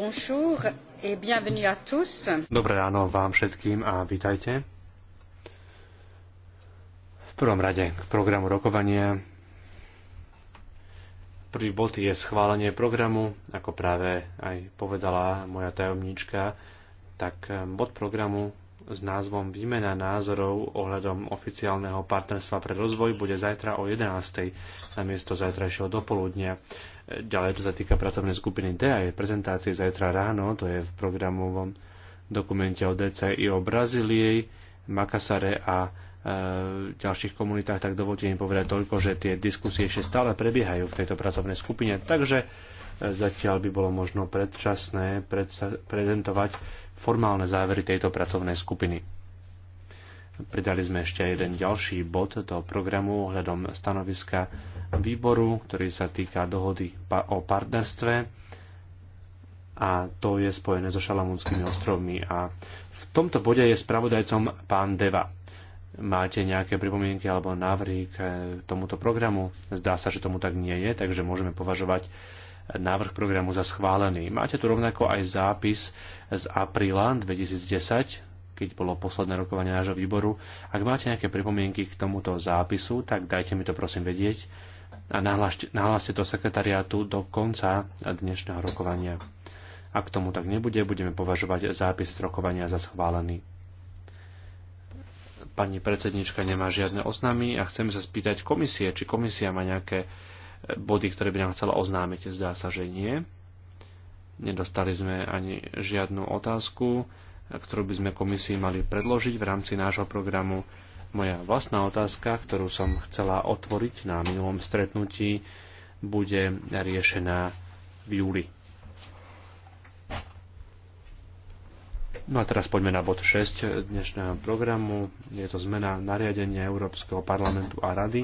Bonjour et bienvenue à tous. Dobré ráno vám všetkým a vítajte. V prvom rade k programu rokovania. Prvý bod je schválenie programu, ako práve aj povedala moja tajomníčka, tak ehm, bod programu s názvom Výmena názorov ohľadom oficiálneho partnerstva pre rozvoj bude zajtra o 11.00 na miesto zajtrajšieho dopoludnia. Ďalej, čo sa týka pracovnej skupiny D a jej prezentácie zajtra ráno, to je v programovom dokumente o DCI o Brazílii, Makasare a v e, ďalších komunitách, tak dovolte im povedať toľko, že tie diskusie ešte stále prebiehajú v tejto pracovnej skupine. Takže Zatiaľ by bolo možno predčasné prezentovať formálne závery tejto pracovnej skupiny. Pridali sme ešte jeden ďalší bod do programu ohľadom stanoviska výboru, ktorý sa týka dohody o partnerstve a to je spojené so Šalamúnskymi ostrovmi. A v tomto bode je spravodajcom pán Deva. Máte nejaké pripomienky alebo návrhy k eh, tomuto programu? Zdá sa, že tomu tak nie je, takže môžeme považovať návrh programu za schválený. Máte tu rovnako aj zápis z apríla 2010, keď bolo posledné rokovanie nášho výboru. Ak máte nejaké pripomienky k tomuto zápisu, tak dajte mi to prosím vedieť a nahláste to sekretariátu do konca dnešného rokovania. Ak tomu tak nebude, budeme považovať zápis z rokovania za schválený. Pani predsednička nemá žiadne oznámy a chceme sa spýtať komisie, či komisia má nejaké body, ktoré by nám chcela oznámiť. Zdá sa, že nie. Nedostali sme ani žiadnu otázku, ktorú by sme komisii mali predložiť v rámci nášho programu. Moja vlastná otázka, ktorú som chcela otvoriť na minulom stretnutí, bude riešená v júli. No a teraz poďme na bod 6 dnešného programu. Je to zmena nariadenia Európskeho parlamentu a rady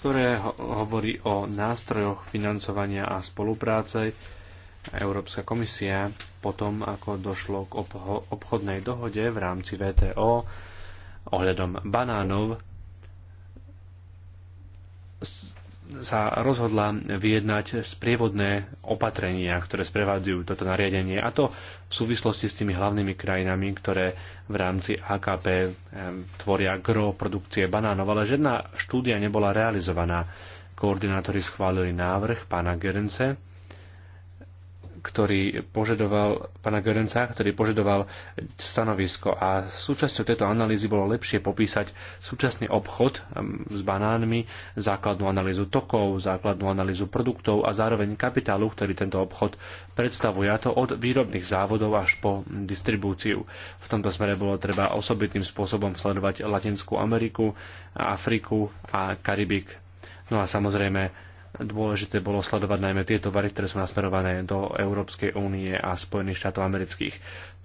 ktoré hovorí o nástrojoch financovania a spolupráce. Európska komisia potom, ako došlo k obchodnej dohode v rámci VTO ohľadom banánov, sa rozhodla vyjednať sprievodné opatrenia, ktoré sprevádzajú toto nariadenie, a to v súvislosti s tými hlavnými krajinami, ktoré v rámci AKP tvoria gro produkcie banánov, ale žiadna štúdia nebola realizovaná. Koordinátori schválili návrh pána Gerence, ktorý požadoval pana Görenca, ktorý požadoval stanovisko a súčasťou tejto analýzy bolo lepšie popísať súčasný obchod s banánmi, základnú analýzu tokov, základnú analýzu produktov a zároveň kapitálu, ktorý tento obchod predstavuje, a to od výrobných závodov až po distribúciu. V tomto smere bolo treba osobitným spôsobom sledovať Latinskú Ameriku, Afriku a Karibik. No a samozrejme Dôležité bolo sledovať najmä tie vary, ktoré sú nasmerované do Európskej únie a Spojených štátov amerických.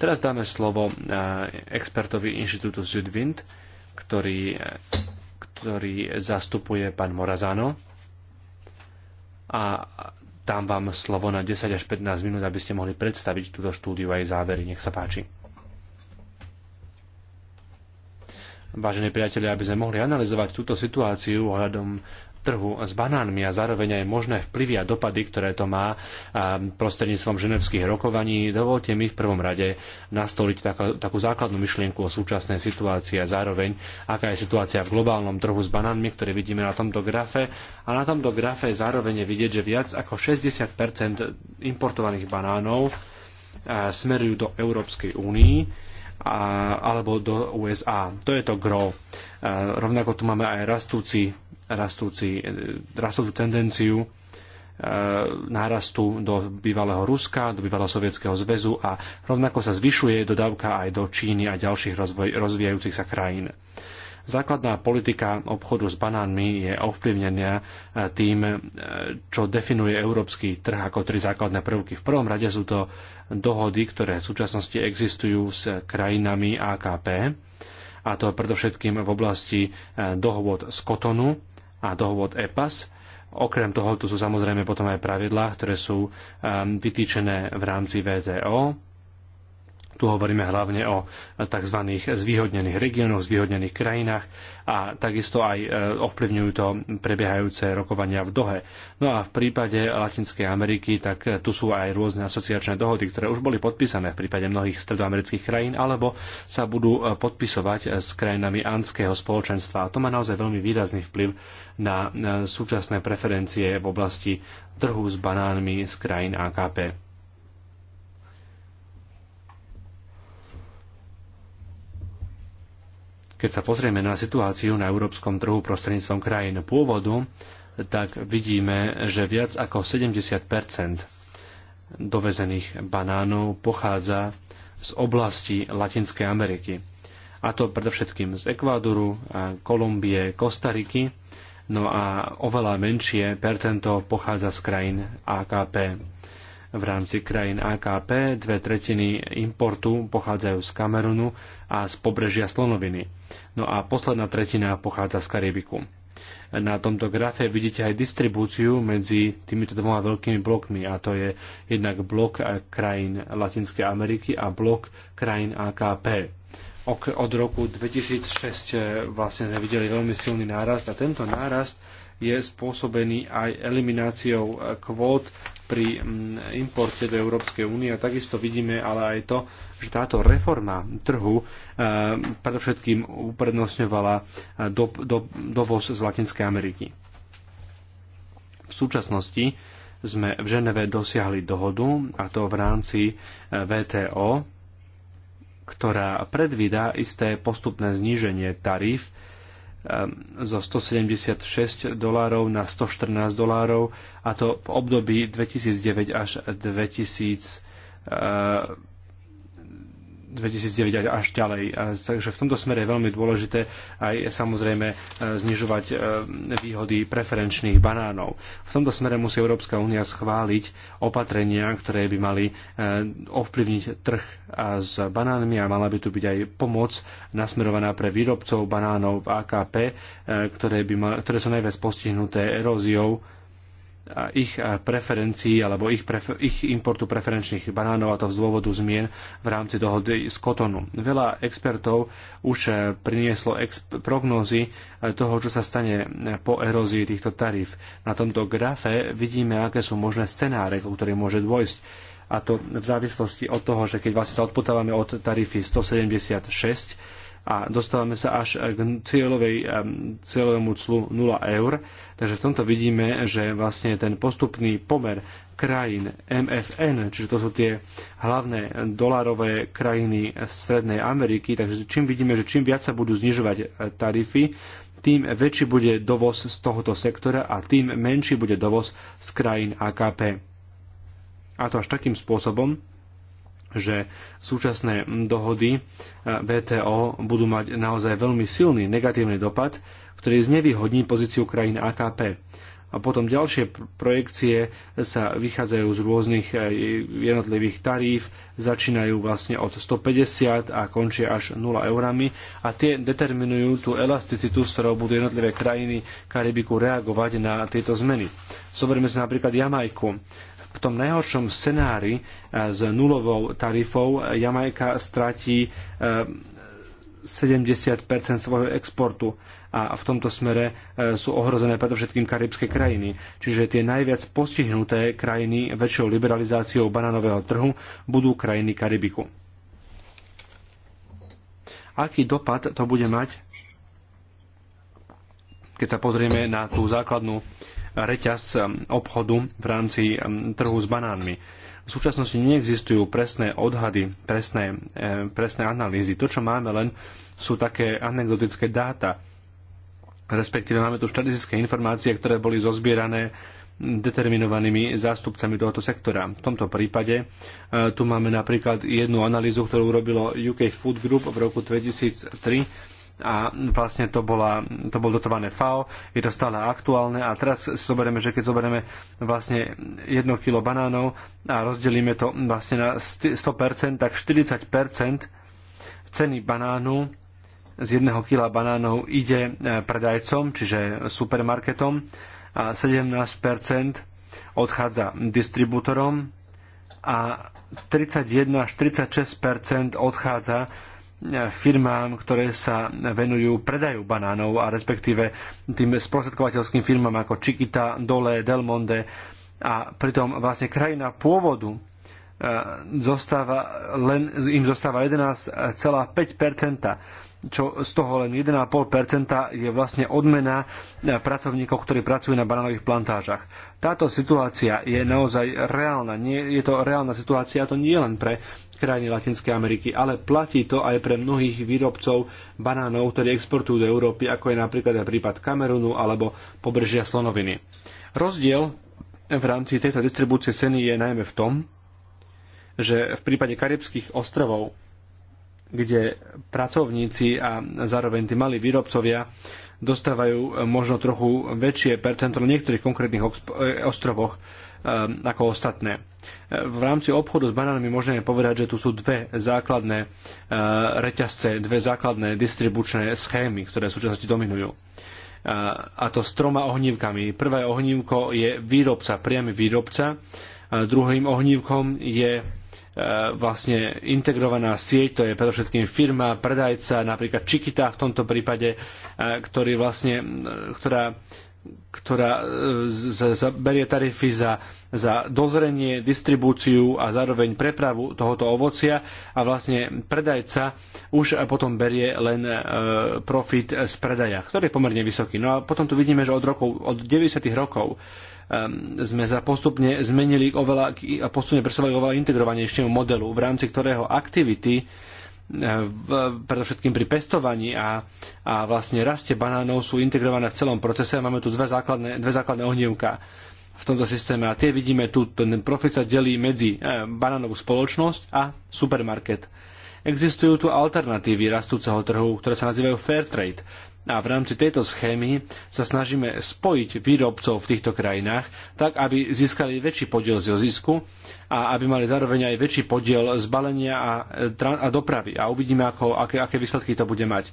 Teraz dáme slovo eh, expertovi Inštitútu Südwind, ktorý, eh, ktorý zastupuje pán Morazano. A dám vám slovo na 10 až 15 minút, aby ste mohli predstaviť túto štúdiu aj závery. Nech sa páči. Vážení priatelia, aby sme mohli analyzovať túto situáciu ohľadom trhu s banánmi a zároveň aj možné vplyvy a dopady, ktoré to má prostredníctvom ženevských rokovaní. Dovolte mi v prvom rade nastoliť takú, takú základnú myšlienku o súčasnej situácii a zároveň, aká je situácia v globálnom trhu s banánmi, ktoré vidíme na tomto grafe. A na tomto grafe zároveň je vidieť, že viac ako 60 importovaných banánov smerujú do Európskej únii a, alebo do USA. To je to gro. rovnako tu máme aj rastúci rastúci, e, rastúcu tendenciu e, nárastu do bývalého Ruska, do bývalého Sovietskeho zväzu a rovnako sa zvyšuje dodávka aj do Číny a ďalších rozvoj, rozvíjajúcich sa krajín. Základná politika obchodu s banánmi je ovplyvnená e, tým, čo definuje európsky trh ako tri základné prvky. V prvom rade sú to dohody, ktoré v súčasnosti existujú s krajinami AKP, a to predovšetkým v oblasti dohôd z Kotonu, a dohovod EPAS. Okrem toho tu sú samozrejme potom aj pravidlá, ktoré sú ehm, vytýčené v rámci VTO tu hovoríme hlavne o tzv. zvýhodnených regiónoch, zvýhodnených krajinách a takisto aj e, ovplyvňujú to prebiehajúce rokovania v Dohe. No a v prípade Latinskej Ameriky, tak e, tu sú aj rôzne asociačné dohody, ktoré už boli podpísané v prípade mnohých stredoamerických krajín, alebo sa budú e, podpisovať s krajinami andského spoločenstva. A to má naozaj veľmi výrazný vplyv na súčasné preferencie v oblasti trhu s banánmi z krajín AKP. Keď sa pozrieme na situáciu na európskom trhu prostredníctvom krajín pôvodu, tak vidíme, že viac ako 70 dovezených banánov pochádza z oblasti Latinskej Ameriky. A to predovšetkým z Ekvádoru, Kolumbie, Kostariky, no a oveľa menšie percento pochádza z krajín AKP v rámci krajín AKP, dve tretiny importu pochádzajú z Kamerunu a z pobrežia Slonoviny. No a posledná tretina pochádza z Karibiku. Na tomto grafe vidíte aj distribúciu medzi týmito dvoma veľkými blokmi a to je jednak blok krajín Latinskej Ameriky a blok krajín AKP. Od roku 2006 eh, vlastne sme videli veľmi silný nárast a tento nárast je spôsobený aj elimináciou eh, kvót pri mm, importe do Európskej únie. A takisto vidíme ale aj to, že táto reforma trhu eh, predovšetkým uprednostňovala eh, do, do, dovoz z Latinskej Ameriky. V súčasnosti sme v Ženeve dosiahli dohodu, a to v rámci VTO, ktorá predvída isté postupné zníženie taríf Ehm, zo 176 dolárov na 114 dolárov a to v období 2009 až 2000 2009 až ďalej. Takže v tomto smere je veľmi dôležité aj samozrejme e, znižovať e, výhody preferenčných banánov. V tomto smere musí Európska únia schváliť opatrenia, ktoré by mali e, ovplyvniť trh s banánmi a mala by tu byť aj pomoc nasmerovaná pre výrobcov banánov v AKP, ktoré, by mal, ktoré sú najviac postihnuté eróziou ich preferencií alebo ich, prefer- ich importu preferenčných banánov a to z dôvodu zmien v rámci dohody z Kotonu. Veľa expertov už e, prinieslo prognózy e, toho, čo sa stane e, po erózii týchto tarif. Na tomto grafe vidíme, aké sú možné scenáre, ku ktorým môže dôjsť a to v závislosti od toho, že keď vlastne sa odpotávame od tarify 176, a dostávame sa až k cieľovej, cieľovému clu 0 eur. Takže v tomto vidíme, že vlastne ten postupný pomer krajín MFN, čiže to sú tie hlavné dolárové krajiny Strednej Ameriky, takže čím vidíme, že čím viac sa budú znižovať eh, tarify, tým väčší bude dovoz z tohoto sektora a tým menší bude dovoz z krajín AKP. A to až takým spôsobom, že súčasné dohody e, VTO budú mať naozaj veľmi silný negatívny dopad, ktorý znevýhodní pozíciu krajín AKP. A potom ďalšie projekcie sa vychádzajú z rôznych e, jednotlivých taríf, začínajú vlastne od 150 a končia až 0 eurami a tie determinujú tú elasticitu, s ktorou budú jednotlivé krajiny Karibiku reagovať na tieto zmeny. Soberme sa napríklad Jamajku v tom najhoršom scenári e, s nulovou tarifou e, Jamajka stratí 70 e, svojho exportu a v tomto smere sú ohrozené predovšetkým karibské krajiny. Čiže tie najviac postihnuté krajiny väčšou liberalizáciou bananového trhu budú krajiny Karibiku. Aký dopad to bude mať, keď sa pozrieme na tú základnú reťaz um, obchodu v rámci um, trhu s banánmi. V súčasnosti neexistujú presné odhady, presné, eh, presné analýzy. To, čo máme len, sú také anekdotické dáta. Respektíve máme tu štatistické informácie, ktoré boli zozbierané determinovanými zástupcami tohoto sektora. V tomto prípade eh, tu máme napríklad jednu analýzu, ktorú urobilo UK Food Group v roku 2003 a vlastne to, bola, to bol dotované FAO, je to stále aktuálne a teraz si zoberieme, že keď zoberieme vlastne 1 kilo banánov a rozdelíme to vlastne na 100%, tak 40% ceny banánu z 1 kila banánov ide e, predajcom, čiže supermarketom a 17% odchádza distribútorom a 31 až 36 odchádza firmám, ktoré sa venujú predaju banánov a respektíve tým sprostredkovateľským firmám ako Chiquita, Dole, Del Monde a pritom vlastne krajina pôvodu e, zostáva len, im zostáva 11,5%, čo z toho len 1,5% je vlastne odmena pracovníkov, ktorí pracujú na banánových plantážach. Táto situácia je naozaj reálna. Nie, je to reálna situácia a to nie len pre krajiny Latinskej Ameriky, ale platí to aj pre mnohých výrobcov banánov, ktorí exportujú do Európy, ako je napríklad aj prípad Kamerunu alebo pobržia Slonoviny. Rozdiel v rámci tejto distribúcie ceny je najmä v tom, že v prípade karibských ostrovov, kde pracovníci a zároveň tí malí výrobcovia dostávajú možno trochu väčšie percento na niektorých konkrétnych e, ostrovoch, Ehm, ako ostatné. Ehm, v rámci obchodu s banánmi môžeme povedať, že tu sú dve základné ehm, reťazce, dve základné distribučné schémy, ktoré v súčasnosti dominujú a to s troma ohnívkami. Prvé ohnívko je výrobca, priamy výrobca. Druhým ohnívkom je vlastne integrovaná sieť, to je predovšetkým firma, predajca, napríklad Čikita v tomto prípade, ktorý vlastne, ktorá ktorá e, berie tarify za, za dozrenie, distribúciu a zároveň prepravu tohoto ovocia a vlastne predajca už potom berie len e, profit z predaja, ktorý je pomerne vysoký. No a potom tu vidíme, že od, rokov, od 90. rokov sme sa postupne zmenili oveľa, postupne presovali oveľa integrovanejšiemu modelu, v rámci ktorého aktivity predovšetkým pri pestovaní a, a vlastne raste banánov sú integrované v celom procese a máme tu dve základné, dve základné ohnievka v tomto systéme a tie vidíme tu, ten profit sa delí medzi e, banánovú spoločnosť a supermarket. Existujú tu alternatívy rastúceho trhu, ktoré sa nazývajú fair trade. A v rámci tejto schémy sa snažíme spojiť výrobcov v týchto krajinách, tak aby získali väčší podiel z zisku a aby mali zároveň aj väčší podiel zbalenia a, e, a dopravy. A uvidíme, ako, aké, aké výsledky to bude mať e,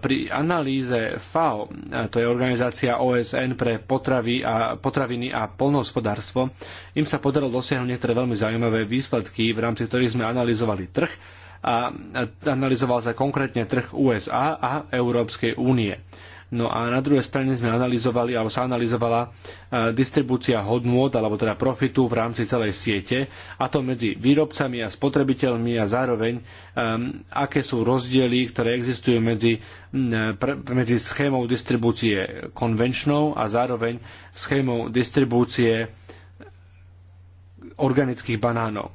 pri analýze FAO, e, to je organizácia OSN pre potravy a, potraviny a polnohospodárstvo, im sa podarilo dosiahnuť niektoré veľmi zaujímavé výsledky, v rámci ktorých sme analyzovali trh a analyzoval sa konkrétne trh USA a Európskej únie. No a na druhej strane sme analyzovali, alebo sa analyzovala e, distribúcia hodnôt, alebo teda profitu v rámci celej siete, a to medzi výrobcami a spotrebiteľmi a zároveň, um, aké sú rozdiely, ktoré existujú medzi, e, pre, medzi schémou distribúcie konvenčnou a zároveň schémou distribúcie organických banánov.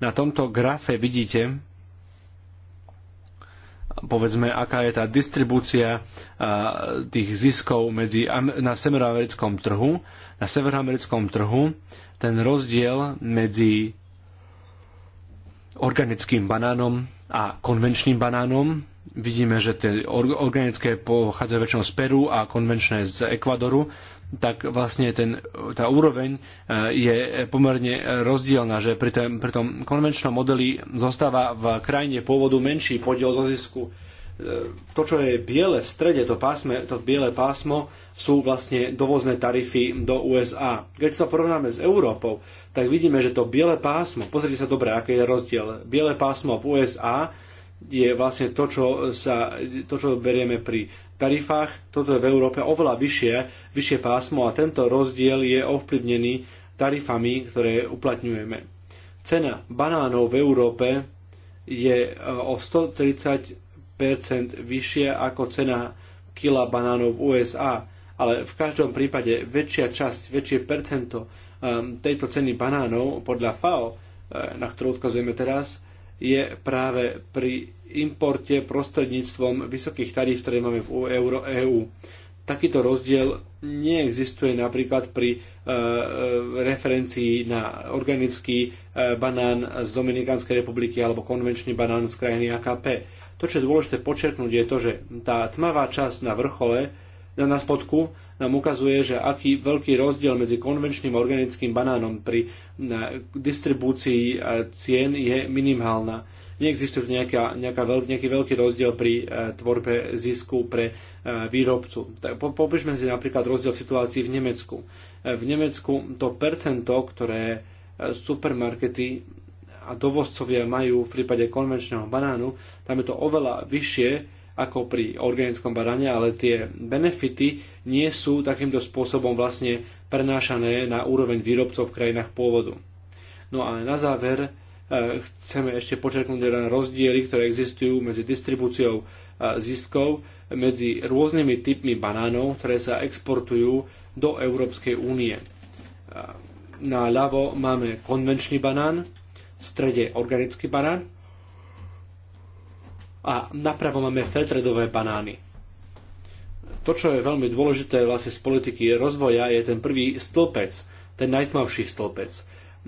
Na tomto grafe vidíte, povedzme, aká je tá distribúcia tých ziskov medzi, na severoamerickom trhu. Na severoamerickom trhu ten rozdiel medzi organickým banánom a konvenčným banánom. Vidíme, že tie organické pochádzajú väčšinou z Peru a konvenčné z Ekvadoru tak vlastne ten, tá úroveň e, je pomerne rozdielna, že pri, tom, pri tom konvenčnom modeli zostáva v krajine pôvodu menší podiel zo zisku. E, to, čo je biele v strede, to, pásme, to biele pásmo, sú vlastne dovozné tarify do USA. Keď sa porovnáme s Európou, tak vidíme, že to biele pásmo, pozrite sa dobre, aký je rozdiel, biele pásmo v USA je vlastne to, čo, sa, to, čo berieme pri tarifách. Toto je v Európe oveľa vyššie, vyššie pásmo a tento rozdiel je ovplyvnený tarifami, ktoré uplatňujeme. Cena banánov v Európe je e, o 130 vyššia ako cena kila banánov v USA, ale v každom prípade väčšia časť, väčšie percento e, tejto ceny banánov podľa FAO, e, na ktorú odkazujeme teraz, je práve pri importe prostredníctvom vysokých taríf, ktoré máme v euro EU. Takýto rozdiel neexistuje napríklad pri e, e, referencii na organický e, banán z Dominikánskej republiky alebo konvenčný banán z krajiny AKP. To, čo je dôležité počerknúť, je to, že tá tmavá časť na vrchole, na, na spodku, nám ukazuje, že aký veľký rozdiel medzi konvenčným a organickým banánom pri distribúcii e, cien je minimálna neexistuje nejaká, nejaká veľ, nejaký veľký rozdiel pri e, tvorbe zisku pre e, výrobcu. Tak po, si napríklad rozdiel v situácii v Nemecku. E, v Nemecku to percento, ktoré supermarkety a dovozcovia majú v prípade konvenčného banánu, tam je to oveľa vyššie ako pri organickom baráne, ale tie benefity nie sú takýmto spôsobom vlastne prenášané na úroveň výrobcov v krajinách pôvodu. No a na záver E, chceme ešte počerknúť len teda rozdiely, ktoré existujú medzi distribúciou ziskov, medzi rôznymi typmi banánov, ktoré sa exportujú do Európskej únie. E, na ľavo máme konvenčný banán, v strede organický banán a napravo máme feltredové banány. To, čo je veľmi dôležité vlastne z politiky rozvoja, je ten prvý stĺpec, ten najtmavší stĺpec.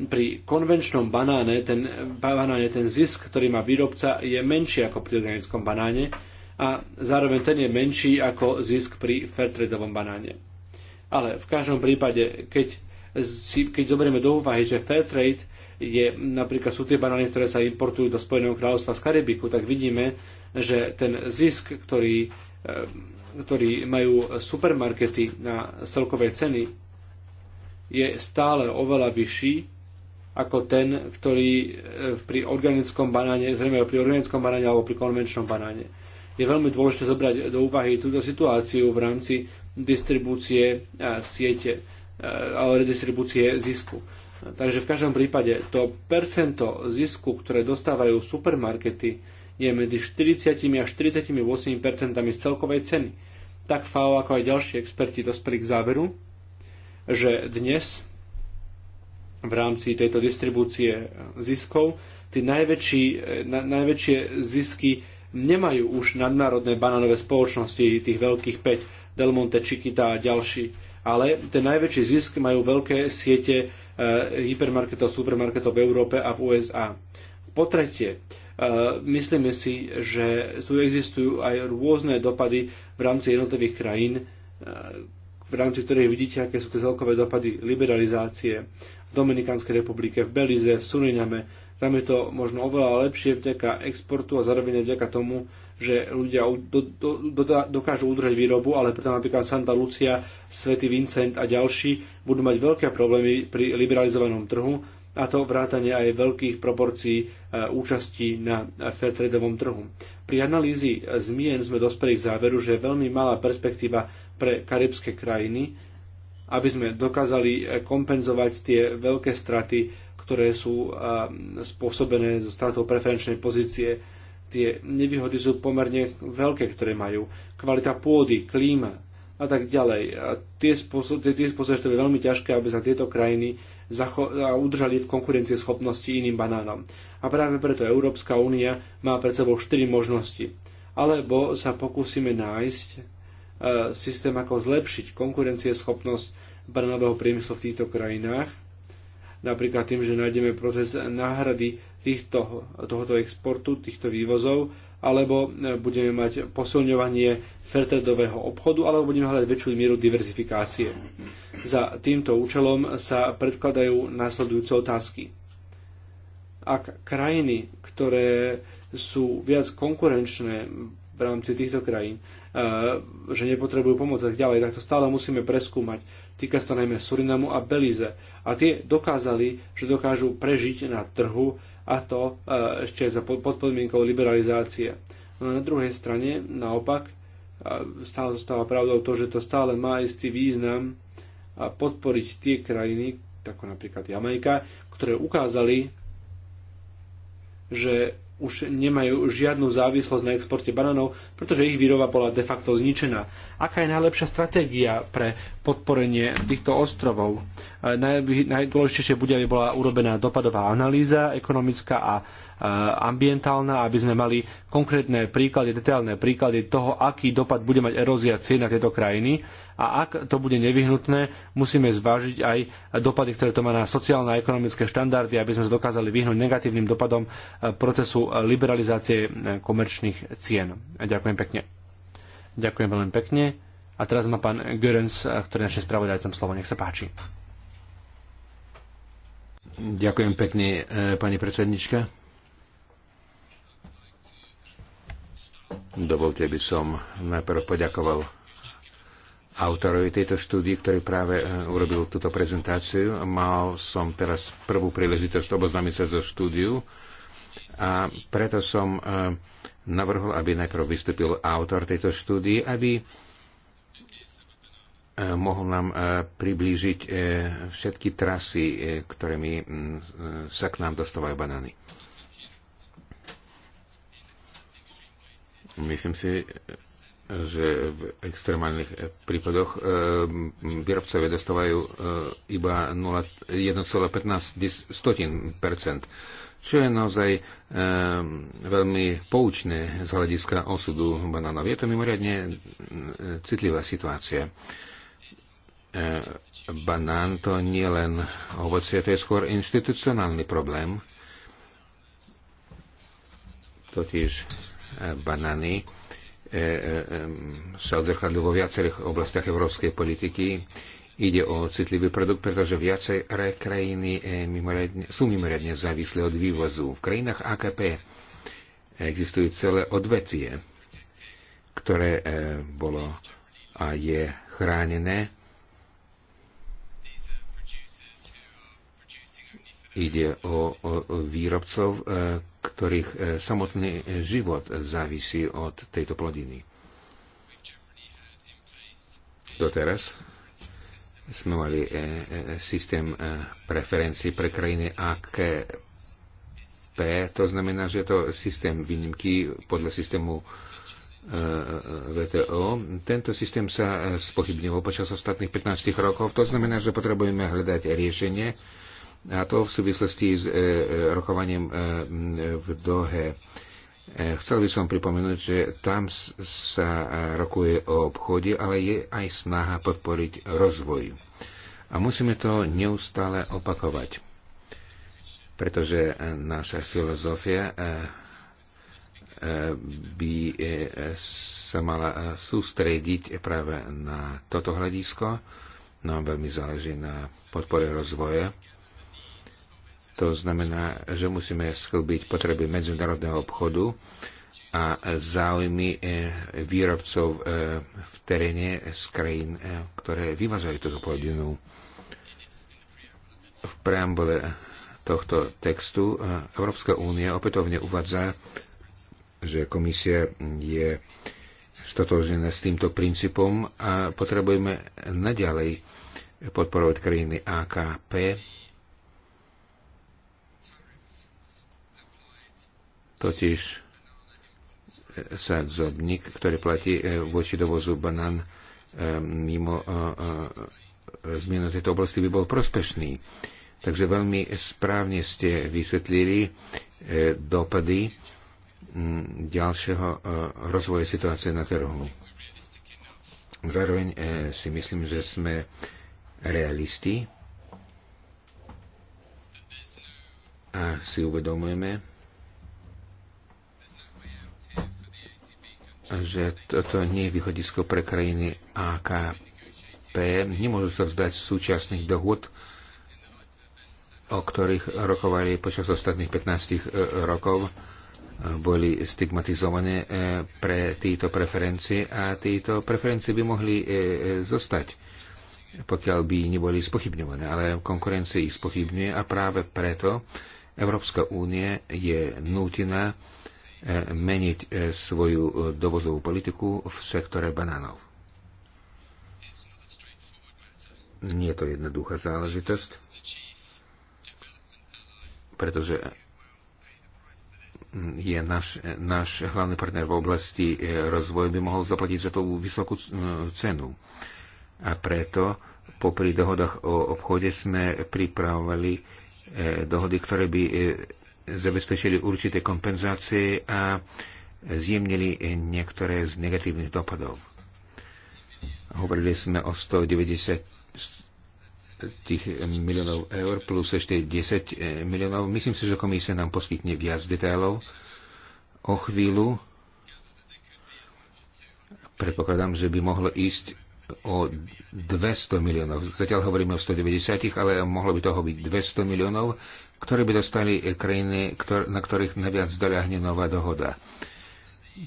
Pri konvenčnom banáne ten, banáne ten zisk, ktorý má výrobca, je menší ako pri organickom banáne a zároveň ten je menší ako zisk pri fairtradeovom banáne. Ale v každom prípade, keď, si, keď zoberieme do úvahy, že fairtrade je napríklad sú tie banány, ktoré sa importujú do Spojeného kráľovstva z Karibiku, tak vidíme, že ten zisk, ktorý, eh, ktorý majú supermarkety na celkovej ceny, je stále oveľa vyšší ako ten, ktorý e, pri organickom banáne, zrejme pri organickom banáne alebo pri konvenčnom banáne. Je veľmi dôležité zobrať do úvahy túto situáciu v rámci distribúcie e, siete, e, ale redistribúcie zisku. Takže v každom prípade to percento zisku, ktoré dostávajú supermarkety, je medzi 40 a 48 percentami z celkovej ceny. Tak FAO ako aj ďalší experti dospeli k záveru, že dnes v rámci tejto distribúcie ziskov. Tí na, najväčšie zisky nemajú už nadnárodné banánové spoločnosti, tých veľkých 5, Del Monte, Chiquita a ďalší. Ale ten najväčší zisk majú veľké siete eh, hypermarketov, supermarketov v Európe a v USA. Po tretie, eh, myslíme si, že tu existujú aj rôzne dopady v rámci jednotlivých krajín, eh, v rámci ktorých vidíte, aké sú tie celkové dopady liberalizácie. Dominikánskej republike, v Belize, v Suriname. Tam je to možno oveľa lepšie vďaka exportu a zároveň vďaka tomu, že ľudia do, do, do, dokážu udržať výrobu, ale preto napríklad Santa Lucia, Svetý Vincent a ďalší budú mať veľké problémy pri liberalizovanom trhu a to vrátanie aj veľkých proporcií e, účastí na fairtradeovom trhu. Pri analýzi zmien sme dospeli k záveru, že je veľmi malá perspektíva pre karibské krajiny, aby sme dokázali eh, kompenzovať tie veľké straty, ktoré sú eh, spôsobené zo stratou preferenčnej pozície. Tie nevýhody sú pomerne veľké, ktoré majú. Kvalita pôdy, klíma a tak ďalej. A tie spôsoby, tie spôsoby to je veľmi ťažké, aby sa tieto krajiny udržali v schopnosti iným banánom. A práve preto Európska únia má pred sebou 4 možnosti. Alebo sa pokúsime nájsť E, systém, ako zlepšiť konkurencieschopnosť brnového priemyslu v týchto krajinách, napríklad tým, že nájdeme proces náhrady týchto, tohoto exportu, týchto vývozov, alebo e, budeme mať posilňovanie fertredového obchodu, alebo budeme hľadať väčšiu mieru diverzifikácie. Za týmto účelom sa predkladajú následujúce otázky. Ak krajiny, ktoré sú viac konkurenčné v rámci týchto krajín, E, že nepotrebujú pomoc a tak ďalej, tak to stále musíme preskúmať. Týka sa to najmä Surinamu a Belize. A tie dokázali, že dokážu prežiť na trhu a to e, ešte za pod podmienkou liberalizácie. No na druhej strane, naopak, e, stále zostáva pravdou to, že to stále má istý význam podporiť tie krajiny, ako napríklad Jamajka, ktoré ukázali, že už nemajú žiadnu závislosť na exporte bananov, pretože ich výroba bola de facto zničená. Aká je najlepšia stratégia pre podporenie týchto ostrovov? E, najdôležitejšie bude, aby bola urobená dopadová analýza ekonomická a Eh, ambientálna, aby sme mali konkrétne príklady, detailné príklady toho, aký dopad bude mať erózia cien na tieto krajiny. A ak to bude nevyhnutné, musíme zvážiť aj dopady, ktoré to má na sociálne a ekonomické štandardy, aby sme sa dokázali vyhnúť negatívnym dopadom eh, procesu eh, liberalizácie komerčných cien. Ďakujem pekne. Ďakujem veľmi pekne. A teraz má pán Görens, ktorý našim spravodajcom slovo. Nech sa páči. Ďakujem pekne, pani predsednička. Dovolte, by som najprv poďakoval autorovi tejto štúdii, ktorý práve e, urobil túto prezentáciu. Mal som teraz prvú príležitosť oboznámiť sa so štúdiu a preto som e, navrhol, aby najprv vystúpil autor tejto štúdii, aby e, mohol nám priblížiť všetky trasy, ktorými sa k nám dostávajú banány. Myslím si, že v extrémálnych prípadoch e, výrobcovia dostávajú e, iba 1,15 čo je naozaj e, veľmi poučné z hľadiska osudu banánov. Je to mimoriadne citlivá situácia. E, banán to nie len ovocie, to je skôr institucionálny problém. Totiž banány e, e, e, sa odzrkadľujú vo viacerých oblastiach európskej politiky. Ide o citlivý produkt, pretože viaceré krajiny mimoriadne, sú mimoriadne závislé od vývozu. V krajinách AKP existujú celé odvetvie, ktoré bolo a je chránené. Ide o, o, o výrobcov, ktorých e, samotný život závisí od tejto plodiny. Doteraz sme mali e, e, systém preferencií pre krajiny AKP, to znamená, že to systém výnimky podľa systému VTO. Tento systém sa spochybňoval počas ostatných 15 rokov. To znamená, že potrebujeme hľadať riešenie, a to v súvislosti s e, e, rokovaním e, v Dohe. Chcel by som pripomenúť, že tam sa rokuje o obchode, ale je aj snaha podporiť rozvoj. A musíme to neustále opakovať, pretože naša filozofia by sa mala sústrediť práve na toto hľadisko. Nám no, veľmi záleží na podpore rozvoja to znamená, že musíme sklbiť potreby medzinárodného obchodu a záujmy e, výrobcov e, v teréne z krajín, e, ktoré vyvážajú túto plodinu. V preambule tohto textu Európska únia opätovne uvádza, že komisia je stotožená s týmto princípom a potrebujeme naďalej podporovať krajiny AKP totiž sadzobník, ktorý platí e, voči dovozu banán e, mimo e, zmienu tejto oblasti by bol prospešný. Takže veľmi správne ste vysvetlili dopady ďalšieho rozvoja situácie na trhu. Zároveň si myslím, že sme realisti a si uvedomujeme, že toto nie je východisko pre krajiny AKP. Nemôžu sa vzdať súčasných dohod, o ktorých rokovali počas ostatných 15 e, rokov. Boli stigmatizované e, pre tieto preferencie a tieto preferencie by mohli e, zostať pokiaľ by neboli spochybňované, ale konkurencia ich spochybňuje a práve preto Európska únie je nútená E, meniť e, svoju e, dovozovú politiku v sektore banánov. Nie je to jednoduchá záležitosť, pretože je náš, náš hlavný partner v oblasti rozvoju by mohol zaplatiť za tú vysokú cenu. A preto popri dohodách o obchode sme pripravovali dohody, ktoré by zabezpečili určité kompenzácie a zjemnili niektoré z negatívnych dopadov. Hovorili sme o 190 tých miliónov eur plus ešte 10 e, miliónov. Myslím si, že komisia nám poskytne viac detailov o chvíľu. Predpokladám, že by mohlo ísť o 200 miliónov. Zatiaľ hovoríme o 190, ale mohlo by toho byť 200 miliónov ktoré by dostali eh, krajiny, na ktorých najviac doľahne nová dohoda.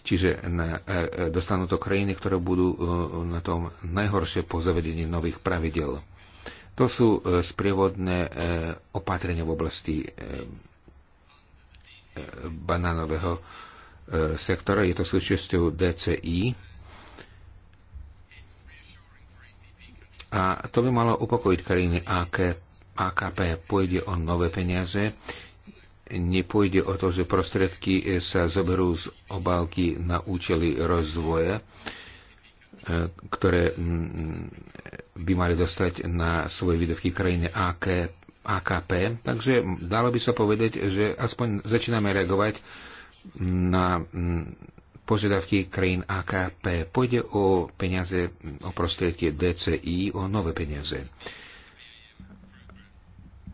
Čiže na, eh, eh, dostanú to krajiny, ktoré budú na tom najhoršie po zavedení nových pravidel. To sú sprievodné opatrenia v oblasti banánového sektora. Je to súčasťou DCI. A to by malo upokojiť krajiny AKP, AKP pôjde o nové peniaze, nepôjde o to, že prostriedky sa zoberú z obálky na účely rozvoja, e, ktoré mm, by mali dostať na svoje výdavky krajiny AK, AKP. Takže dalo by sa povedať, že aspoň začíname reagovať mm, na mm, požiadavky krajín AKP. Pôjde o peniaze, o prostriedky DCI, o nové peniaze.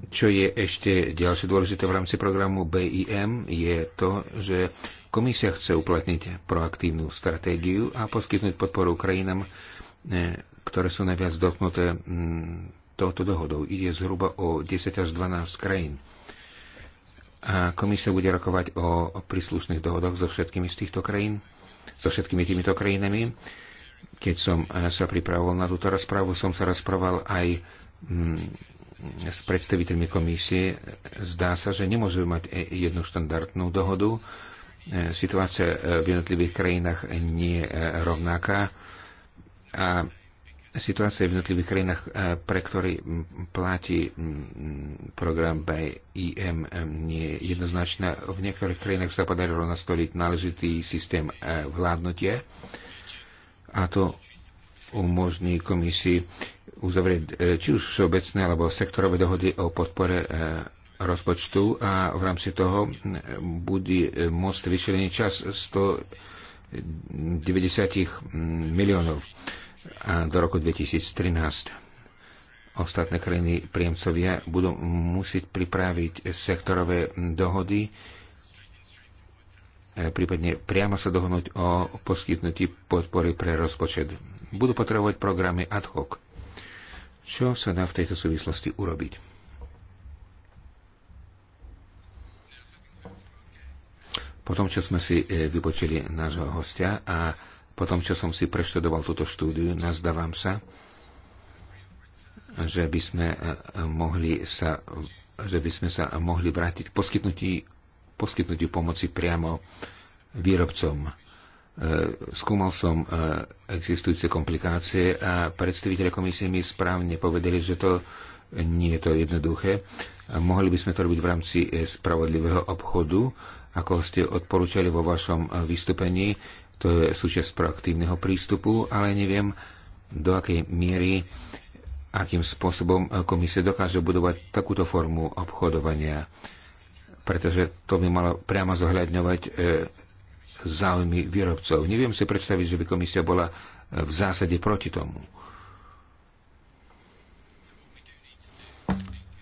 Čo je ešte ďalšie dôležité v rámci programu BIM, je to, že komisia chce uplatniť proaktívnu stratégiu a poskytnúť podporu krajinám, e, ktoré sú najviac dotknuté touto dohodou. Ide zhruba o 10 až 12 krajín. A komisia bude rokovať o príslušných dohodoch so všetkými z týchto krajín, so všetkými týmito krajinami. Keď som e, sa pripravoval na túto rozprávu, som sa rozprával aj s predstaviteľmi komisie. Zdá sa, že nemôžeme mať e- jednu štandardnú dohodu. E, situácia e, v jednotlivých krajinách nie je rovnaká a situácia v jednotlivých krajinách, pre ktorý platí program BIM, nie je jednoznačná. V niektorých krajinách sa podarilo nastoliť náležitý systém vládnutia a to umožní komisii uzavrieť e, či už všeobecné alebo sektorové dohody o podpore e, rozpočtu a v rámci toho e, bude môcť vyčlenený čas 190 miliónov do roku 2013 ostatné krajiny príjemcovia budú musieť pripraviť sektorové dohody, prípadne priamo sa dohodnúť o poskytnutí podpory pre rozpočet. Budú potrebovať programy ad hoc. Čo sa dá v tejto súvislosti urobiť? Potom, čo sme si e, vypočili nášho hostia a potom, čo som si preštudoval túto štúdiu, nazdávam sa, že by sme e, mohli sa, že by sme sa mohli vrátiť k poskytnutí, poskytnutiu pomoci priamo výrobcom E, skúmal som e, existujúce komplikácie a predstaviteľe komisie mi správne povedali, že to nie je to jednoduché. Mohli by sme to robiť v rámci e, spravodlivého obchodu, ako ste odporúčali vo vašom vystúpení. To je súčasť proaktívneho prístupu, ale neviem, do akej miery, akým spôsobom komisia dokáže budovať takúto formu obchodovania. Pretože to by malo priamo zohľadňovať záujmy výrobcov. Neviem si predstaviť, že by komisia bola e, v zásade proti tomu.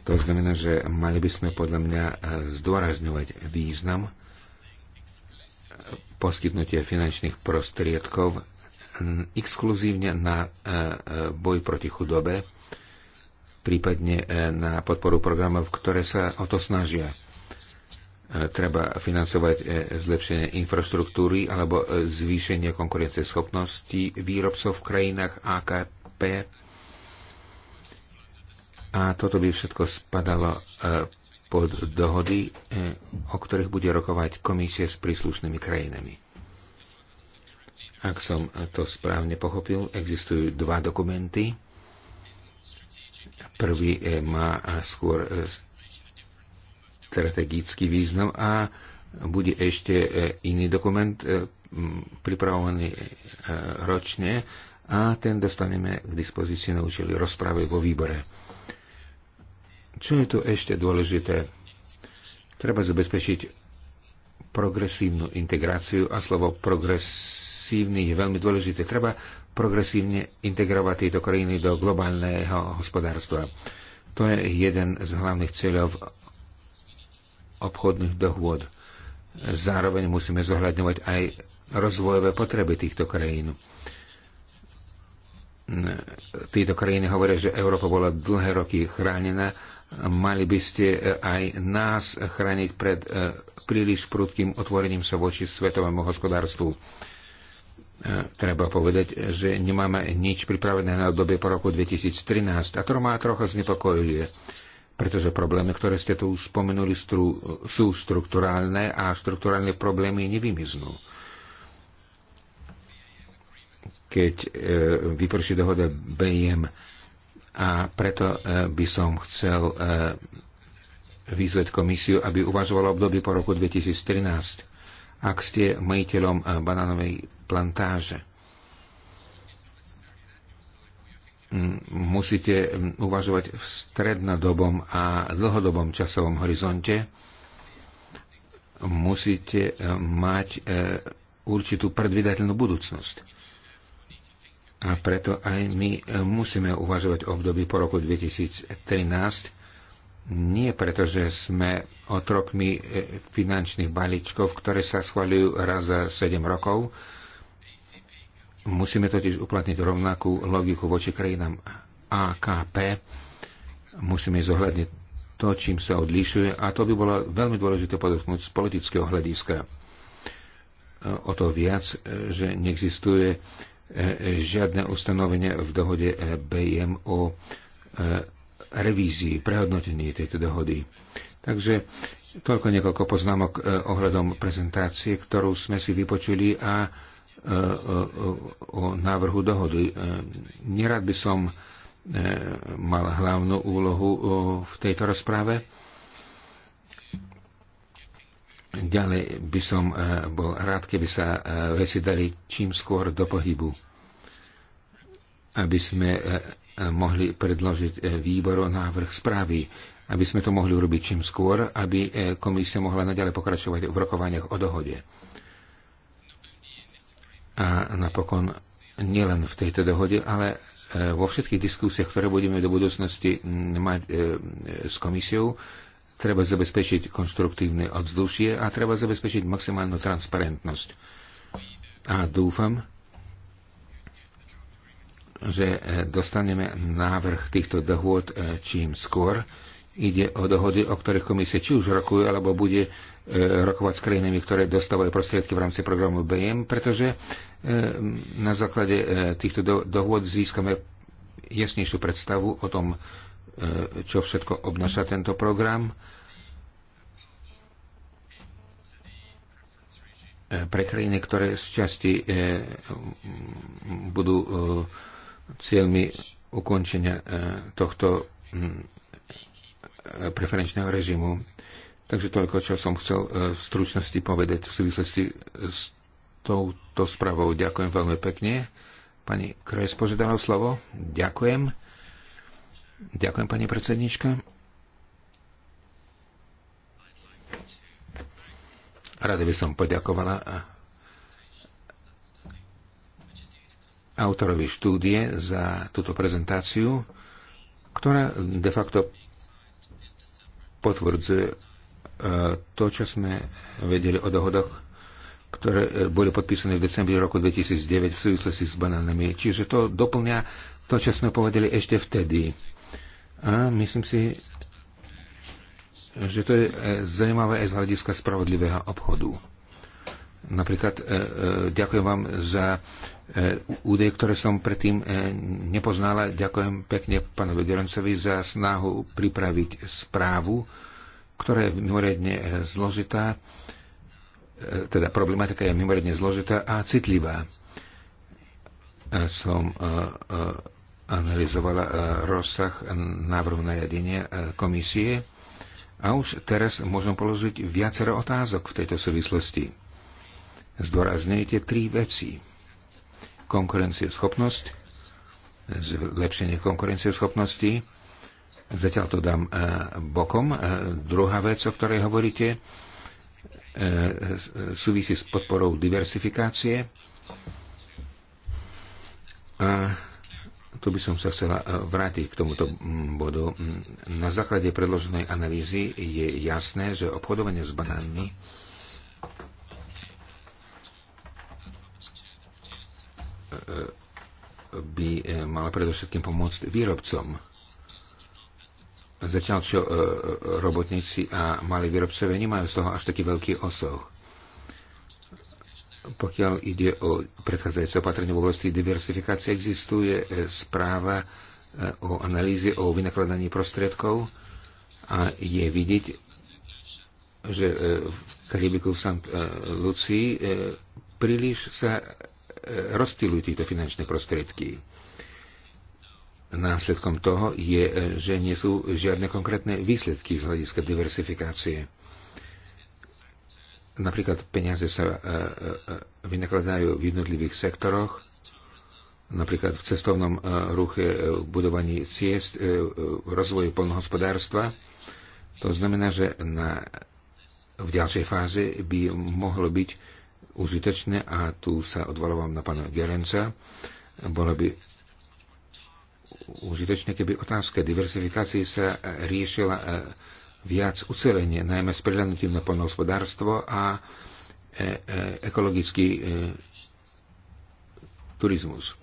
To znamená, že mali by sme podľa mňa e, zdôrazňovať význam e, poskytnutia finančných prostriedkov exkluzívne na boj proti chudobe, prípadne na podporu programov, ktoré sa o to snažia treba financovať e, zlepšenie infraštruktúry alebo e, zvýšenie konkurencieschopnosti výrobcov v krajinách AKP. A toto by všetko spadalo e, pod dohody, o ktorých bude rokovať komisie s príslušnými krajinami. Ak som to správne pochopil, existujú dva dokumenty. Prvý má skôr strategický význam a bude ešte e, iný dokument e, pripravovaný e, ročne a ten dostaneme k dispozícii na účely rozprávy vo výbore. Čo je tu ešte dôležité? Treba zabezpečiť progresívnu integráciu a slovo progresívny je veľmi dôležité. Treba progresívne integrovať tieto krajiny do globálneho hospodárstva. To je jeden z hlavných cieľov obchodných dohôd. Zároveň musíme zohľadňovať aj rozvojové potreby týchto krajín. Títo krajiny hovoria, že Európa bola dlhé roky chránená. Mali by ste e, aj nás chrániť pred e, príliš prudkým otvorením sa voči svetovému hospodárstvu. E, treba povedať, že nemáme nič pripravené na obdobie po roku 2013 a to ma trocha znepokojuje pretože problémy, ktoré ste tu už spomenuli, stru, sú strukturálne a strukturálne problémy nevymiznú. Keď e, vyprší dohoda BM a preto e, by som chcel e, vyzvať komisiu, aby uvažovala obdobie po roku 2013, ak ste majiteľom e, banánovej plantáže. musíte uvažovať v strednodobom a dlhodobom časovom horizonte. Musíte e, mať e, určitú predvydateľnú budúcnosť. A preto aj my e, musíme uvažovať o období po roku 2013, nie preto, že sme otrokmi finančných balíčkov, ktoré sa schvaľujú raz za 7 rokov, Musíme totiž uplatniť rovnakú logiku voči krajinám AKP. Musíme zohľadniť to, čím sa odlišuje a to by bolo veľmi dôležité podotknúť z politického hľadiska. O to viac, že neexistuje e, žiadne ustanovenie v dohode e, BM o e, revízii, prehodnotení tejto dohody. Takže toľko niekoľko poznámok ohľadom prezentácie, ktorú sme si vypočuli a o návrhu dohody. E, nerad by som e, mal hlavnú úlohu v tejto rozprave. Ďalej by som e, bol rád, keby sa veci dali čím skôr do pohybu, aby sme mohli predložiť výboru návrh správy, aby sme to mohli urobiť čím skôr, aby komisia mohla naďalej pokračovať v rokovaniach o dohode. A napokon nielen v tejto dohode, ale e, vo všetkých diskusiách, ktoré budeme do budúcnosti mať e, e, s komisiou, treba zabezpečiť konstruktívne odzdušie a treba zabezpečiť maximálnu transparentnosť. A dúfam, že dostaneme návrh týchto dohôd čím skôr. Ide o dohody, o ktorých komisie či už rokuje, alebo bude E, rokovať s krajinami, ktoré dostávajú prostriedky v rámci programu BM, pretože e, na základe e, týchto dohôd získame jasnejšiu predstavu o tom, čo všetko obnáša tento program. Pre krajiny, ktoré z časti budú cieľmi ukončenia tohto preferenčného režimu Takže toľko, čo som chcel e, v stručnosti povedať v súvislosti s touto správou. Ďakujem veľmi pekne. Pani Kres požiadala slovo. Ďakujem. Ďakujem, pani predsednička. Rada by som poďakovala e, autorovi štúdie za túto prezentáciu, ktorá de facto potvrdzuje to, čo sme vedeli o dohodoch, ktoré e, boli podpísané v decembri roku 2009 v súvislosti s banánami. Čiže to doplňa to, čo sme povedali ešte vtedy. A myslím si, že to je e, zaujímavé aj z hľadiska spravodlivého obchodu. Napríklad e, ďakujem vám za údaje, ktoré som predtým nepoznala. Ďakujem pekne pánovi Gerencovi za snahu pripraviť správu ktorá je mimoriadne eh, zložitá, eh, teda problematika je mimoriadne zložitá a citlivá. Som eh, analyzovala rozsah návrhu nariadenia komisie a už teraz môžem položiť viacero otázok v tejto súvislosti. Zdôrazňujete tri veci. Konkurencieschopnosť, zlepšenie konkurencieschopnosti, Zatiaľ to dám e, bokom. E, druhá vec, o ktorej hovoríte, e, súvisí s podporou diversifikácie. A tu by som sa chcela vrátiť k tomuto bodu. Na základe predloženej analýzy je jasné, že obchodovanie s banánmi by malo predovšetkým pomôcť výrobcom Zatiaľ, čo e, e, robotníci a malí výrobcovia nemajú z toho až taký veľký osoh. Pokiaľ ide o predchádzajúce opatrenie v oblasti diversifikácie, existuje e, správa o analýze o vynakladaní prostriedkov a je vidieť, že v Karibiku v St. Lucii príliš sa rozptýlujú tieto finančné prostriedky Následkom toho je, e, že nie sú žiadne konkrétne výsledky z hľadiska diversifikácie. Napríklad peniaze sa e, e, vynakladajú v jednotlivých sektoroch, napríklad v cestovnom ruche, v budovaní ciest, v rozvoji polnohospodárstva. To znamená, že na, v ďalšej fáze by mohlo byť užitočné, a tu sa odvolávam na pána Gerenca, bolo by užitočné, keby otázka diversifikácie sa riešila e, viac ucelenie, najmä s prihľadnutím na polnohospodárstvo a e, e, ekologický turizmus.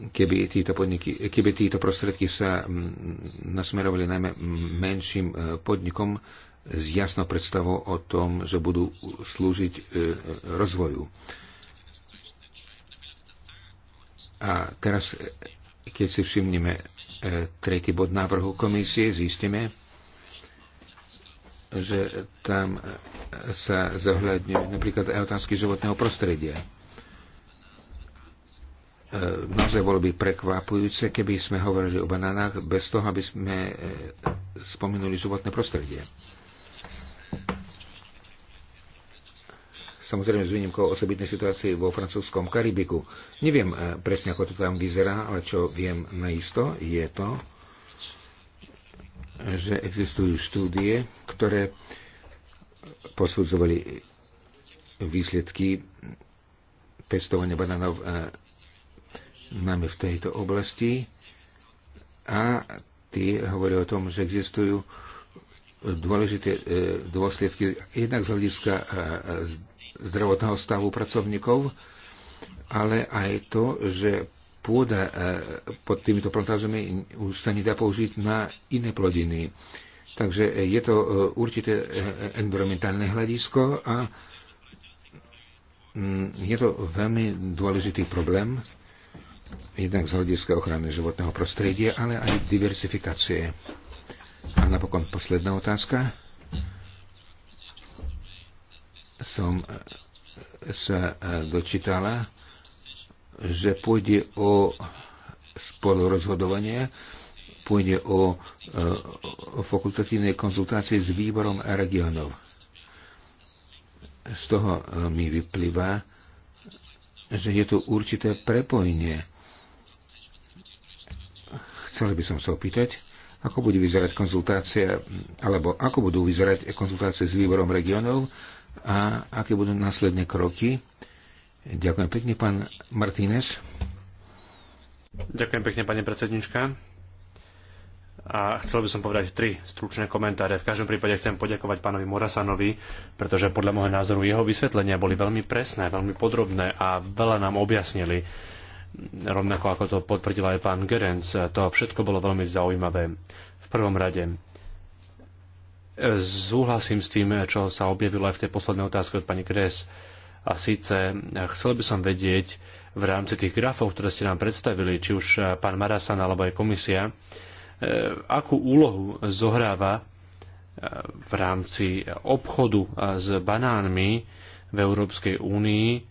Keby títo, podniky, keby títo prostredky sa nasmerovali najmä menším podnikom s jasnou predstavou o tom, že budú slúžiť rozvoju. A teraz, keď si všimneme e, tretí bod návrhu komisie, zistíme, že tam sa zohľadňuje napríklad aj otázky životného prostredia. E, naozaj bolo by prekvapujúce, keby sme hovorili o banánach bez toho, aby sme e, spomenuli životné prostredie. samozrejme s výnimkou osobitnej situácie vo francúzskom Karibiku. Neviem e, presne, ako to tam vyzerá, ale čo viem naisto, je to, že existujú štúdie, ktoré posudzovali výsledky pestovania bananov máme v tejto oblasti a tí hovorí o tom, že existujú dôležité e, dôsledky jednak z hľadiska e, zdravotného stavu pracovníkov, ale aj to, že pôda e, pod týmito plantážami už sa nedá použiť na iné plodiny. Takže je to e, určité e, environmentálne hľadisko a mm, je to veľmi dôležitý problém, jednak z hľadiska ochrany životného prostredia, ale aj diversifikácie. A napokon posledná otázka som e, sa e, dočítala, že pôjde o spolurozhodovanie, pôjde o, e, o fakultatívne konzultácie s výborom regionov. Z toho mi vyplýva, že je tu určité prepojenie. Chcel by som sa opýtať, ako bude vyzerať konzultácia, alebo ako budú vyzerať konzultácie s výborom regionov a aké budú následné kroky. Ďakujem pekne, pán Martínez. Ďakujem pekne, pani predsednička. A chcel by som povedať tri stručné komentáre. V každom prípade chcem poďakovať pánovi Morasanovi, pretože podľa môjho názoru jeho vysvetlenia boli veľmi presné, veľmi podrobné a veľa nám objasnili. Rovnako ako to potvrdil aj pán Gerenc, to všetko bolo veľmi zaujímavé. V prvom rade Súhlasím s tým, čo sa objavilo aj v tej poslednej otázke od pani Kres. A síce chcel by som vedieť v rámci tých grafov, ktoré ste nám predstavili, či už pán Marasan alebo aj komisia, eh, akú úlohu zohráva eh, v rámci obchodu eh, s banánmi v Európskej únii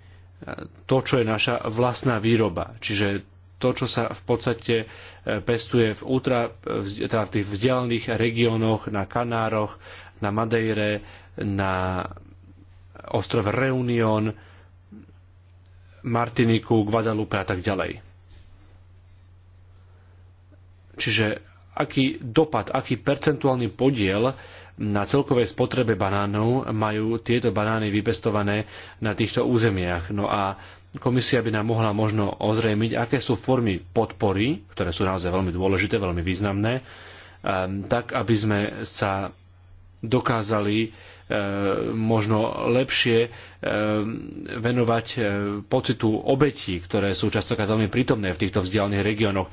to, čo je naša vlastná výroba. Čiže to, čo sa v podstate e, pestuje v, ultra, e, teda v tých vzdialených regiónoch, na Kanároch, na Madeire, na ostrov Reunion, Martiniku, Guadalupe a tak ďalej. Čiže aký dopad, aký percentuálny podiel na celkovej spotrebe banánov majú tieto banány vypestované na týchto územiach. No a komisia by nám mohla možno ozrejmiť, aké sú formy podpory, ktoré sú naozaj veľmi dôležité, veľmi významné, ehm, tak aby sme sa dokázali E, možno lepšie e, venovať e, pocitu obetí, ktoré sú častokrát veľmi prítomné v týchto vzdialených regiónoch.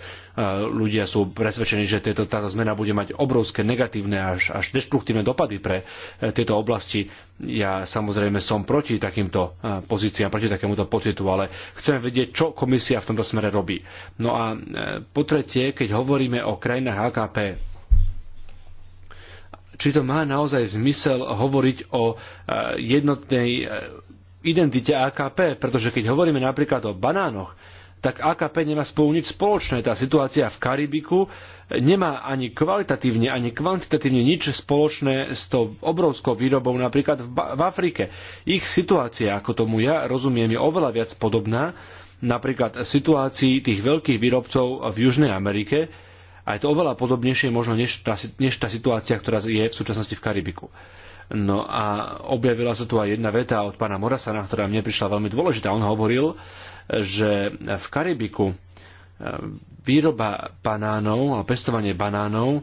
Ľudia sú presvedčení, že tieto, táto zmena bude mať obrovské negatívne až, až deštruktívne dopady pre tieto oblasti. Ja samozrejme som proti takýmto pozíciám, proti takémuto pocitu, ale chcem vedieť, čo komisia v tomto smere robí. No a po tretie, keď hovoríme o krajinách AKP, či to má naozaj zmysel hovoriť o e, jednotnej e, identite AKP, pretože keď hovoríme napríklad o banánoch, tak AKP nemá spolu nič spoločné. Tá situácia v Karibiku e, nemá ani kvalitatívne, ani kvantitatívne nič spoločné s tou obrovskou výrobou napríklad v, v Afrike. Ich situácia, ako tomu ja rozumiem, je oveľa viac podobná napríklad situácii tých veľkých výrobcov v Južnej Amerike, a je to oveľa podobnejšie možno než tá, než tá situácia, ktorá je v súčasnosti v Karibiku. No a objavila sa tu aj jedna veta od pána Morasana, ktorá mne prišla veľmi dôležitá. On hovoril, že v Karibiku e, výroba banánov a pestovanie banánov e,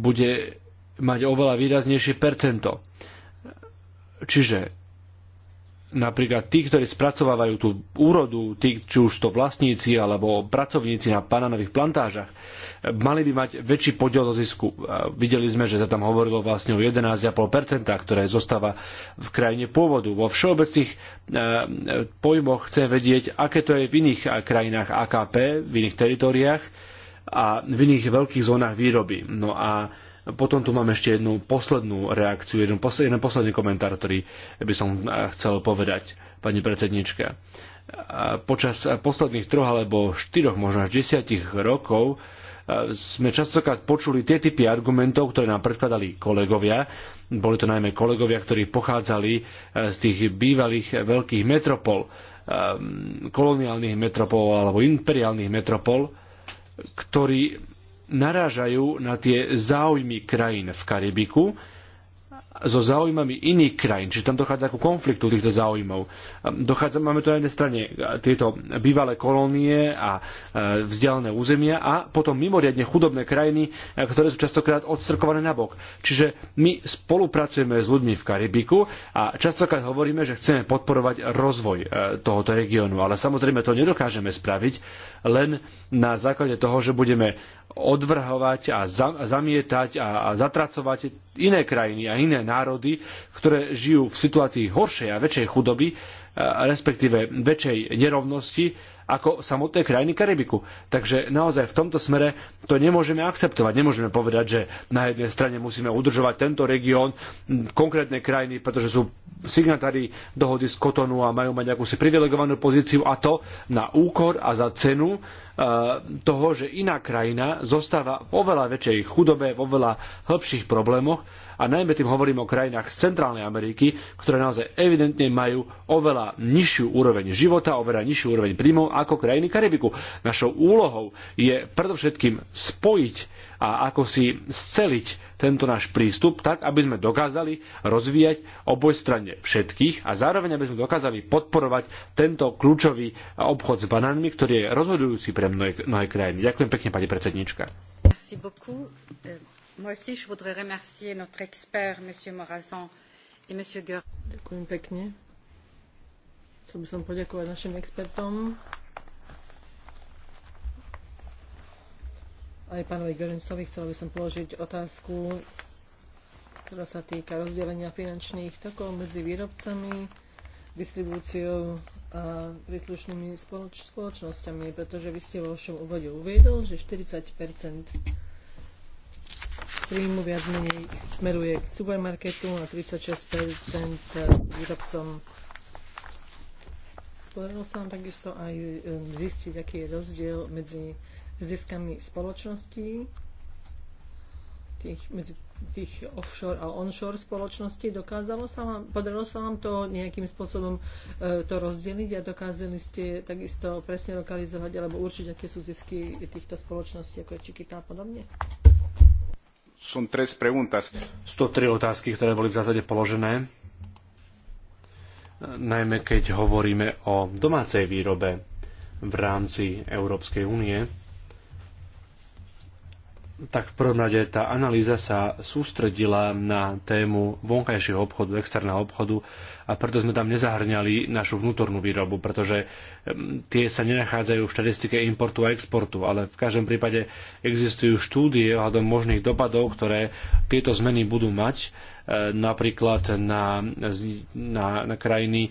bude mať oveľa výraznejšie percento. Čiže napríklad tí, ktorí spracovávajú tú úrodu, tí, či už to vlastníci alebo pracovníci na bananových plantážach, mali by mať väčší podiel zo zisku. Videli sme, že sa tam hovorilo vlastne o 11,5%, ktoré zostáva v krajine pôvodu. Vo všeobecných e, pojmoch chce vedieť, aké to je v iných krajinách AKP, v iných teritoriách a v iných veľkých zónach výroby. No a potom tu mám ešte jednu poslednú reakciu, jeden, posledný, jeden posledný komentár, ktorý by som eh, chcel povedať, pani predsednička. Počas posledných troch alebo štyroch, možno až desiatich rokov eh, sme častokrát počuli tie typy argumentov, ktoré nám predkladali kolegovia. Boli to najmä kolegovia, ktorí pochádzali eh, z tých bývalých veľkých metropol, koloniálnych metropol alebo imperiálnych metropol, ktorí narážajú na tie záujmy krajín v Karibiku so záujmami iných krajín, čiže tam dochádza ku konfliktu týchto záujmov. Dochádza, máme tu na jednej strane tieto bývalé kolónie a e, vzdialené územia a potom mimoriadne chudobné krajiny, e, ktoré sú častokrát odstrkované bok. Čiže my spolupracujeme s ľuďmi v Karibiku a častokrát hovoríme, že chceme podporovať rozvoj e, tohoto regiónu, ale samozrejme to nedokážeme spraviť len na základe toho, že budeme odvrhovať a zamietať a zatracovať iné krajiny a iné národy, ktoré žijú v situácii horšej a väčšej chudoby, e, respektíve väčšej nerovnosti, ako samotné krajiny Karibiku. Takže naozaj v tomto smere to nemôžeme akceptovať. Nemôžeme povedať, že na jednej strane musíme udržovať tento región, konkrétne krajiny, pretože sú signatári dohody z Kotonu a majú mať si privilegovanú pozíciu a to na úkor a za cenu e, toho, že iná krajina zostáva v oveľa väčšej chudobe, v oveľa hĺbších problémoch a najmä tým hovorím o krajinách z Centrálnej Ameriky, ktoré naozaj evidentne majú oveľa nižšiu úroveň života, oveľa nižšiu úroveň príjmov ako krajiny Karibiku. Našou úlohou je predovšetkým spojiť a ako si sceliť tento náš prístup tak, aby sme dokázali rozvíjať obojstranne všetkých a zároveň aby sme dokázali podporovať tento kľúčový obchod s banánmi, ktorý je rozhodujúci pre mnohé, mnohé krajiny. Ďakujem pekne, pani predsednička. Merci beaucoup. Euh, Moi aussi, je voudrais remercier notre expert, M. Morazan et M. Guerrero. Ďakujem pekne. Chcel by som poďakovať našim expertom. Aj pánovi Görensovi chcela by som položiť otázku, ktorá sa týka rozdelenia finančných tokov medzi výrobcami, distribúciou a príslušnými spoloč spoločnosťami, pretože vy ste vo vašom úvode uviedol, že 40 príjmu viac menej smeruje k supermarketu a 36% výrobcom. Podarilo sa vám takisto aj zistiť, aký je rozdiel medzi ziskami spoločností, tých, medzi tých offshore a onshore spoločností. Dokázalo sa vám, podarilo sa vám to nejakým spôsobom e, to rozdeliť a dokázali ste takisto presne lokalizovať alebo určiť, aké sú zisky týchto spoločností, ako je Čikita a podobne? son tres preguntas. 103 otázky, ktoré boli v zásade položené, najmä keď hovoríme o domácej výrobe v rámci Európskej únie tak v prvom rade tá analýza sa sústredila na tému vonkajšieho obchodu, externého obchodu a preto sme tam nezahrňali našu vnútornú výrobu, pretože tie sa nenachádzajú v štatistike importu a exportu, ale v každom prípade existujú štúdie ohľadom možných dopadov, ktoré tieto zmeny budú mať e, napríklad na, na, na krajiny e,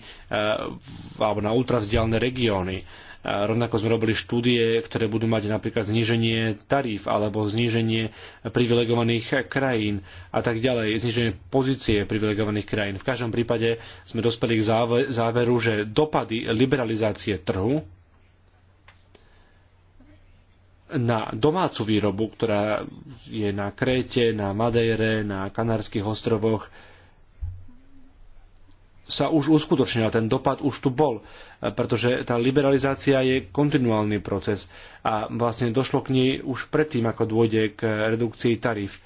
alebo na ultrazdialné regióny Rovnako sme robili štúdie, ktoré budú mať napríklad zníženie taríf alebo zníženie privilegovaných krajín a tak ďalej, zníženie pozície privilegovaných krajín. V každom prípade sme dospeli k záveru, že dopady liberalizácie trhu na domácu výrobu, ktorá je na Kréte, na Madejre, na Kanárskych ostrovoch, sa už uskutočnila, ten dopad už tu bol, pretože tá liberalizácia je kontinuálny proces a vlastne došlo k nej už predtým, ako dôjde k redukcii tarif.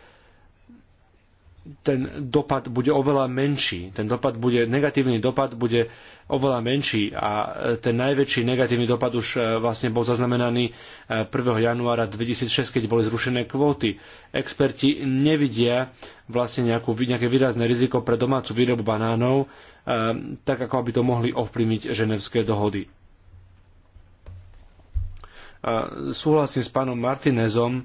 Ten dopad bude oveľa menší, ten dopad bude, negatívny dopad bude oveľa menší a ten najväčší negatívny dopad už e, vlastne bol zaznamenaný 1. E, januára 2006, keď boli zrušené kvóty. Experti nevidia vlastne nejakú, nejaké výrazné riziko pre domácu výrobu banánov, Ehm, tak ako aby to mohli ovplyvniť ženevské dohody. Súhlasím s pánom Martinezom,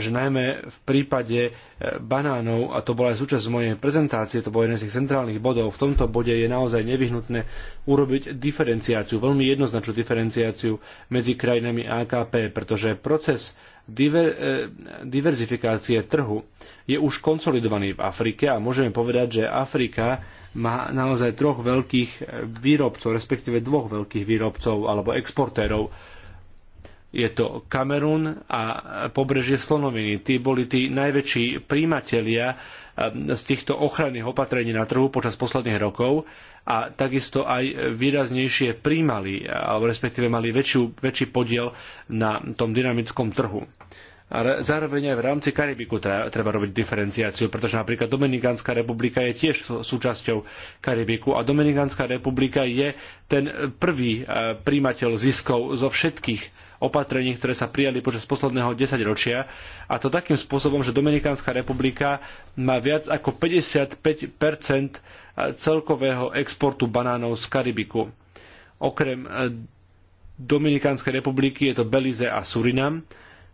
že najmä v prípade e, banánov, a to bola aj súčasť mojej prezentácie, to bol jeden z tých centrálnych bodov, v tomto bode je naozaj nevyhnutné urobiť diferenciáciu, veľmi jednoznačnú diferenciáciu medzi krajinami AKP, pretože proces diver, eh, diverzifikácie trhu je už konsolidovaný v Afrike a môžeme povedať, že Afrika má naozaj troch veľkých eh, výrobcov, respektíve dvoch veľkých výrobcov alebo exportérov. Je to Kamerun a pobrežie Slonoviny. Tí boli tí najväčší príjmatelia eh, z týchto ochranných opatrení na trhu počas posledných rokov a takisto aj výraznejšie príjmali, alebo respektíve mali väčšiu, väčší podiel na tom dynamickom trhu. Ale zároveň aj v rámci Karibiku treba robiť diferenciáciu, pretože napríklad Dominikánska republika je tiež súčasťou Karibiku a Dominikánska republika je ten prvý e, príjmateľ ziskov zo všetkých opatrení, ktoré sa prijali počas posledného desaťročia a to takým spôsobom, že Dominikánska republika má viac ako 55 celkového exportu banánov z Karibiku. Okrem eh, Dominikánskej republiky je to Belize a Surinam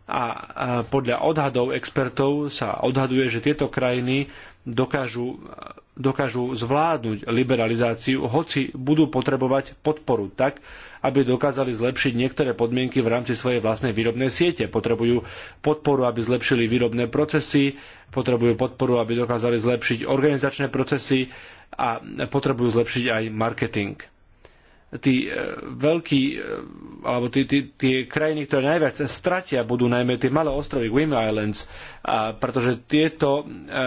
a eh, podľa odhadov expertov sa odhaduje, že tieto krajiny dokážu, eh, dokážu zvládnuť liberalizáciu, hoci budú potrebovať podporu tak, aby dokázali zlepšiť niektoré podmienky v rámci svojej vlastnej výrobnej siete. Potrebujú podporu, aby zlepšili výrobné procesy, potrebujú podporu, aby dokázali zlepšiť organizačné procesy, a potrebujú zlepšiť aj marketing. Tí e, veľkí, e, alebo tí, tí, tie krajiny, ktoré najviac stratia, budú najmä tie malé ostrovy, Wim Islands, a pretože tieto, e,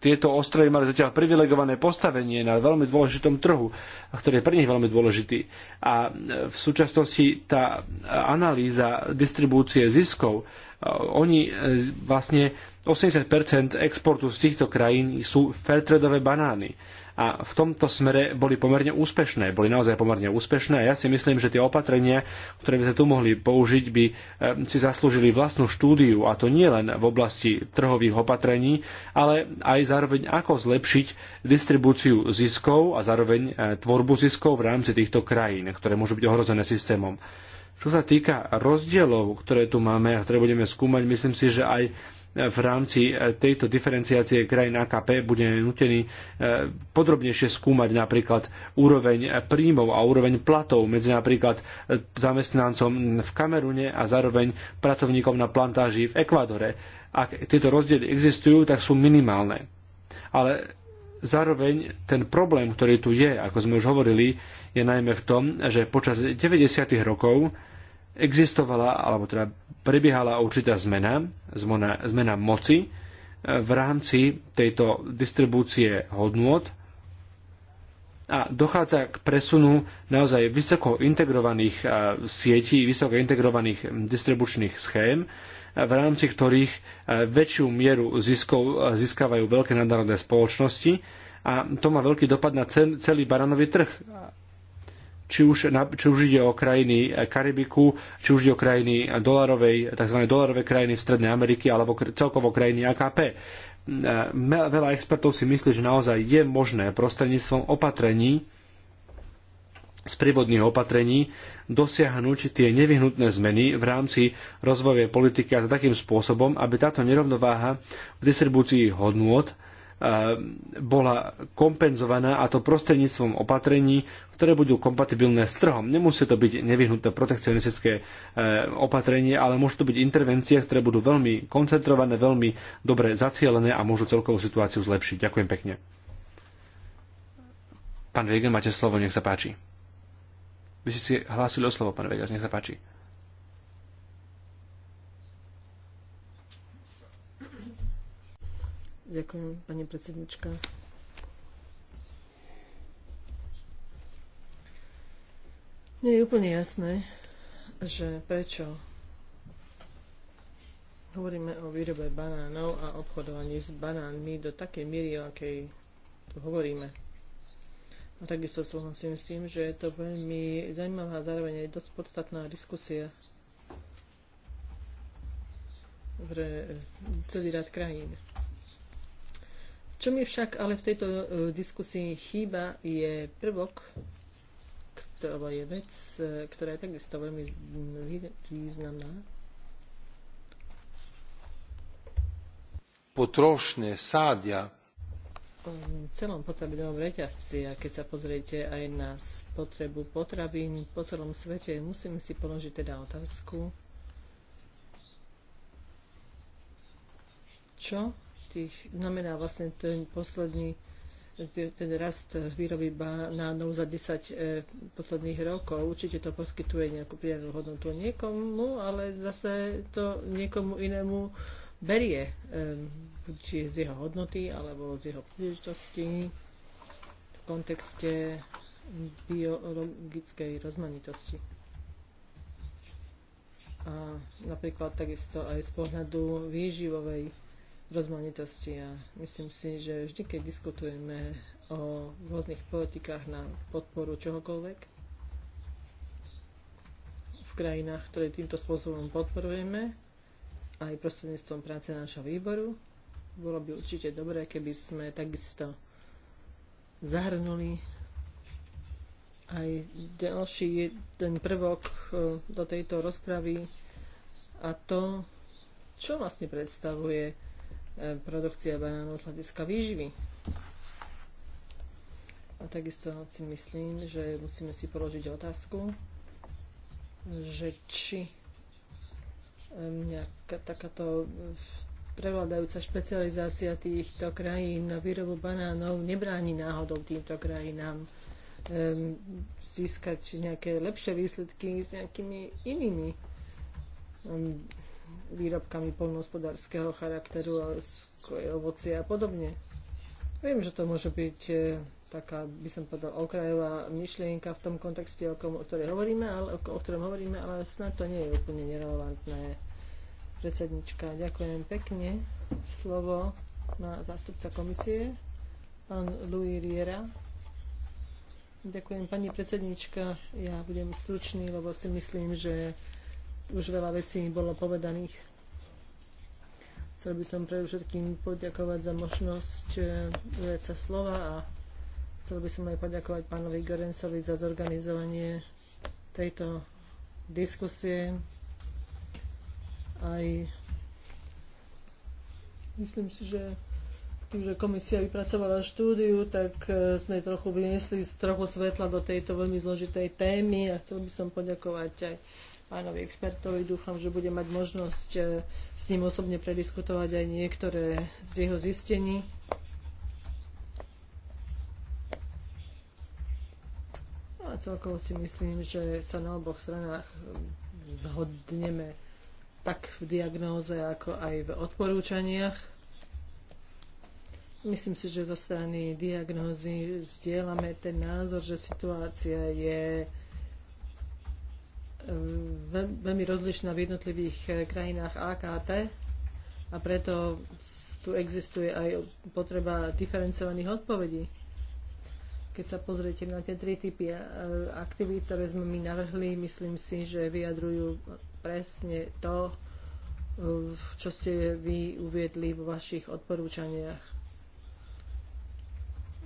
tieto ostrovy mali zatiaľ privilegované postavenie na veľmi dôležitom trhu, ktorý je pre nich veľmi dôležitý. A v súčasnosti tá analýza distribúcie ziskov, oni vlastne 80% exportu z týchto krajín sú fairtradové banány a v tomto smere boli pomerne úspešné. Boli naozaj pomerne úspešné a ja si myslím, že tie opatrenia, ktoré by sa tu mohli použiť, by e, si zaslúžili vlastnú štúdiu a to nie len v oblasti trhových opatrení, ale aj zároveň ako zlepšiť distribúciu ziskov a zároveň e, tvorbu ziskov v rámci týchto krajín, ktoré môžu byť ohrozené systémom. Čo sa týka rozdielov, ktoré tu máme a ktoré budeme skúmať, myslím si, že aj v rámci e, tejto diferenciácie krajín AKP bude nutený e, podrobnejšie skúmať napríklad úroveň príjmov a úroveň platov medzi napríklad e, zamestnancom v Kamerune a zároveň pracovníkom na plantáži v Ekvádore. Ak tieto rozdiely existujú, tak sú minimálne. Ale zároveň ten problém, ktorý tu je, ako sme už hovorili, je najmä v tom, že počas 90. rokov existovala, alebo teda prebiehala určitá zmena, zmena, zmena moci e, v rámci tejto distribúcie hodnôt a dochádza k presunu naozaj vysoko integrovaných e, sietí, vysoko integrovaných distribučných schém, e, v rámci ktorých väčšiu mieru ziskov získavajú veľké nadnárodné spoločnosti a to má veľký dopad na celý baranový trh či už, či už ide o krajiny eh, Karibiku, či už ide o krajiny dolarovej, tzv. dolarovej krajiny v Strednej Ameriky alebo celkovo krajiny AKP. Eh, veľa expertov si myslí, že naozaj je možné prostredníctvom opatrení z prívodných opatrení dosiahnuť tie nevyhnutné zmeny v rámci rozvojovej politiky a to takým spôsobom, aby táto nerovnováha v distribúcii hodnôt Eh, bola kompenzovaná a to prostredníctvom opatrení, ktoré budú kompatibilné s trhom. Nemusí to byť nevyhnuté protekcionistické eh, opatrenie, ale môžu to byť intervencie, ktoré budú veľmi koncentrované, veľmi dobre zacielené a môžu celkovú situáciu zlepšiť. Ďakujem pekne. Pán Vegen, máte slovo, nech sa páči. Vy ste si hlásili o slovo, pán Vegas, nech sa páči. Ďakujem, pani predsednička. Nie je úplne jasné, že prečo hovoríme o výrobe banánov a obchodovaní s banánmi do takej miery, o akej tu hovoríme. A takisto súhlasím s tým, že je to veľmi zaujímavá a zároveň aj dosť podstatná diskusia pre celý rad krajín. Čo mi však ale v tejto e, diskusii chýba, je prvok, ktorá je vec, e, ktorá je takisto veľmi významná. Potrošne sádia v celom potravinovom reťazci a keď sa pozriete aj na spotrebu potravín po celom svete, musíme si položiť teda otázku, čo tých, znamená vlastne ten posledný ten rast výroby banánov za 10 e, posledných rokov. Určite to poskytuje nejakú pridanú hodnotu niekomu, ale zase to niekomu inému berie, e, či z jeho hodnoty alebo z jeho príležitosti v kontexte biologickej rozmanitosti. A napríklad takisto aj z pohľadu výživovej rozmanitosti a myslím si, že vždy, keď diskutujeme o rôznych politikách na podporu čohokoľvek v krajinách, ktoré týmto spôsobom podporujeme, aj prostredníctvom práce nášho výboru, bolo by určite dobré, keby sme takisto zahrnuli aj ďalší ten prvok e, do tejto rozpravy a to, čo vlastne predstavuje produkcia banánov z hľadiska výživy. A takisto si myslím, že musíme si položiť otázku, že či ehm, nejaká takáto prevládajúca špecializácia týchto krajín na výrobu banánov nebráni náhodou týmto krajinám ehm, získať nejaké lepšie výsledky s nejakými inými ehm, výrobkami polnohospodárskeho charakteru, ovocie a podobne. Viem, že to môže byť e, taká, by som povedal, okrajová myšlienka v tom kontexte, o, kom, o, ktorej hovoríme, ale, o ktorom hovoríme, ale snad to nie je úplne nerelevantné. Predsednička, ďakujem pekne. Slovo má zástupca komisie, pán Louis Riera. Ďakujem, pani predsednička. Ja budem stručný, lebo si myslím, že už veľa vecí bolo povedaných. Chcel by som všetkým poďakovať za možnosť eh, ujať sa slova a chcel by som aj poďakovať pánovi Gorensovi za zorganizovanie tejto diskusie. Aj myslím si, že tým, že komisia vypracovala štúdiu, tak eh, sme trochu vyniesli trochu svetla do tejto veľmi zložitej témy a chcel by som poďakovať aj pánovi expertovi. Dúfam, že budem mať možnosť e, s ním osobne prediskutovať aj niektoré z jeho zistení. No a celkovo si myslím, že sa na oboch stranách e, zhodneme tak v diagnóze, ako aj v odporúčaniach. Myslím si, že zo strany diagnózy zdieľame ten názor, že situácia je veľmi rozlišná v jednotlivých eh, krajinách AKT a preto tu existuje aj potreba diferencovaných odpovedí. Keď sa pozriete na tie tri typy eh, aktivít, ktoré sme my navrhli, myslím si, že vyjadrujú presne to, eh, čo ste vy uviedli vo vašich odporúčaniach.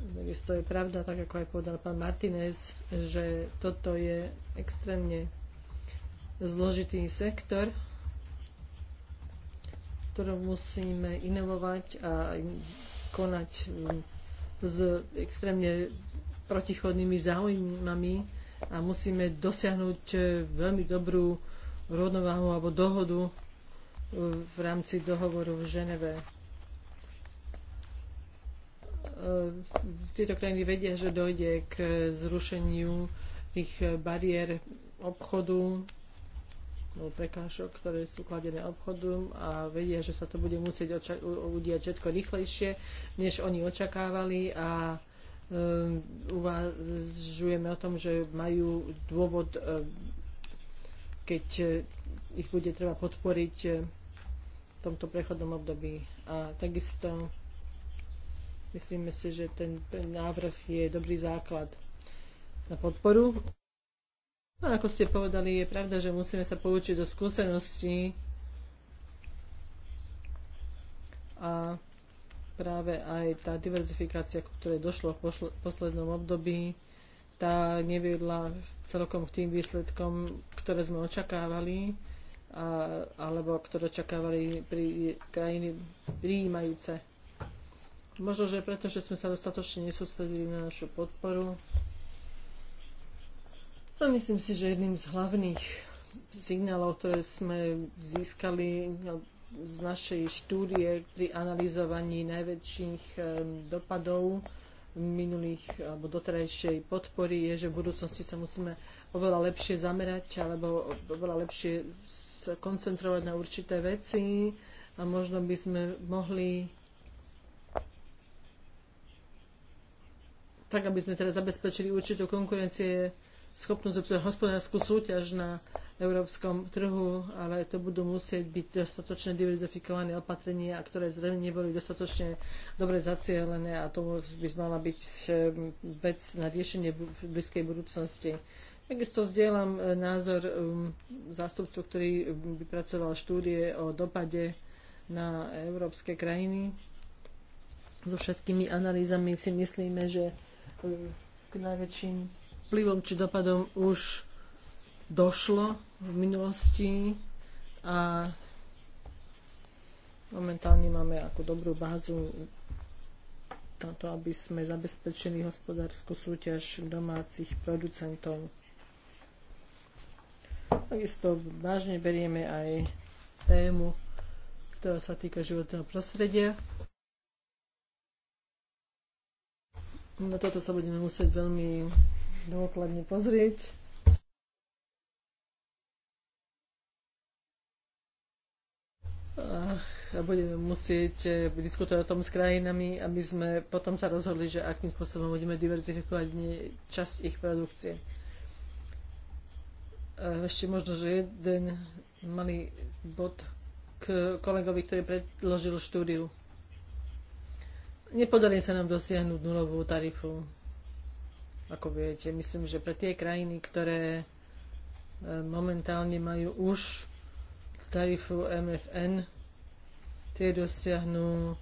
Takisto je pravda, tak ako aj povedal pán Martinez, že toto je extrémne zložitý sektor, ktorom musíme inovovať a konať mm, s extrémne protichodnými záujmami a musíme dosiahnuť eh, veľmi dobrú rovnováhu alebo dohodu eh, v rámci dohovoru v Ženeve. Eh, tieto krajiny vedia, že dojde k zrušeniu ich bariér obchodu Eh, prekážok, ktoré sú kladené obchodom a vedia, že sa to bude musieť udiať všetko rýchlejšie, než oni očakávali a um, uvažujeme o tom, že majú dôvod, um, keď um, ich bude treba podporiť v tomto prechodnom období. A takisto myslíme si, že ten návrh je dobrý základ na podporu. No, ako ste povedali, je pravda, že musíme sa poučiť do skúseností a práve aj tá diverzifikácia, ktoré došlo v poslednom období, tá neviedla celkom k tým výsledkom, ktoré sme očakávali, a, alebo ktoré očakávali pri, krajiny príjímajúce. Možno, že preto, že sme sa dostatočne nesústredili na našu podporu, No myslím si, že jedným z hlavných signálov, ktoré sme získali z našej štúdie pri analyzovaní najväčších eh, dopadov minulých alebo doterajšej podpory je, že v budúcnosti sa musíme oveľa lepšie zamerať alebo oveľa lepšie koncentrovať na určité veci a možno by sme mohli tak, aby sme teda zabezpečili určitú konkurencie schopnosť hospodárskú súťaž na európskom trhu, ale to budú musieť byť dostatočne diverzifikované opatrenia, ktoré zrejme neboli dostatočne dobre zacielené a to by mala byť ehm, vec na riešenie v blízkej budúcnosti. Takisto zdieľam e, názor ehm, zástupcu, ktorý ehm, vypracoval štúdie o dopade na európske krajiny. So všetkými analýzami si myslíme, že k najväčším vplyvom či dopadom už došlo v minulosti a momentálne máme ako dobrú bázu na to, aby sme zabezpečili hospodárskú súťaž domácich producentov. Takisto vážne berieme aj tému, ktorá sa týka životného prostredia. Na toto sa budeme musieť veľmi dôkladne pozrieť. A budeme musieť eh, diskutovať o tom s krajinami, aby sme potom sa rozhodli, že akým spôsobom budeme diverzifikovať časť ich produkcie. ešte možno, že jeden malý bod k kolegovi, ktorý predložil štúdiu. Nepodarí sa nám dosiahnuť nulovú tarifu ako viete, myslím, že pre tie krajiny, ktoré e, momentálne majú už tarifu MFN, tie dosiahnu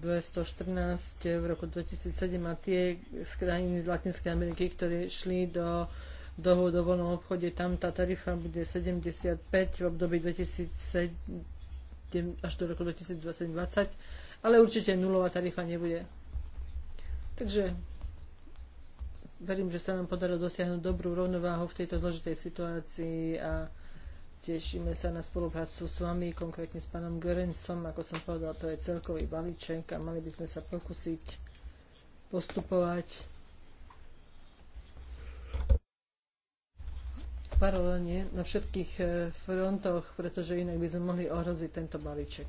214 v roku 2007 a tie z krajiny Latinskej Ameriky, ktoré šli do dohod o voľnom obchode, tam tá tarifa bude 75 v období 2007 až do roku 2020, ale určite nulová tarifa nebude. Takže verím, že sa nám podarilo dosiahnuť dobrú rovnováhu v tejto zložitej situácii a tešíme sa na spoluprácu s vami, konkrétne s pánom Görensom. Ako som povedal, to je celkový balíček a mali by sme sa pokúsiť postupovať paralelne na všetkých eh, frontoch, pretože inak by sme mohli ohroziť tento balíček.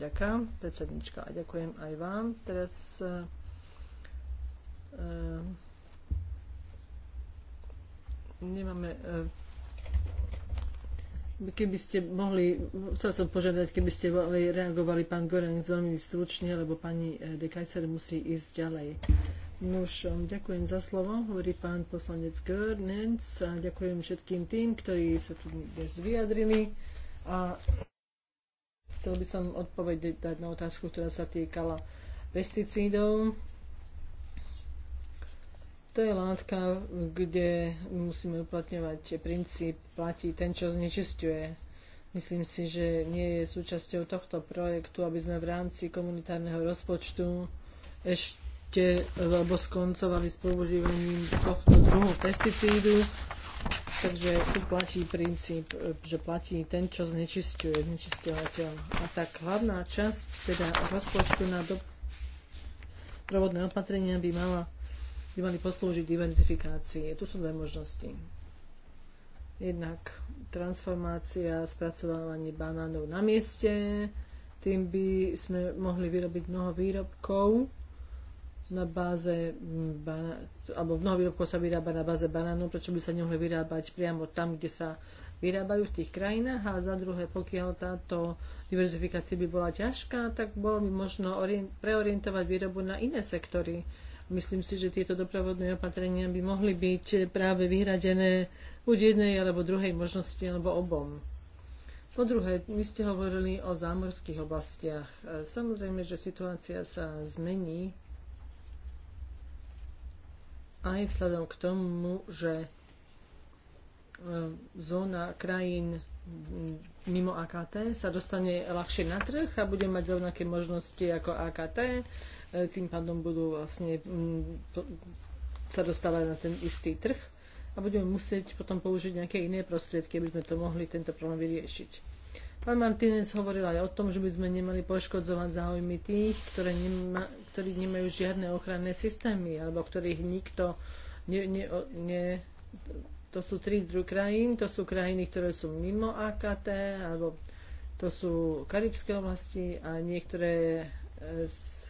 Ďakujem, predsednička, a ďakujem aj vám. Teraz uh, uh, nemáme e, Keby ste mohli, chcel som požiadať, keby ste mohli, reagovali pán Goreng veľmi stručne, lebo pani e, de Kajser musí ísť ďalej. Nož, e, ďakujem za slovo, hovorí pán poslanec Görnens a ďakujem všetkým tým, ktorí sa tu dnes vyjadrili. A chcel by som odpovedať na otázku, ktorá sa týkala pesticídov. To je látka, kde musíme uplatňovať princíp platí ten, čo znečisťuje. Myslím si, že nie je súčasťou tohto projektu, aby sme v rámci komunitárneho rozpočtu ešte alebo skoncovali s používaním tohto druhu pesticídu. Takže tu platí princíp, že platí ten, čo znečisťuje, znečisťovateľ. A tak hlavná časť teda rozpočtu na doprovodné opatrenia by mala by mali poslúžiť diverzifikácii. Tu sú dve možnosti. Jednak transformácia, spracovávanie banánov na mieste, tým by sme mohli vyrobiť mnoho výrobkov na báze, bana, alebo mnoho výrobkov sa vyrába na báze banánov, prečo by sa nemohli vyrábať priamo tam, kde sa vyrábajú v tých krajinách a za druhé, pokiaľ táto diverzifikácia by bola ťažká, tak bolo by možno preorientovať výrobu na iné sektory, Myslím si, že tieto doprovodné opatrenia by mohli byť práve vyhradené buď jednej alebo druhej možnosti, alebo obom. Po druhé, my ste hovorili o zámorských oblastiach. E, samozrejme, že situácia sa zmení aj vzhľadom k tomu, že e, zóna krajín mimo AKT sa dostane ľahšie na trh a bude mať rovnaké možnosti ako AKT E, tým pádom budú vlastne sa dostávať na ten istý trh a budeme musieť potom použiť nejaké iné prostriedky, aby sme to mohli tento problém vyriešiť. Pán Martínez hovoril aj o tom, že by sme nemali poškodzovať záujmy tých, ktoré nema, ktorí nemajú žiadne ochranné systémy alebo ktorých nikto ne, ne, ne, to sú tri druh krajín, to sú krajiny, ktoré sú mimo AKT, alebo to sú karibské oblasti a niektoré z e,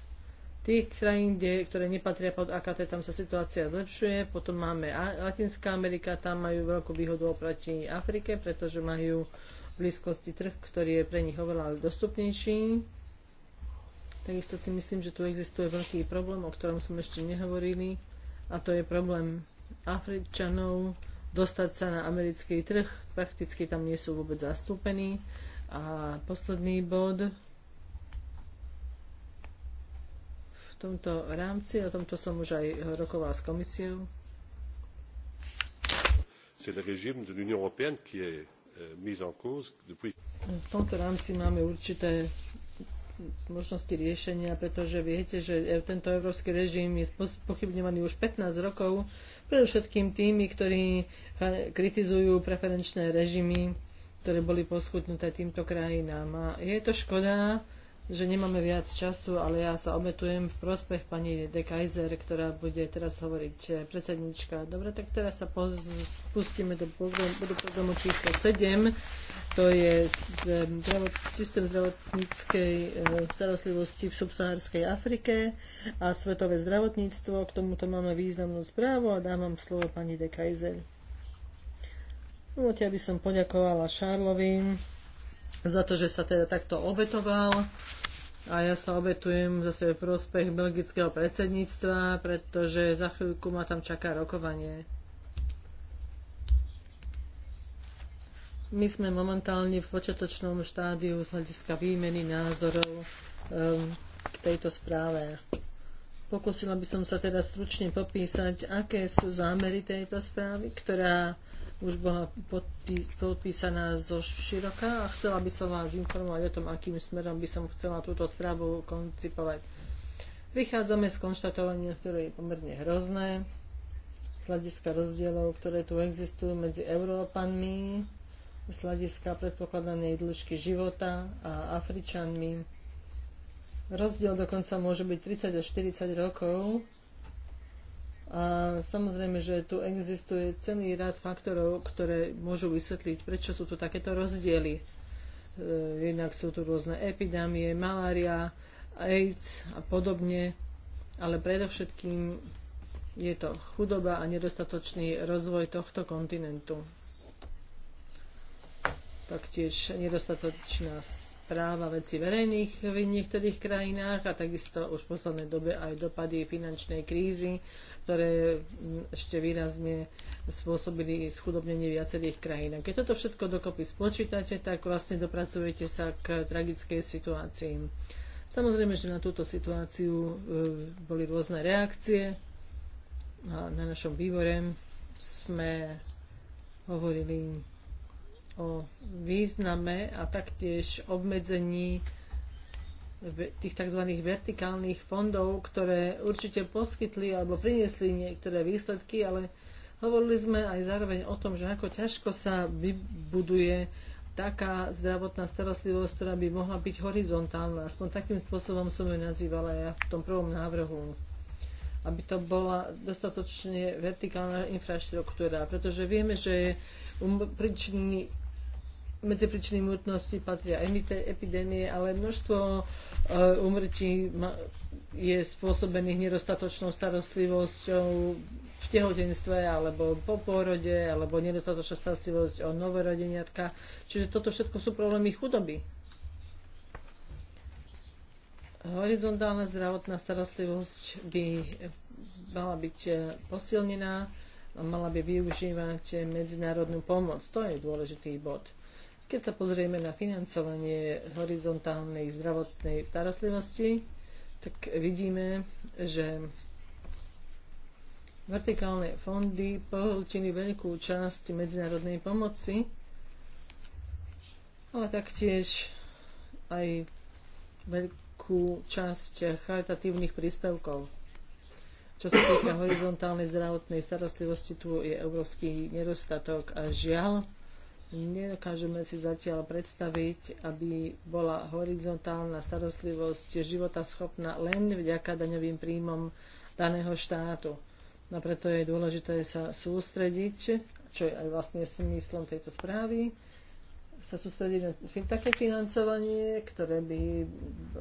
tých krajín, kde, ktoré nepatria pod AKT, tam sa situácia zlepšuje. Potom máme Latinská Amerika, tam majú veľkú výhodu oproti Afrike, pretože majú v blízkosti trh, ktorý je pre nich oveľa dostupnejší. Takisto si myslím, že tu existuje veľký problém, o ktorom sme ešte nehovorili, a to je problém Afričanov dostať sa na americký trh. Prakticky tam nie sú vôbec zastúpení. A posledný bod, tomto rámci. O tomto som už aj rokoval s komisiou. C'est le régime de l'Union européenne qui est euh, mis en cause depuis... V tomto rámci máme určité možnosti riešenia, pretože viete, že e, tento európsky režim je pochybňovaný už 15 rokov, predovšetkým tými, ktorí kritizujú preferenčné režimy, ktoré boli poskutnuté týmto krajinám. A je to škoda, že nemáme viac času, ale ja sa obetujem v prospech pani De Kaiser, ktorá bude teraz hovoriť eh, predsednička. Dobre, tak teraz sa pustíme do programu, do programu číslo 7. To je zdravot, systém zdravotníckej eh, starostlivosti v subsahárskej Afrike a svetové zdravotníctvo. K tomuto máme významnú správu a dávam slovo pani De Kaiser. Dovolte, aby som poďakovala Šárlovi za to, že sa teda takto obetoval a ja sa obetujem zase v prospech belgického predsedníctva, pretože za chvíľku ma tam čaká rokovanie. My sme momentálne v počiatočnom štádiu z hľadiska výmeny názorov um, k tejto správe. Pokúsila by som sa teda stručne popísať, aké sú zámery tejto správy, ktorá už bola podpísaná zo široka a chcela by som vás informovať o tom, akým smerom by som chcela túto správu koncipovať. Vychádzame z konštatovania, ktoré je pomerne hrozné, z hľadiska rozdielov, ktoré tu existujú medzi Európanmi, z hľadiska predpokladanej dĺžky života a Afričanmi. Rozdiel dokonca môže byť 30 až 40 rokov a samozrejme, že tu existuje celý rád faktorov, ktoré môžu vysvetliť, prečo sú tu takéto rozdiely. E, jednak sú tu rôzne epidémie, malária, AIDS a podobne, ale predovšetkým je to chudoba a nedostatočný rozvoj tohto kontinentu. Taktiež nedostatočná práva veci verejných v niektorých krajinách a takisto už v poslednej dobe aj dopady finančnej krízy, ktoré ešte výrazne spôsobili schudobnenie viacerých krajín. A keď toto všetko dokopy spočítate, tak vlastne dopracujete sa k tragickej situácii. Samozrejme, že na túto situáciu e, boli rôzne reakcie. A na našom výbore sme hovorili o význame a taktiež obmedzení tých tzv. vertikálnych fondov, ktoré určite poskytli alebo priniesli niektoré výsledky, ale hovorili sme aj zároveň o tom, že ako ťažko sa vybuduje taká zdravotná starostlivosť, ktorá by mohla byť horizontálna. Aspoň takým spôsobom som ju nazývala ja v tom prvom návrhu aby to bola dostatočne vertikálna infraštruktúra, pretože vieme, že príčiny medzi príčiny úmrtnosti patria epidémie, ale množstvo e, umrtí je spôsobených nedostatočnou starostlivosťou v tehotenstve alebo po pôrode alebo nedostatočná starostlivosť o novorodeniatka. Čiže toto všetko sú problémy chudoby. Horizontálna zdravotná starostlivosť by mala byť e, posilnená a mala by využívať medzinárodnú pomoc. To je dôležitý bod. Keď sa pozrieme na financovanie horizontálnej zdravotnej starostlivosti, tak vidíme, že vertikálne fondy pohltili veľkú časť medzinárodnej pomoci, ale taktiež aj veľkú časť charitatívnych príspevkov. Čo sa týka horizontálnej zdravotnej starostlivosti, tu je európsky nedostatok a žiaľ, Nedokážeme si zatiaľ predstaviť, aby bola horizontálna starostlivosť života schopná len vďaka daňovým príjmom daného štátu. No preto je dôležité sa sústrediť, čo je aj vlastne smyslom tejto správy, sa sústrediť na také financovanie, ktoré by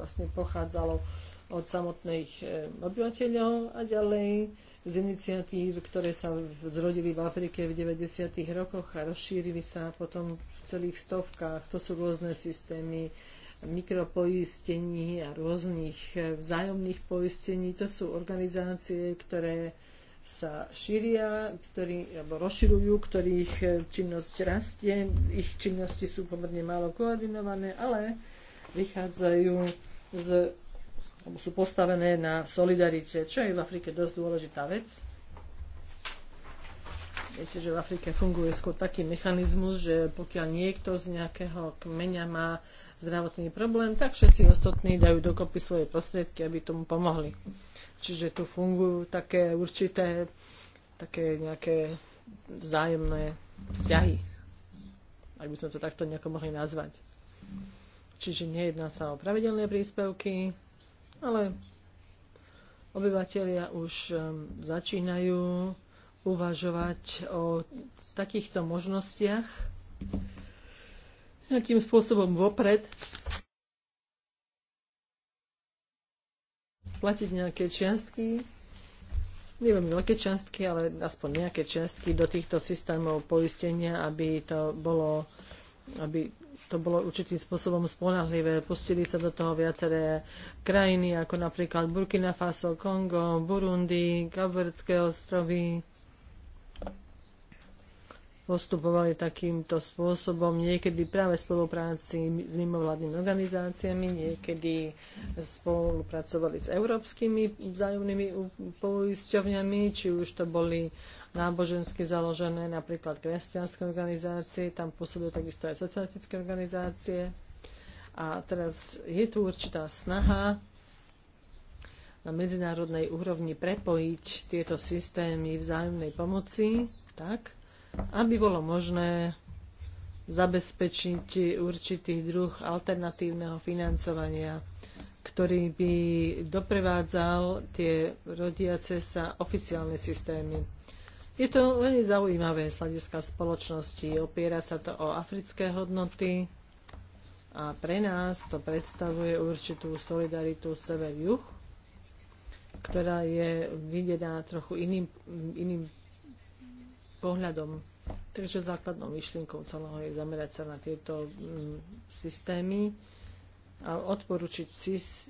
vlastne pochádzalo od samotných eh, obyvateľov a ďalej z iniciatív, ktoré sa zrodili v Afrike v 90. rokoch a rozšírili sa potom v celých stovkách. To sú rôzne systémy mikropoistení a rôznych eh, vzájomných poistení. To sú organizácie, ktoré sa šíria, ktorý, alebo rozširujú, ktorých eh, činnosť rastie. Ich činnosti sú pomerne málo koordinované, ale vychádzajú z sú postavené na solidarite, čo je v Afrike dosť dôležitá vec. Viete, že v Afrike funguje skôr taký mechanizmus, že pokiaľ niekto z nejakého kmeňa má zdravotný problém, tak všetci ostatní dajú dokopy svoje prostriedky, aby tomu pomohli. Čiže tu fungujú také určité, také nejaké vzájomné vzťahy, ak by sme to takto nejako mohli nazvať. Čiže nejedná sa o pravidelné príspevky, ale obyvateľia už um, začínajú uvažovať o takýchto možnostiach nejakým spôsobom vopred platiť nejaké čiastky, neviem veľké čiastky, ale aspoň nejaké čiastky do týchto systémov poistenia, aby to bolo, aby to bolo určitým spôsobom spolahlivé. Pustili sa do toho viaceré krajiny, ako napríklad Burkina Faso, Kongo, Burundi, Kaberské ostrovy. Postupovali takýmto spôsobom, niekedy práve v spolupráci s mimovládnymi organizáciami, niekedy spolupracovali s európskymi vzájomnými poisťovňami, či už to boli nábožensky založené, napríklad kresťanské organizácie, tam pôsobia takisto aj socialistické organizácie. A teraz je tu určitá snaha na medzinárodnej úrovni prepojiť tieto systémy vzájomnej pomoci tak, aby bolo možné zabezpečiť určitý druh alternatívneho financovania, ktorý by doprevádzal tie rodiace sa oficiálne systémy. Je to veľmi zaujímavé z hľadiska spoločnosti. Opiera sa to o africké hodnoty a pre nás to predstavuje určitú solidaritu sever-juh, ktorá je videná trochu iným, iným pohľadom. Takže základnou myšlienkou celého je zamerať sa na tieto mm, systémy a odporučiť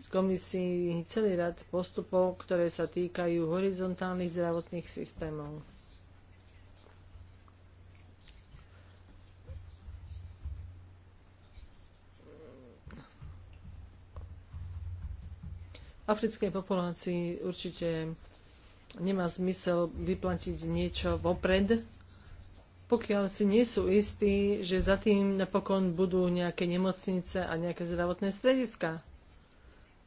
komisii celý rad postupov, ktoré sa týkajú horizontálnych zdravotných systémov. africkej populácii určite nemá zmysel vyplatiť niečo vopred, pokiaľ si nie sú istí, že za tým napokon budú nejaké nemocnice a nejaké zdravotné strediska.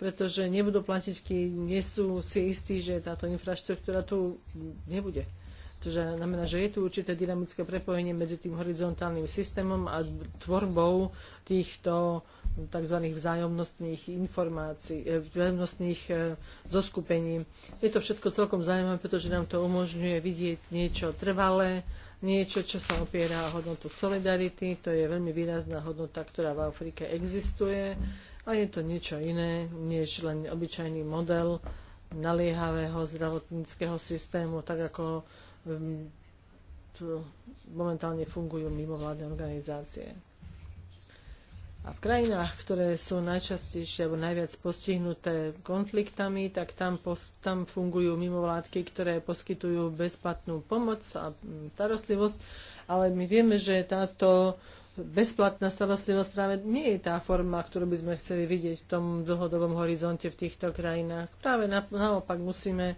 Pretože nebudú platiť, keď nie sú si istí, že táto infraštruktúra tu nebude. To znamená, že je tu určité dynamické prepojenie medzi tým horizontálnym systémom a tvorbou týchto tzv. vzájomnostných informácií, eh, vzájomnostných eh, zoskupení. Je to všetko celkom zaujímavé, pretože nám to umožňuje vidieť niečo trvalé, niečo, čo sa opiera o hodnotu solidarity. To je veľmi výrazná hodnota, ktorá v Afrike existuje. A je to niečo iné, než len obyčajný model naliehavého zdravotníckého systému, tak ako mm, momentálne fungujú mimovládne organizácie. A v krajinách, ktoré sú najčastejšie alebo najviac postihnuté konfliktami, tak tam, tam fungujú mimovládky, ktoré poskytujú bezplatnú pomoc a mm, starostlivosť, ale my vieme, že táto bezplatná starostlivosť práve nie je tá forma, ktorú by sme chceli vidieť v tom dlhodobom horizonte v týchto krajinách. Práve na, naopak musíme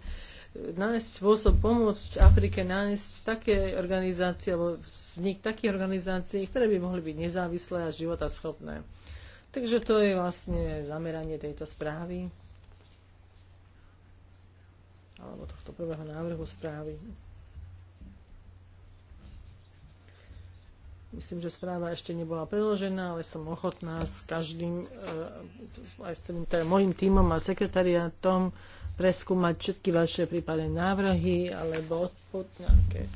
nájsť spôsob pomôcť Afrike nájsť také organizácie alebo vznik takých organizácií, ktoré by mohli byť nezávislé a schopné. Takže to je vlastne zameranie tejto správy alebo tohto prvého návrhu správy. Myslím, že správa ešte nebola preložená, ale som ochotná s každým, e, aj s celým teda môjim tímom a sekretariátom preskúmať všetky vaše prípadné návrhy alebo odpod, nejaké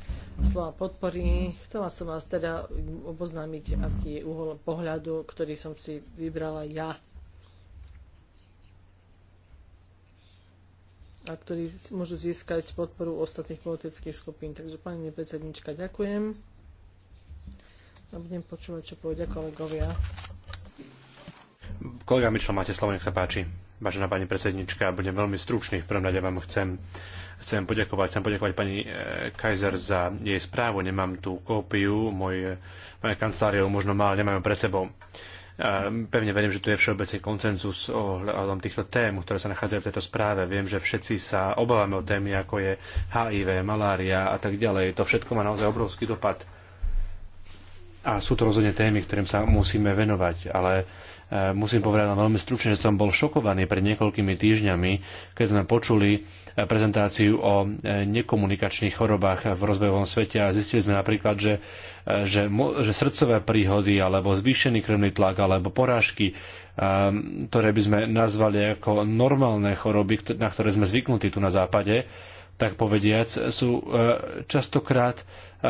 slova podpory. Chcela som vás teda oboznámiť, aký je uhol pohľadu, ktorý som si vybrala ja. a ktorí môžu získať podporu ostatných politických skupín. Takže, pani predsednička, ďakujem a budem počúvať, čo povedia kolegovia. Kolega Mičo, máte slovo, nech sa páči. Vážená pani predsednička, budem veľmi stručný. V prvom rade vám chcem, chcem poďakovať. Chcem poďakovať pani e, Kaiser za jej správu. Nemám tú kópiu, moje, moje kancelárie možno mal, nemajú nemám ju pred sebou. E, pevne verím, že tu je všeobecný koncenzus ohľadom týchto tém, ktoré sa nachádzajú v tejto správe. Viem, že všetci sa obávame o témy, ako je HIV, malária a tak ďalej. To všetko má naozaj obrovský dopad. A sú to rozhodne témy, ktorým sa musíme venovať, ale Eh, musím povedať len veľmi stručne, že som bol šokovaný pred niekoľkými týždňami, keď sme počuli eh, prezentáciu o eh, nekomunikačných chorobách v rozvojovom svete a zistili sme napríklad, že, že, že srdcové príhody alebo zvýšený krvný tlak alebo porážky ehm, ktoré by sme nazvali ako normálne choroby, na ktoré sme zvyknutí tu na západe, tak povediac, sú častokrát Eh,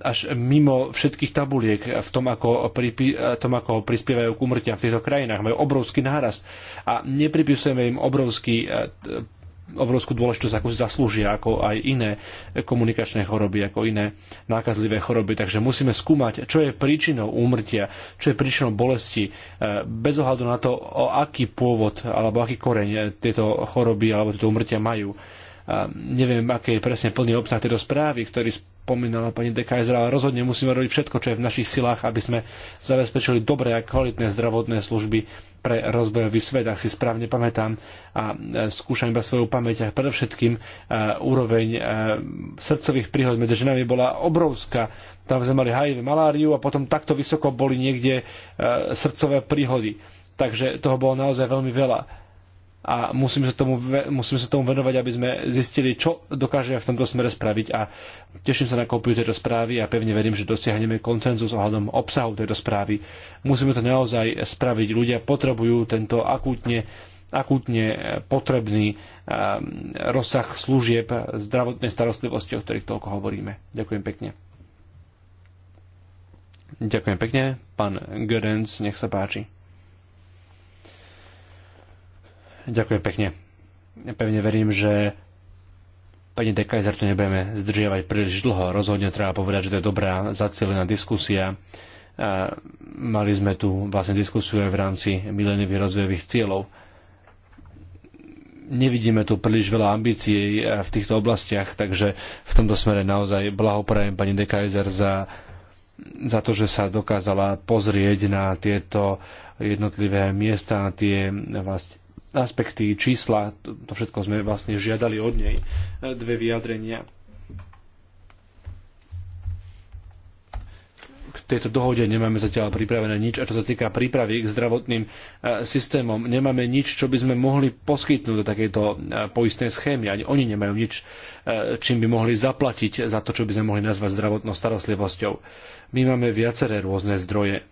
až mimo všetkých tabuliek v tom, ako, pri, eh, tom, ako prispievajú k umrtiam v týchto krajinách. Majú obrovský nárast a nepripisujeme im obrovský eh, obrovskú dôležitosť, ako si zaslúžia, ako aj iné komunikačné choroby, ako iné nákazlivé choroby. Takže musíme skúmať, čo je príčinou úmrtia, čo je príčinou bolesti, bez ohľadu na to, o aký pôvod alebo aký koreň tieto choroby alebo tieto úmrtia majú. A neviem, aký je presne plný obsah tejto správy, ktorý spomínala pani De ale rozhodne musíme robiť všetko, čo je v našich silách, aby sme zabezpečili dobré a kvalitné zdravotné služby pre rozvojový svet, ak si správne pamätám a e, skúšam iba svoju pamäť. A predovšetkým e, úroveň e, srdcových príhod medzi ženami bola obrovská. Tam sme mali HIV, maláriu a potom takto vysoko boli niekde srdcové príhody. Takže toho bolo naozaj veľmi veľa a musíme sa, tomu, musíme sa tomu venovať, aby sme zistili, čo dokážeme v tomto smere spraviť a teším sa na kopiu tejto správy a pevne verím, že dosiahneme koncenzus ohľadom obsahu tejto správy. Musíme to naozaj spraviť. Ľudia potrebujú tento akútne akútne potrebný um, rozsah služieb zdravotnej starostlivosti, o ktorých toľko hovoríme. Ďakujem pekne. Ďakujem pekne. Pán Gerenc, nech sa páči. Ďakujem pekne. Ja pevne verím, že pani Dekajzer tu nebudeme zdržiavať príliš dlho. Rozhodne treba povedať, že to je dobrá, zacielená diskusia. A mali sme tu vlastne diskusiu aj v rámci mileniových rozvojových cieľov. Nevidíme tu príliš veľa ambícií v týchto oblastiach, takže v tomto smere naozaj blahoprajem pani Dekajzer za za to, že sa dokázala pozrieť na tieto jednotlivé miesta, na tie vlastne aspekty, čísla, to všetko sme vlastne žiadali od nej, e, dve vyjadrenia. K tejto dohode nemáme zatiaľ pripravené nič a čo sa týka prípravy k zdravotným e, systémom, nemáme nič, čo by sme mohli poskytnúť do takejto e, poistnej schémy. Ani oni nemajú nič, čím by mohli zaplatiť za to, čo by sme mohli nazvať zdravotnou starostlivosťou. My máme viaceré rôzne zdroje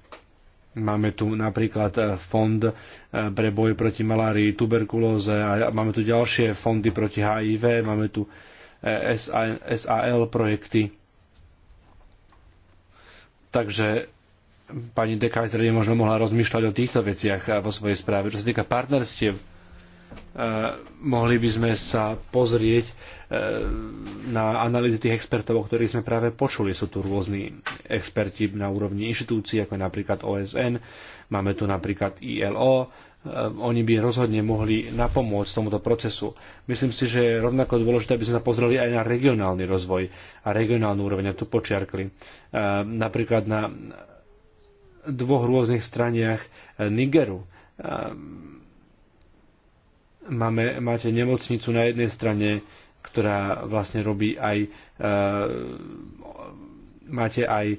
Máme tu napríklad e, fond e, pre boj proti malárii, tuberkulóze a máme tu ďalšie fondy proti HIV, máme tu e, SAL projekty. Takže pani Dekajzer je možno mohla rozmýšľať o týchto veciach vo svojej správe. Čo sa týka partnerstiev, Eh, mohli by sme sa pozrieť eh, na analýzy tých expertov, o ktorých sme práve počuli. Sú tu rôzni experti na úrovni inštitúcií, ako je napríklad OSN, máme tu napríklad ILO, eh, oni by rozhodne mohli napomôcť tomuto procesu. Myslím si, že je rovnako dôležité, aby sme sa pozreli aj na regionálny rozvoj a regionálnu úroveň, a tu počiarkli. Napríklad na dvoch rôznych straniach Nigeru Máme, máte nemocnicu na jednej strane, ktorá vlastne robí aj e, máte aj e,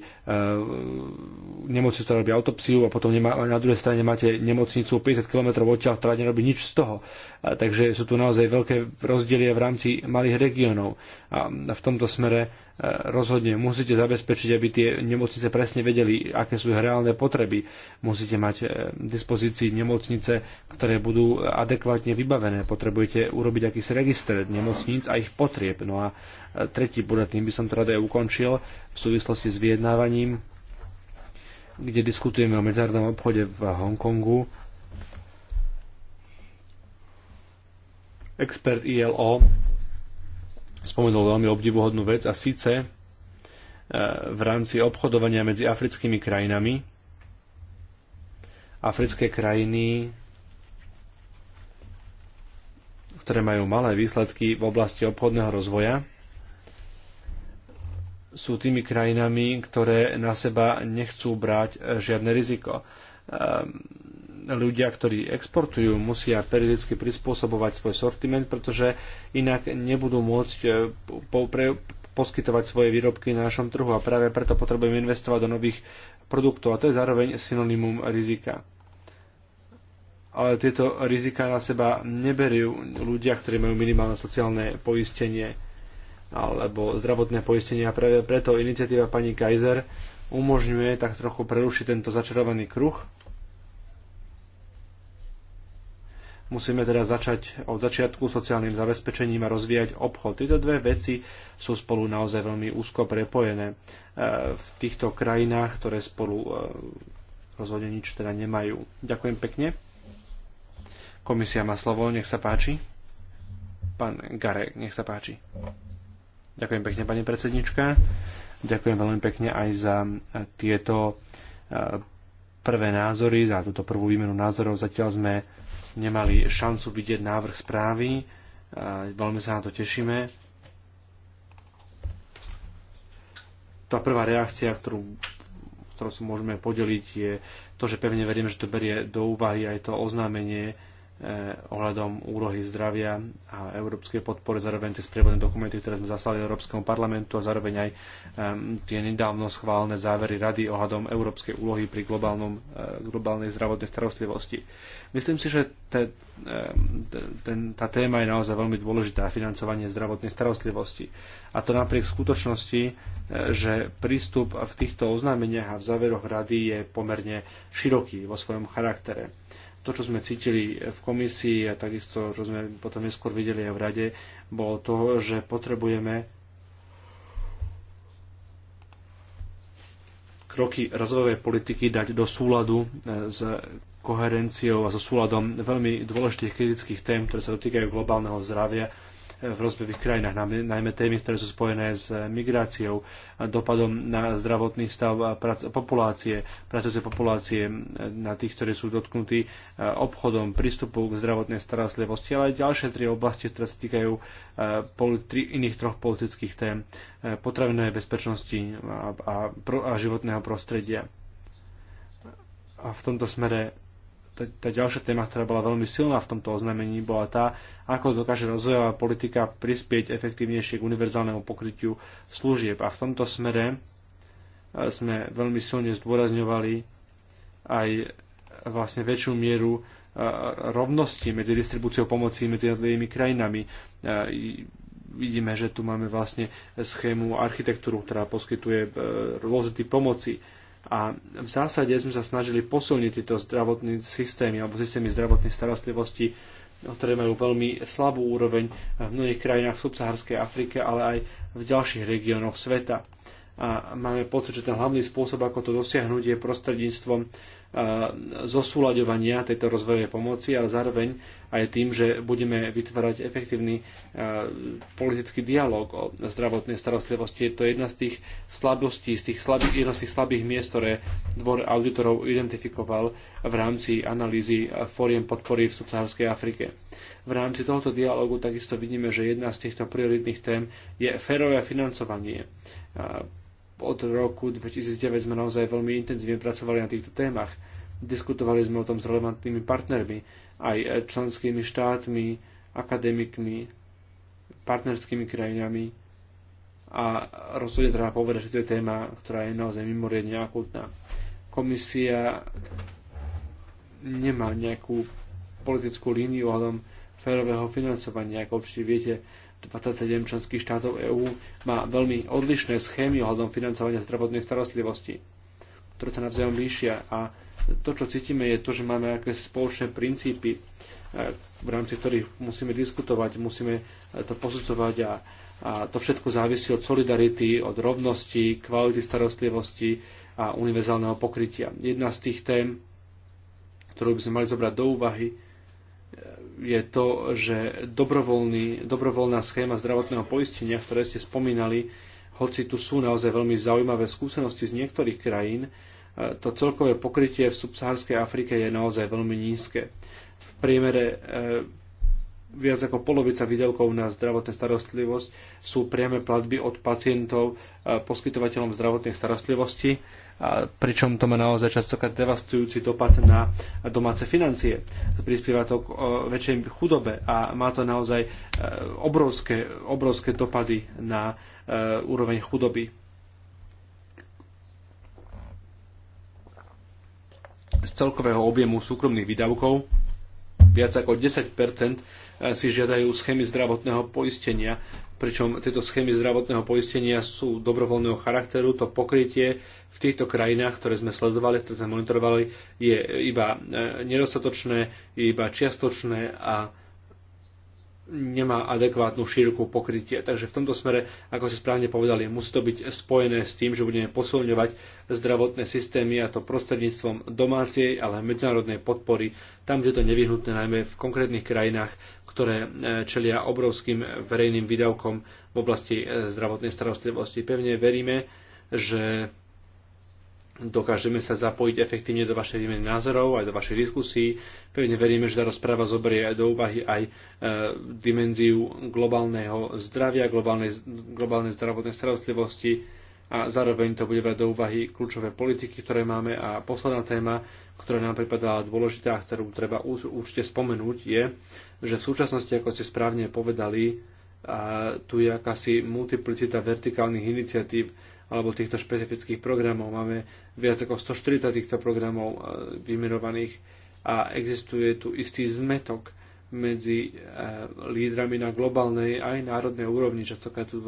nemocnicu, ktorá robí autopsiu a potom nemá, na druhej strane máte nemocnicu 50 km odtiaľ, ktorá nerobí nič z toho. A, takže sú tu naozaj veľké rozdielie v rámci malých regiónov. A v tomto smere rozhodne musíte zabezpečiť, aby tie nemocnice presne vedeli, aké sú ich reálne potreby. Musíte mať v e, dispozícii nemocnice, ktoré budú adekvátne vybavené. Potrebujete urobiť akýsi register nemocníc a ich potrieb. No a e, tretí bod, tým by som to rada aj ukončil, v súvislosti s vyjednávaním, kde diskutujeme o medzárodnom obchode v Hongkongu. Expert ILO spomenul veľmi obdivuhodnú vec a síce e, v rámci obchodovania medzi africkými krajinami africké krajiny ktoré majú malé výsledky v oblasti obchodného rozvoja, sú tými krajinami, ktoré na seba nechcú brať žiadne riziko. Ehm, ľudia, ktorí exportujú, musia periodicky prispôsobovať svoj sortiment, pretože inak nebudú môcť e, po, pre, poskytovať svoje výrobky na našom trhu a práve preto potrebujeme investovať do nových produktov a to je zároveň synonymum rizika. Ale tieto rizika na seba neberú ľudia, ktorí majú minimálne sociálne poistenie alebo zdravotné poistenie a práve preto iniciatíva pani Kaiser umožňuje tak trochu prerušiť tento začarovaný kruh Musíme teda začať od začiatku sociálnym zabezpečením a rozvíjať obchod. Tieto dve veci sú spolu naozaj veľmi úzko prepojené. E, v týchto krajinách, ktoré spolu e, rozhodne nič teda nemajú. Ďakujem pekne. Komisia má slovo, nech sa páči. Pán Gare, nech sa páči. Ďakujem pekne, pani predsednička. Ďakujem veľmi pekne aj za e, tieto prvé názory, za túto prvú výmenu názorov. Zatiaľ sme nemali šancu vidieť návrh správy. Veľmi sa na to tešíme. Tá prvá reakcia, ktorú, ktorú sa môžeme podeliť, je to, že pevne verím, že to berie do úvahy aj to oznámenie Eh, ohľadom úlohy zdravia a európskej podpory, zároveň tie sprievodné dokumenty, ktoré sme zaslali Európskemu parlamentu a zároveň aj eh, tie nedávno schválené závery rady ohľadom európskej úlohy pri globálnom, eh, globálnej zdravotnej starostlivosti. Myslím si, že te, ten, tá téma je naozaj veľmi dôležitá, financovanie zdravotnej starostlivosti. A to napriek skutočnosti, že prístup v týchto oznámeniach a v záveroch rady je pomerne široký vo svojom charaktere. To, čo sme cítili v komisii a takisto, čo sme potom neskôr videli aj v rade, bolo to, že potrebujeme kroky rozvojovej politiky dať do súladu e, s koherenciou a so súladom veľmi dôležitých kritických tém, ktoré sa dotýkajú globálneho zdravia v rozvojových krajinách, najmä témy, ktoré sú spojené s eh, migráciou, dopadom na zdravotný stav populácie, pracujúce populácie, eh, na tých, ktorí sú dotknutí eh, obchodom, prístupu k zdravotnej starostlivosti, ale aj ďalšie tri oblasti, ktoré sa týkajú tri, iných troch politických tém, potravinovej bezpečnosti a, a, a životného prostredia. A v tomto smere tá ďalšia téma, ktorá bola veľmi silná v tomto oznámení, bola tá, ako dokáže rozvojová politika prispieť efektívnejšie k univerzálnemu pokrytiu služieb. A v tomto smere e, sme veľmi silne zdôrazňovali aj vlastne väčšiu mieru e, rovnosti medzi distribúciou pomoci medzi jednotlivými krajinami. E, vidíme, že tu máme vlastne schému architektúru, ktorá poskytuje rôzne pomoci a v zásade sme sa snažili posilniť tieto zdravotné systémy alebo systémy zdravotnej starostlivosti, ktoré majú veľmi slabú úroveň v mnohých krajinách v subsaharskej Afrike, ale aj v ďalších regiónoch sveta. A máme pocit, že ten hlavný spôsob, ako to dosiahnuť, je prostredníctvom zosúľaďovania tejto rozvojovej pomoci, ale zároveň aj tým, že budeme vytvárať efektívny politický dialog o zdravotnej starostlivosti. Je To jedna z tých slabostí, z tých slabých, jedna z tých slabých miest, ktoré dvor auditorov identifikoval v rámci analýzy fóriem podpory v subsaharskej Afrike. V rámci tohoto dialogu takisto vidíme, že jedna z týchto prioritných tém je férové financovanie od roku 2009 sme naozaj veľmi intenzívne pracovali na týchto témach. Diskutovali sme o tom s relevantnými partnermi, aj členskými štátmi, akademikmi, partnerskými krajinami a rozhodne treba povedať, že to je téma, ktorá je naozaj mimoriadne akutná. Komisia nemá nejakú politickú líniu ohľadom férového financovania, ako určite viete, 27 členských štátov EÚ má veľmi odlišné schémy ohľadom financovania zdravotnej starostlivosti, ktoré sa navzájom líšia a to, čo cítime, je to, že máme aké spoločné princípy, eh, v rámci ktorých musíme diskutovať, musíme eh, to posudzovať a, a to všetko závisí od solidarity, od rovnosti, kvality starostlivosti a univerzálneho pokrytia. Jedna z tých tém, ktorú by sme mali zobrať do úvahy, je to, že dobrovoľný, dobrovoľná schéma zdravotného poistenia, ktoré ste spomínali, hoci tu sú naozaj veľmi zaujímavé skúsenosti z niektorých krajín, e, to celkové pokrytie v subsahárskej Afrike je naozaj veľmi nízke. V priemere e, viac ako polovica výdavkov na zdravotnú starostlivosť sú priame platby od pacientov e, poskytovateľom zdravotnej starostlivosti pričom to má naozaj častokrát devastujúci dopad na domáce financie. Prispieva to k e, väčšej chudobe a má to naozaj e, obrovské, obrovské dopady na e, úroveň chudoby. Z celkového objemu súkromných výdavkov viac ako 10 si žiadajú schémy zdravotného poistenia pričom tieto schémy zdravotného poistenia sú dobrovoľného charakteru. To pokrytie v týchto krajinách, ktoré sme sledovali, ktoré sme monitorovali, je iba e, nedostatočné, je iba čiastočné a nemá adekvátnu šírku pokrytie. Takže v tomto smere, ako ste správne povedali, musí to byť spojené s tým, že budeme posilňovať zdravotné systémy a to prostredníctvom domácej, ale aj medzinárodnej podpory, tam, kde to je nevyhnutné, najmä v konkrétnych krajinách, ktoré e, čelia obrovským verejným výdavkom v oblasti e, zdravotnej starostlivosti. Pevne veríme, že dokážeme sa zapojiť efektívne do vašej výmeny názorov, aj do vašej diskusí. Pevne veríme, že tá rozpráva zoberie aj do úvahy aj e, dimenziu globálneho zdravia, globálnej, globálnej zdravotnej starostlivosti a zároveň to bude brať do úvahy kľúčové politiky, ktoré máme a posledná téma, ktorá nám pripadala dôležitá, ktorú treba určite spomenúť, je, že v súčasnosti, ako ste správne povedali, a tu je akási multiplicita vertikálnych iniciatív, alebo týchto špecifických programov. Máme viac ako 140 týchto programov e, vymenovaných a existuje tu istý zmetok medzi e, lídrami na globálnej aj národnej úrovni, častokrát tu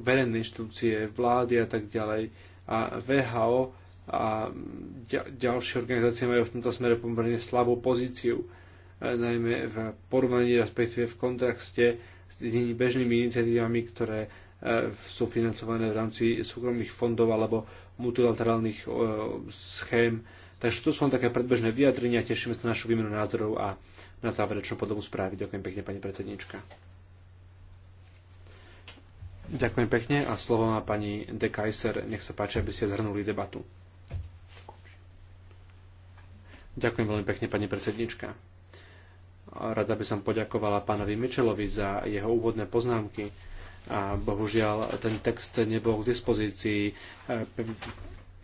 verejné inštitúcie, vlády a tak ďalej. A VHO a ďalšie organizácie majú v tomto smere pomerne slabú pozíciu, e, najmä v porovnaní, respektíve v kontrakste s bežnými iniciatívami, ktoré E, sú financované v rámci súkromných fondov alebo multilaterálnych e, schém. Takže to sú len také predbežné vyjadrenia, tešíme sa na našu výmenu názorov a na záverečnú podobu správy. Ďakujem pekne, pani predsednička. Ďakujem pekne a slovo má pani De Kaiser. Nech sa páči, aby ste zhrnuli debatu. Ďakujem veľmi pekne, pani predsednička. Rada by som poďakovala pánovi Mičelovi za jeho úvodné poznámky a bohužiaľ ten text nebol k dispozícii.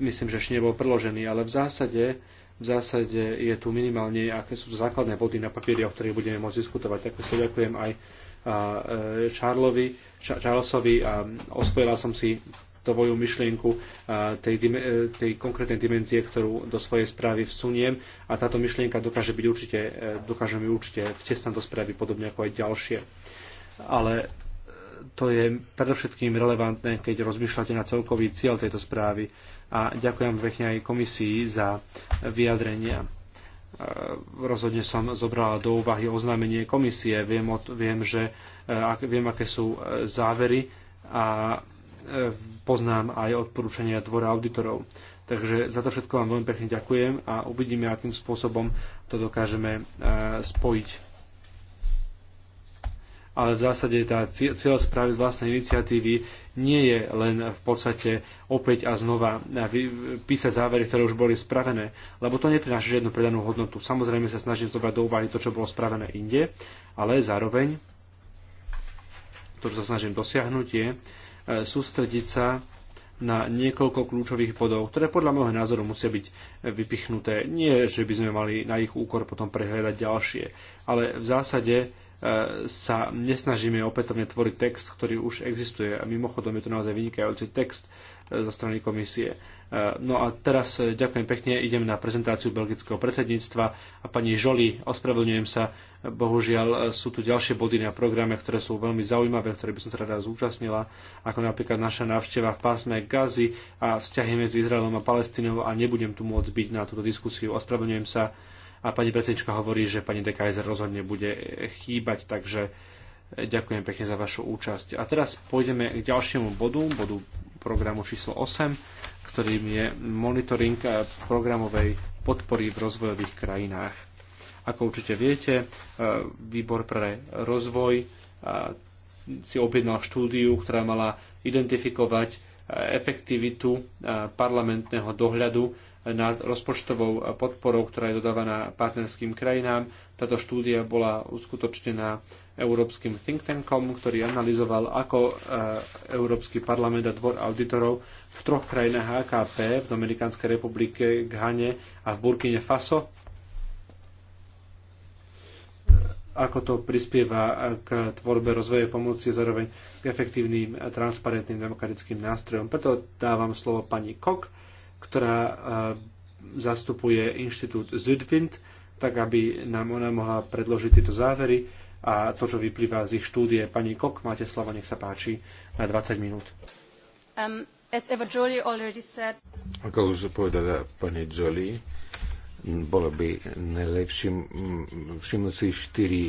Myslím, že ešte nebol preložený, ale v zásade, v zásade je tu minimálne, aké sú to základné body na papieri, o ktorých budeme môcť diskutovať. Tak sa ďakujem aj e, Charlesovi, Charlesovi a osvojila som si tvoju myšlienku tej, e, tej konkrétnej dimenzie, ktorú do svojej správy vsuniem a táto myšlienka dokáže byť určite, e, dokáže mi určite vtesnať do správy podobne ako aj ďalšie. Ale to je predovšetkým relevantné, keď rozmýšľate na celkový cieľ tejto správy. A ďakujem pekne aj komisii za vyjadrenia. E, rozhodne som zobrala do úvahy oznámenie komisie. Viem, viem, že, e, ak, viem aké sú e, závery a poznám aj odporúčania dvora auditorov. Takže za to všetko vám veľmi pekne ďakujem a uvidíme, akým spôsobom to dokážeme spojiť ale v zásade tá cieľ správy z vlastnej iniciatívy nie je len v podstate opäť a znova písať závery, ktoré už boli spravené, lebo to neprináša žiadnu predanú hodnotu. Samozrejme sa snažím zobrať do úvahy to, čo bolo spravené inde, ale zároveň to, čo sa snažím dosiahnuť, je e, sústrediť sa na niekoľko kľúčových bodov, ktoré podľa môjho názoru musia byť vypichnuté. Nie, že by sme mali na ich úkor potom prehľadať ďalšie, ale v zásade E, sa nesnažíme opätovne tvoriť text, ktorý už existuje. A mimochodom je to naozaj vynikajúci text e, zo strany komisie. E, no a teraz ďakujem pekne, idem na prezentáciu belgického predsedníctva a pani Žoli, ospravedlňujem sa, bohužiaľ sú tu ďalšie body na programe, ktoré sú veľmi zaujímavé, ktoré by som sa rada zúčastnila, ako napríklad naša návšteva v pásme Gazy a vzťahy medzi Izraelom a Palestínou a nebudem tu môcť byť na túto diskusiu, ospravedlňujem sa a pani predsednička hovorí, že pani de Kaiser rozhodne bude chýbať, takže Ďakujem pekne za vašu účasť. A teraz pôjdeme k ďalšiemu bodu, bodu programu číslo 8, ktorým je monitoring programovej podpory v rozvojových krajinách. Ako určite viete, e, výbor pre rozvoj e, si objednal štúdiu, ktorá mala identifikovať e, efektivitu parlamentného dohľadu nad rozpočtovou podporou, ktorá je dodávaná partnerským krajinám. Táto štúdia bola uskutočnená Európskym think tankom, ktorý analyzoval, ako e, Európsky parlament a dvor auditorov v troch krajinách AKP, v Dominikánskej republike, Ghane a v Burkine Faso, ako to prispieva e, k tvorbe rozvoje pomoci zároveň k efektívnym, transparentným demokratickým nástrojom. Preto dávam slovo pani Kok, ktorá e, zastupuje inštitút Zudvind, tak aby nám ona mohla predložiť tieto závery a to, čo vyplýva z ich štúdie. Pani Kok, máte slovo, nech sa páči, na 20 minút. Um, as Eva Jolie said... Ako už povedala pani Jolie, bolo by najlepším všimnúť si štyri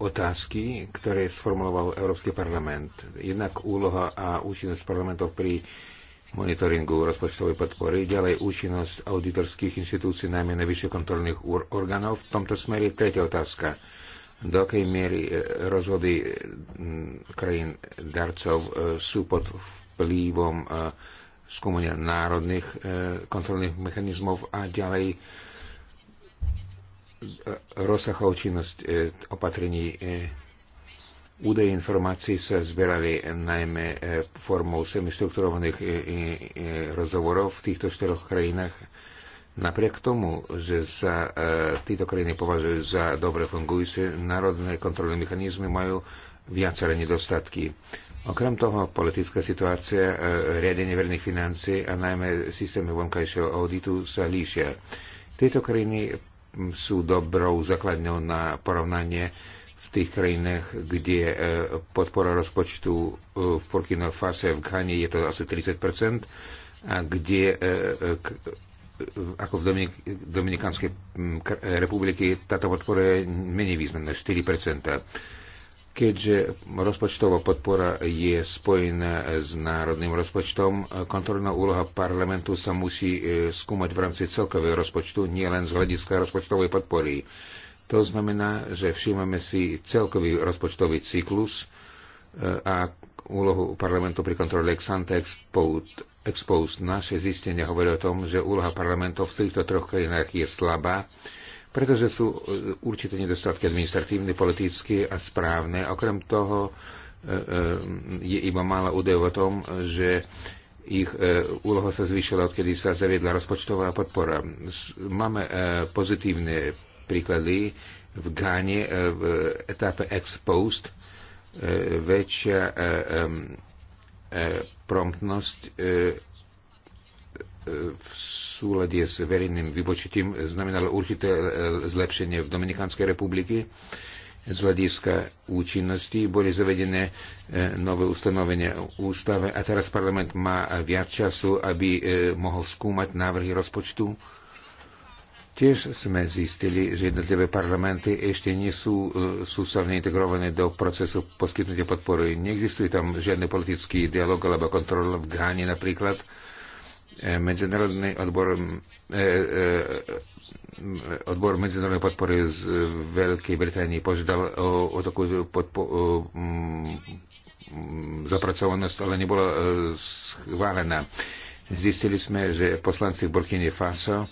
otázky, ktoré sformuloval Európsky parlament. Jednak úloha a účinnosť parlamentov pri uh, monitoringu rozpočtovej podpory, ďalej účinnosť auditorských inštitúcií, najmä najvyšších kontrolných orgánov. V tomto smere tretia otázka. Do akej miery e, rozhody krajín darcov e, sú pod vplyvom e, skúmania národných kontrolných mechanizmov a ďalej rozsahov činnosť opatrení Údaje informácií sa zbierali najmä e, formou semistrukturovaných e, e, rozhovorov v týchto štyroch krajinách. Napriek tomu, že sa títo krajiny považujú za dobre fungujúce, národné kontrolné mechanizmy majú viaceré nedostatky. Okrem toho, politická situácia, riadenie verejných financií a najmä systémy vonkajšieho auditu sa líšia. Tieto krajiny sú dobrou základňou na porovnanie tých krajinách, kde e, podpora rozpočtu e, v Porkino Fase v Ghane je to asi 30 a kde e, ako v Dominik- Dominikánskej republiky táto podpora je menej významná, 4 Keďže rozpočtová podpora je spojená s národným rozpočtom, kontrolná úloha parlamentu sa musí skúmať v rámci celkového rozpočtu, nielen z hľadiska rozpočtovej podpory. To znamená, že všímame si celkový rozpočtový cyklus e, a úlohu parlamentu pri kontrole ex ante ex post. Naše zistenia hovorí o tom, že úloha parlamentov v týchto troch krajinách je slabá, pretože sú e, určité nedostatky administratívne, politické a správne. Okrem toho e, je iba mála údajov o tom, že ich úloha sa zvýšila, odkedy sa zaviedla rozpočtová podpora. Máme pozitívne príklady v Gáne e, v etape ex post e, väčšia e, promptnosť v súlade s verejným vypočetím znamenalo určité zlepšenie v Dominikánskej republiky. Z hľadiska účinnosti boli zavedené nové ustanovenia ústave a teraz parlament má viac času, aby mohol skúmať návrhy rozpočtu Tiež sme zistili, že jednotlivé parlamenty ešte nie sú e, sústavne integrované do procesu poskytnutia podpory. Neexistuje tam žiadny politický dialog alebo kontrol v Gáne napríklad. E, Medzinárodný odbor, e, odbor medzinárodnej podpory z Veľkej Británii požiadal o, o takú podpo, o, zapracovanosť, ale nebola schválená. Zistili sme, že poslanci v Burkine Faso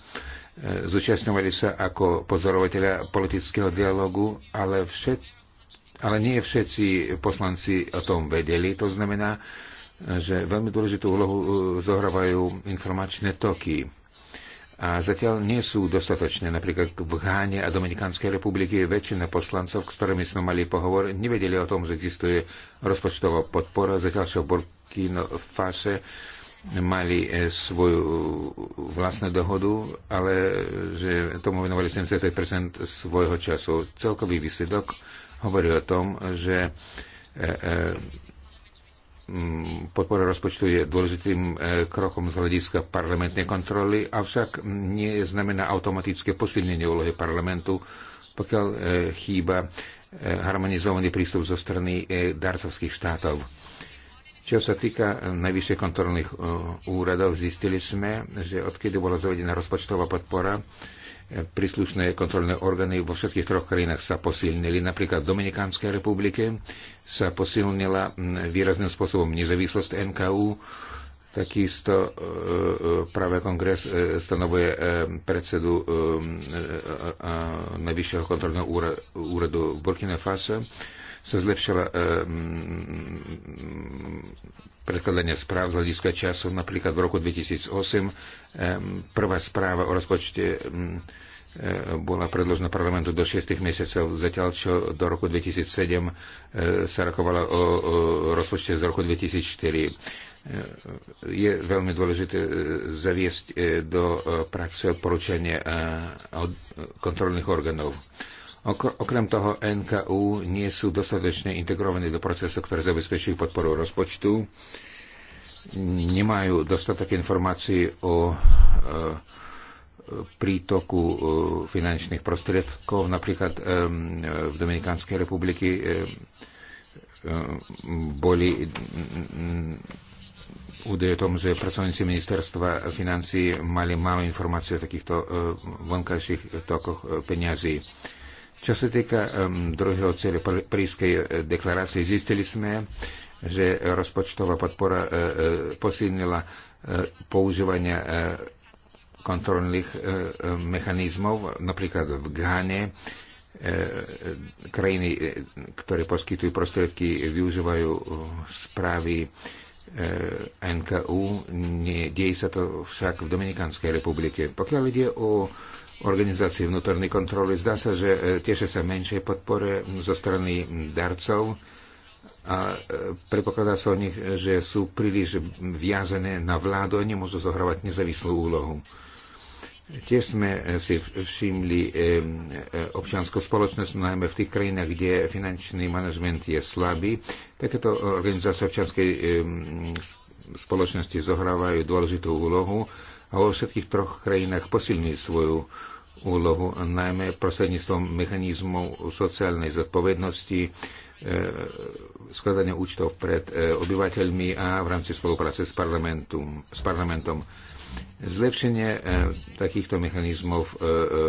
E, zúčastňovali sa ako pozorovateľa politického dialogu, ale, všet, ale nie všetci poslanci o tom vedeli. To znamená, že veľmi dôležitú úlohu e, zohrávajú informačné toky. A zatiaľ nie sú dostatočné. Napríklad v Háne a Dominikánskej republiky väčšina poslancov, s ktorými sme mali pohovor, nevedeli o tom, že existuje rozpočtová podpora. Zatiaľ, čo v Burkino Fase mali eh, svoju vlastnú dohodu, ale že tomu venovali 75% svojho času. Celkový výsledok hovorí o tom, že eh, eh, podpora rozpočtu je dôležitým krokom z hľadiska parlamentnej kontroly, avšak nie znamená automatické posilnenie úlohy parlamentu, pokiaľ chýba harmonizovaný prístup zo strany darcovských štátov čo sa týka eh, najvyšších kontrolných eh, úradov, zistili sme, že odkedy bola zavedená rozpočtová podpora, eh, príslušné kontrolné orgány vo všetkých troch krajinách sa posilnili. Napríklad v Dominikánskej republike sa posilnila mm, výrazným spôsobom nezávislosť NKU. Takisto práve kongres stanovuje predsedu Najvyššieho kontrolného úradu Burkina Faso sa zlepšila e, predkladanie správ z hľadiska času. Napríklad v roku 2008 e, eh, prvá správa o rozpočte e, bola predložená parlamentu do 6 mesiacov, zatiaľ čo do roku 2007 sa rokovala o, o rozpočte z roku 2004 je veľmi dôležité zaviesť do praxe odporúčania kontrolných orgánov. Okrem toho NKU nie sú dostatočne integrované do procesu, ktoré zabezpečujú podporu rozpočtu. Nemajú dostatok informácií o e, prítoku e, finančných prostriedkov. Napríklad e, v Dominikánskej republiky boli údaje o tom, že pracovníci ministerstva financí mali málo informácií o takýchto vonkajších tokoch peniazí. Čo sa týka um, druhého cieľu prískej eh, deklarácie, zistili sme, že rozpočtová podpora uh, posilnila uh, používanie uh, kontrolných uh, mechanizmov, napríklad v Ghane. krajiny, ktoré poskytujú prostriedky, využívajú správy NKU. Nie, deje sa to však v Dominikánskej republike. Pokiaľ ide o organizácii vnútornej kontroly. Zdá sa, že e, tiež sa menšej podpore zo strany darcov a e, predpokladá sa o nich, že sú príliš viazené na vládu a nemôžu zohrávať nezávislú úlohu. Tiež sme e, si všimli občianskú spoločnosť, najmä v tých krajinách, kde finančný manažment je slabý. Takéto organizácie občianskej spoločnosti zohrávajú dôležitú úlohu a vo všetkých troch krajinách posilňujú svoju úlohu, najmä prostredníctvom mechanizmov sociálnej zodpovednosti, e, skladania účtov pred e, obyvateľmi a v rámci spolupráce s, S parlamentom. Zlepšenie e, takýchto mechanizmov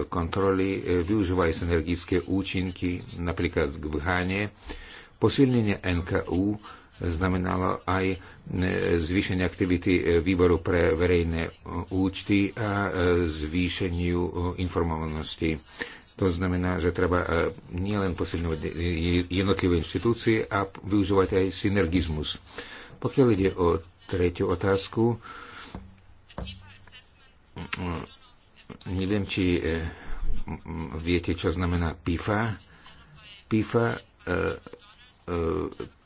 kontroly využívajú synergické účinky, napríklad k Ghane. Posilnenie NKU znamenalo aj zvýšenie aktivity e, výboru pre verejné e, účty a e, zvýšeniu informovanosti. To znamená, že treba nielen posilňovať jednotlivé inštitúcie a využívať aj synergizmus. Pokiaľ ide o tretiu otázku, neviem, či viete, čo znamená PIFA. PIFA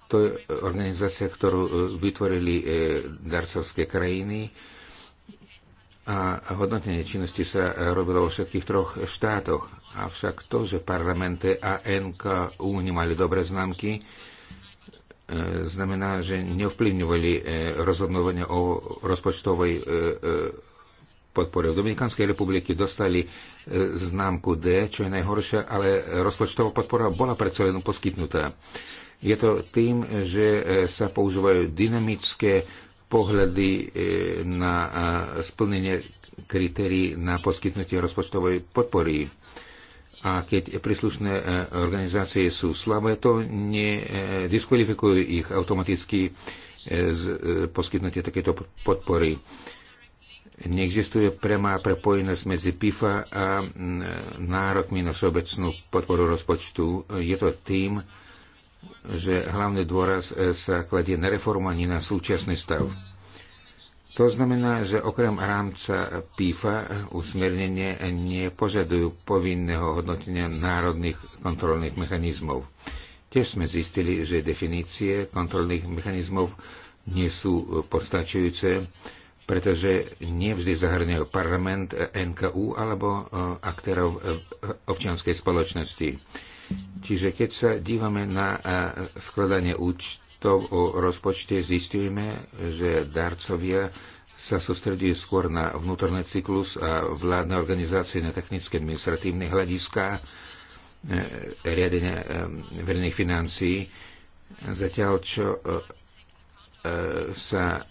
to je organizácia, ktorú e, vytvorili e, darcovské krajiny a hodnotenie činnosti sa e, robilo vo všetkých troch štátoch. Avšak to, že parlamente a NKU nemali dobré známky, znamená, že neovplyvňovali rozhodnovanie o rozpočtovej podpore. V Dominikanskej republiky dostali známku D, čo je najhoršie, ale rozpočtová podpora bola predsa len poskytnutá. Je to tým, že e, sa používajú dynamické pohľady e, na e, splnenie kritérií na poskytnutie rozpočtovej podpory. A keď príslušné organizácie sú slabé, to nediskvalifikujú ich automaticky z poskytnutie takéto podpory. Neexistuje premá prepojenosť medzi PIFA a nárokmi na všeobecnú podporu rozpočtu. Je to tým, že hlavný dôraz e, sa kladie na reformu, ani na súčasný stav. To znamená, že okrem rámca PIFA usmernenie nepožadujú povinného hodnotenia národných kontrolných mechanizmov. Tiež sme zistili, že definície kontrolných mechanizmov nie sú postačujúce, pretože nevždy zahrňajú parlament, NKU alebo e, aktérov e, občianskej spoločnosti. Čiže keď sa dívame na e, skladanie účtov o rozpočte, zistujeme, že darcovia sa sústredujú skôr na vnútorný cyklus a vládne organizácie na technické administratívne hľadiska e, riadenia e, verejných financií, zatiaľ čo sa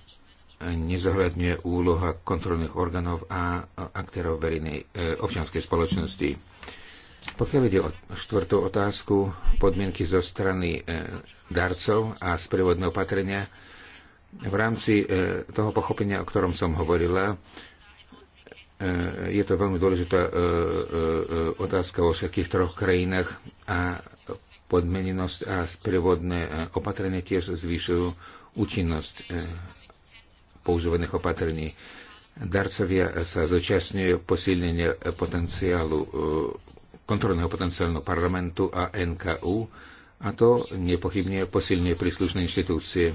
nezohľadňuje úloha kontrolných orgánov a aktérov verejnej občianskej spoločnosti. Pokiaľ ide o štvrtú otázku, podmienky zo strany e, darcov a sprievodné opatrenia, v rámci e, toho pochopenia, o ktorom som hovorila, e, je to veľmi dôležitá otázka vo všetkých troch krajinách a podmenenosť a sprievodné opatrenia tiež zvyšujú účinnosť používaných opatrení darcovia sa zúčastňujú posilnenie potenciálu kontrolného potenciálneho parlamentu a NKU a to nepochybne posilňuje príslušné inštitúcie. E,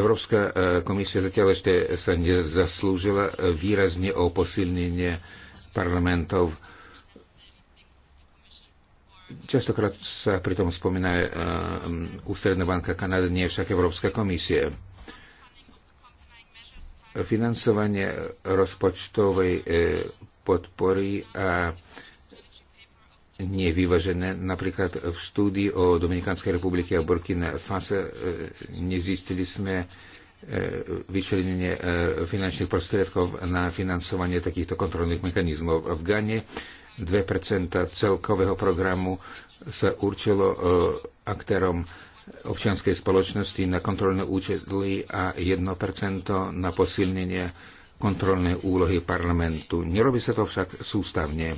Európska e, komisia zatiaľ ešte sa nezaslúžila výrazne o posilnenie parlamentov. Častokrát sa pritom spomína e, Ústredná banka Kanady, nie však Európska komisie. financovanie rozpočtovej podpory a nie je Napríklad v štúdii o Dominikánskej republike a Burkina Faso e, nezistili sme e, vyčlenenie e, finančných prostriedkov na financovanie takýchto kontrolných mechanizmov. V Gane 2% celkového programu sa určilo aktérom občianskej spoločnosti na kontrolné účely a 1% na posilnenie kontrolnej úlohy parlamentu. Nerobí sa to však sústavne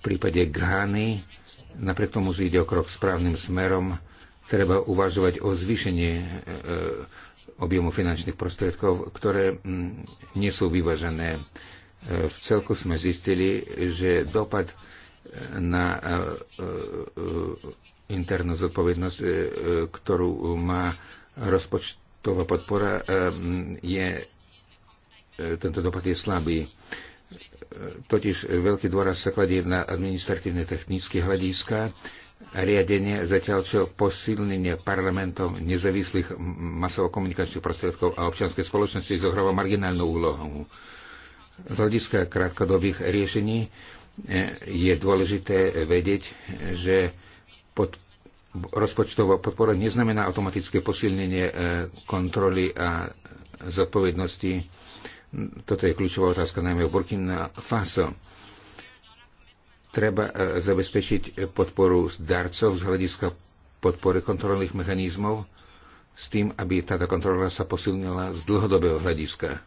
prípade Ghany, napriek tomu, že ide o krok správnym smerom, treba uvažovať o zvýšení e, e, objemu finančných prostriedkov, ktoré m, nie sú vyvažené. E, v celku sme zistili, že dopad na e, e, internú zodpovednosť, e, e, ktorú má rozpočtová podpora, e, je, tento dopad je slabý. E, totiž veľký dôraz sa kladie na administratívne technické hľadiska, riadenie, zatiaľ čo posilnenie parlamentom nezávislých masovo-komunikačných prostriedkov a občianskej spoločnosti zohráva marginálnu úlohu. Z hľadiska krátkodobých riešení e, je dôležité vedieť, že pod rozpočtová podpora neznamená automatické posilnenie e, kontroly a zodpovednosti toto je kľúčová otázka najmä v Burkina Faso. Treba e, zabezpečiť podporu darcov z hľadiska podpory kontrolných mechanizmov s tým, aby táto kontrola sa posilnila z dlhodobého hľadiska.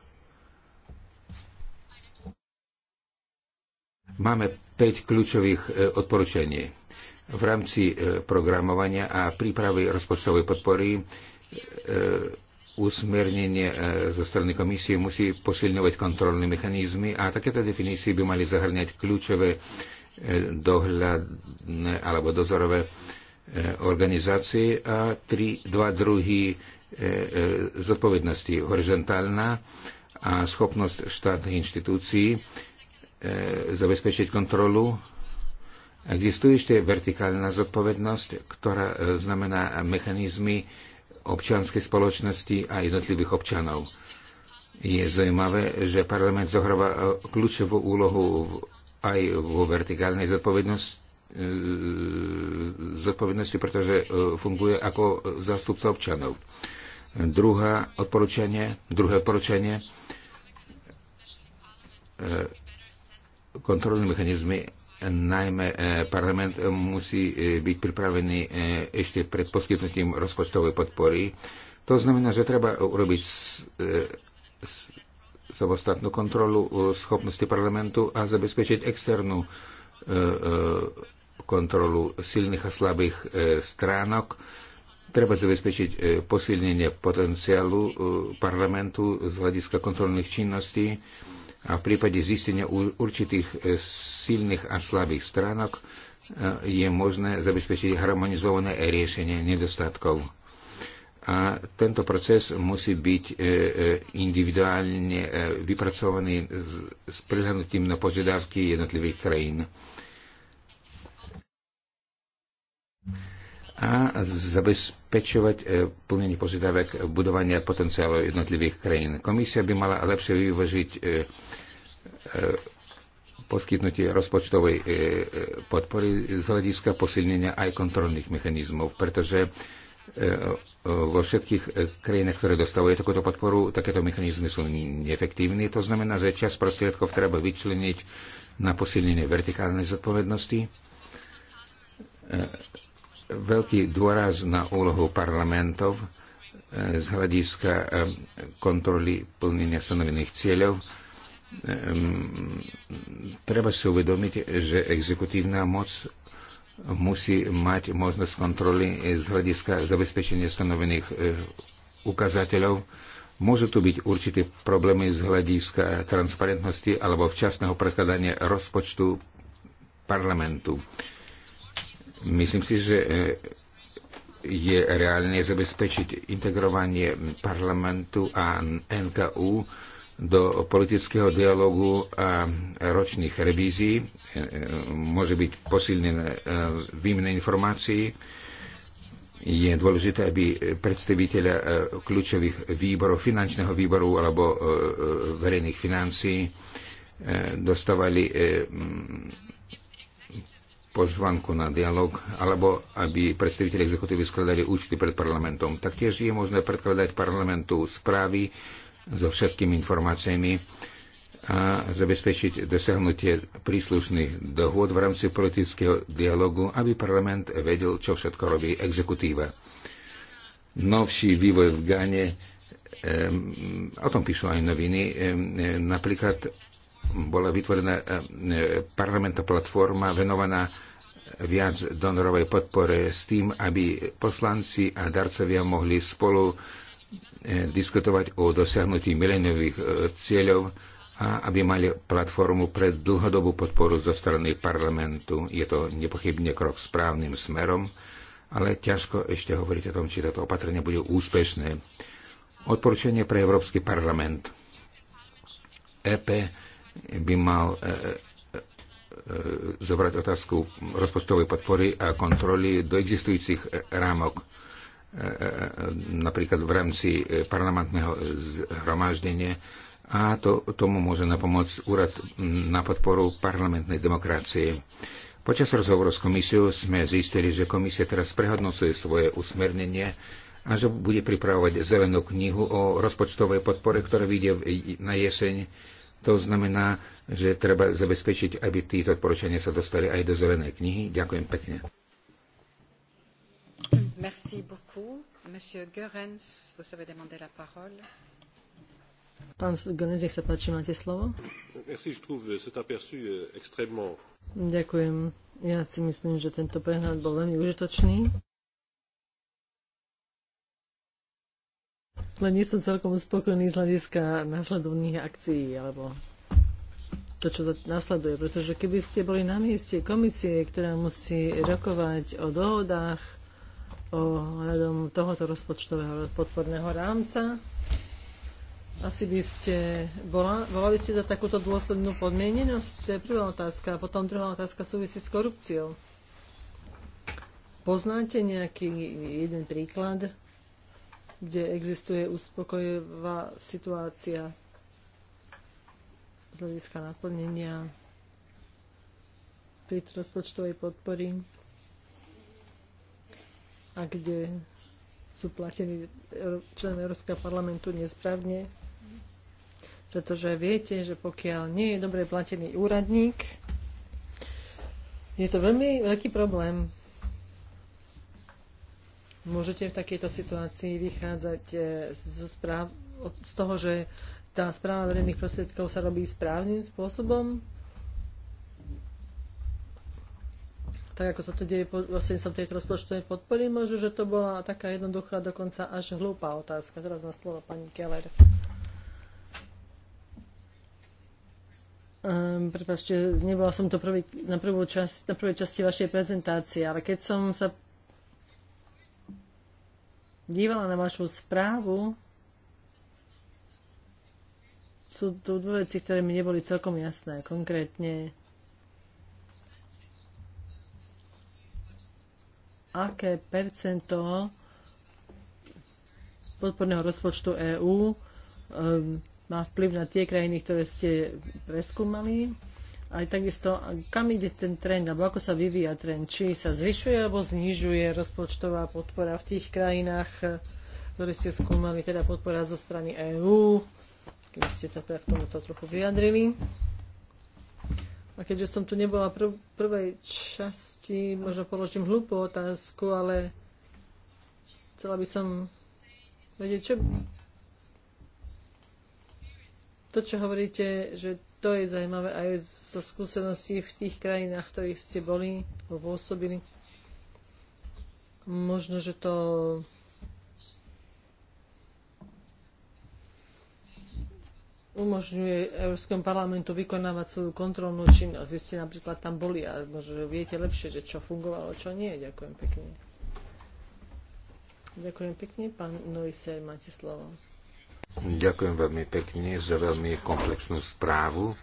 Máme 5 kľúčových e, odporúčaní. V rámci e, programovania a prípravy rozpočtovej podpory usmernenie e, zo strany komisie musí posilňovať kontrolné mechanizmy a takéto definície by mali zahrňať kľúčové e, dohľadné alebo dozorové e, organizácie a tri, dva druhy zodpovednosti. Horizontálna a schopnosť štátnych inštitúcií zabezpečiť kontrolu. Existuje ešte vertikálna zodpovednosť, ktorá znamená mechanizmy občianskej spoločnosti a jednotlivých občanov. Je zaujímavé, že parlament zohráva e, kľúčovú úlohu aj vo vertikálnej zodpovednosti, e, zodpovednosti, pretože e, funguje ako zástupca občanov. Druhá odporúčanie, druhé odporúčanie kontrolné mechanizmy najmä e, parlament e, musí e, byť pripravený ešte pred poskytnutím rozpočtovej podpory. To znamená, že treba urobiť samostatnú kontrolu schopnosti parlamentu a zabezpečiť externú kontrolu silných a slabých stránok. Treba zabezpečiť posilnenie potenciálu parlamentu z hľadiska kontrolných činností a v prípade zistenia určitých e, silných a slabých stránok e, je možné zabezpečiť harmonizované riešenie nedostatkov. A tento proces musí byť e, individuálne vypracovaný s prihľadnutím na požiadavky jednotlivých krajín a zabezpečovať e, plnenie požiadavek budovania potenciálu jednotlivých krajín. Komisia by mala lepšie vyvažiť e, e, poskytnutie rozpočtovej podpory z hľadiska posilnenia aj kontrolných mechanizmov, pretože vo všetkých krajinách, ktoré dostávajú takúto podporu, takéto mechanizmy sú neefektívne. To znamená, že čas prostriedkov treba vyčleniť na posilnenie vertikálnej zodpovednosti veľký dôraz na úlohu parlamentov e, z hľadiska e, kontroly plnenia stanovených cieľov. Ehm, treba si uvedomiť, že exekutívna moc musí mať možnosť kontroly z hľadiska zabezpečenia stanovených e, ukazateľov. Môžu tu byť určité problémy z hľadiska transparentnosti alebo včasného prekladania rozpočtu parlamentu. Myslím si, že e, je reálne zabezpečiť integrovanie parlamentu a NKU do politického dialogu a ročných revízií. E, e, môže byť posilnené výmena informácií. Je dôležité, aby predstaviteľa kľúčových výborov, finančného výboru alebo verejných financií dostávali pozvanku na dialog, alebo aby predstaviteľi exekutívy skladali účty pred parlamentom. Taktiež je možné predkladať parlamentu správy so všetkými informáciami a zabezpečiť dosiahnutie príslušných dohôd v rámci politického dialogu, aby parlament vedel, čo všetko robí exekutíva. Novší vývoj v Gane, o tom píšu aj noviny, napríklad bola vytvorená e, e, parlamentná platforma venovaná viac donorovej podpore s tým, aby poslanci a darcovia mohli spolu e, diskutovať o dosiahnutí mileniových cieľov a aby mali platformu pre dlhodobú podporu zo strany parlamentu. Je to nepochybne krok správnym smerom, ale ťažko ešte hovoriť o tom, či toto opatrenie bude úspešné. Odporúčanie pre Európsky parlament. EP by mal e, e, e, zobrať otázku rozpočtovej podpory a kontroly do existujúcich rámok, napríklad v rámci parlamentného zhromaždenia a to, tomu môže napomôcť úrad na podporu parlamentnej demokracie. Počas rozhovoru s komisiou sme zistili, že komisia teraz prehodnocuje svoje usmernenie a že bude pripravovať zelenú knihu o rozpočtovej podpore, ktorá vyjde na jeseň to znamená, že treba zabezpečiť, aby títo odporúčania sa dostali aj do zelenej knihy. Ďakujem pekne. Merci beaucoup. Monsieur Goerens, vous avez demandé la parole. Pán Goerens, nech sa páči, máte slovo. Merci, je trouve cet aperçu euh, extrêmement... Ďakujem. Ja si myslím, že tento prehľad bol veľmi užitočný. len nie som celkom spokojný z hľadiska následovných akcií alebo to, čo to nasleduje. Pretože keby ste boli na mieste komisie, ktorá musí rokovať o dohodách o hľadom tohoto rozpočtového podporného rámca, asi by ste bola, volali ste za takúto dôslednú podmienenosť? To je prvá otázka. A potom druhá otázka súvisí s korupciou. Poznáte nejaký jeden príklad kde existuje uspokojivá situácia z hľadiska naplnenia tejto rozpočtovej podpory a kde sú platení člen Európskeho parlamentu nesprávne. Pretože viete, že pokiaľ nie je dobre platený úradník, je to veľmi veľký problém Môžete v takejto situácii vychádzať e, z, správ, z toho, že tá správa verejných prostriedkov sa robí správnym spôsobom? Tak ako sa to deje vlastne som tejto rozpočtovej podpory, možno, že to bola taká jednoduchá, dokonca až hlúpa otázka. Teraz na slovo pani Keller. Um, prepačte, nebola som to prvý, na, prvú čas, na prvej časti vašej prezentácie, ale keď som sa dívala na vašu správu, sú tu dve veci, ktoré mi neboli celkom jasné. Konkrétne, aké percento podporného rozpočtu EÚ um, ehm, má vplyv na tie krajiny, ktoré ste preskúmali aj takisto, kam ide ten trend, alebo ako sa vyvíja trend, či sa zvyšuje alebo znižuje rozpočtová podpora v tých krajinách, eh, ktoré ste skúmali, teda podpora zo strany EÚ, keby ste sa teda k tomuto trochu vyjadrili. A keďže som tu nebola v prv, prvej časti, možno položím hlúpu otázku, ale chcela by som vedieť, čo... To, čo hovoríte, že to je zaujímavé aj zo skúseností v tých krajinách, v ktorých ste boli pôsobili. Možno, že to umožňuje Európskom parlamentu vykonávať svoju kontrolnú činnosť. Vy ste napríklad tam boli a možno viete lepšie, že čo fungovalo, čo nie. Ďakujem pekne. Ďakujem pekne. Pán Noiser, máte slovo. Ďakujem veľmi pekne za veľmi komplexnú správu.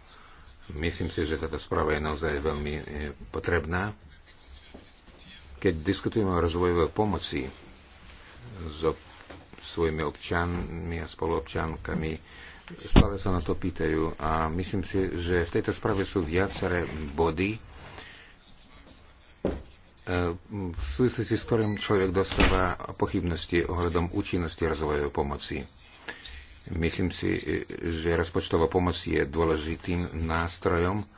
Myslím si, že táto správa je naozaj veľmi e, potrebná. Keď diskutujeme o rozvojovej pomoci so svojimi občanmi a spoluobčankami, stále sa na to pýtajú a myslím si, že v tejto správe sú viaceré body, e, v súvislosti s ktorým človek dostáva pochybnosti ohľadom účinnosti rozvojovej pomoci Myslím si, že rozpočtová pomoc je dôležitým nástrojom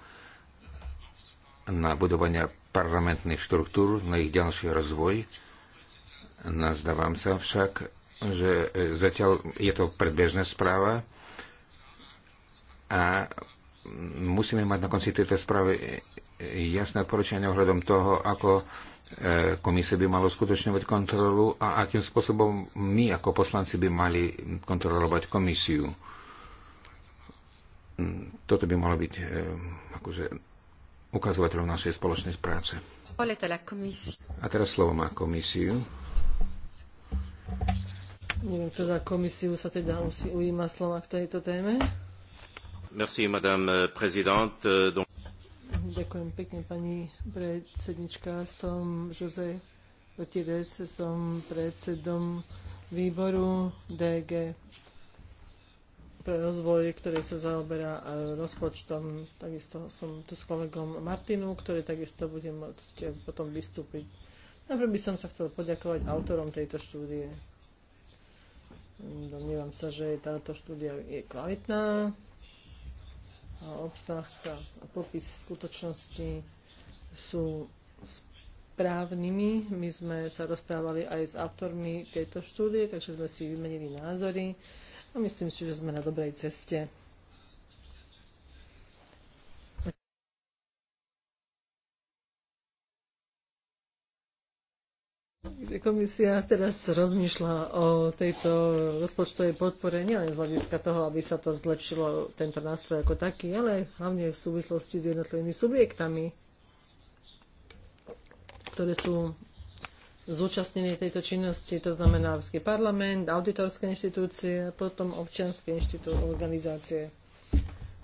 na budovanie parlamentných štruktúr, na ich ďalší rozvoj. Nazdávam sa však, že zatiaľ je to predbežná správa a musíme mať na konci tejto správy jasné odporúčania ohľadom toho, ako E, komisie by malo skutočňovať kontrolu a akým spôsobom my ako poslanci by mali kontrolovať komisiu. Toto by malo byť e, akože, ukazovateľom našej spoločnej práce. A teraz slovo má komisiu. Neviem, kto za komisiu sa teda musí ujímať slova k tejto téme. Merci, madame présidente. Donc... Ďakujem pekne, pani predsednička. Som Jose Gutierrez, som predsedom výboru DG pre rozvoj, ktorý sa zaoberá e, rozpočtom. Takisto som tu s kolegom Martinu, ktorý takisto bude môcť e, potom vystúpiť. Najprv by som sa chcel poďakovať autorom tejto štúdie. Domnievam sa, že táto štúdia je kvalitná, obsah a popis skutočnosti sú správnymi. My sme sa rozprávali aj s autormi tejto štúdie, takže sme si vymenili názory a myslím si, že sme na dobrej ceste. komisia teraz rozmýšľa o tejto rozpočtovej podpore nielen z hľadiska toho, aby sa to zlepšilo, tento nástroj ako taký, ale hlavne v súvislosti s jednotlivými subjektami, ktoré sú zúčastnení tejto činnosti, to znamená Európsky parlament, auditorské inštitúcie, a potom občianske inštitú, organizácie.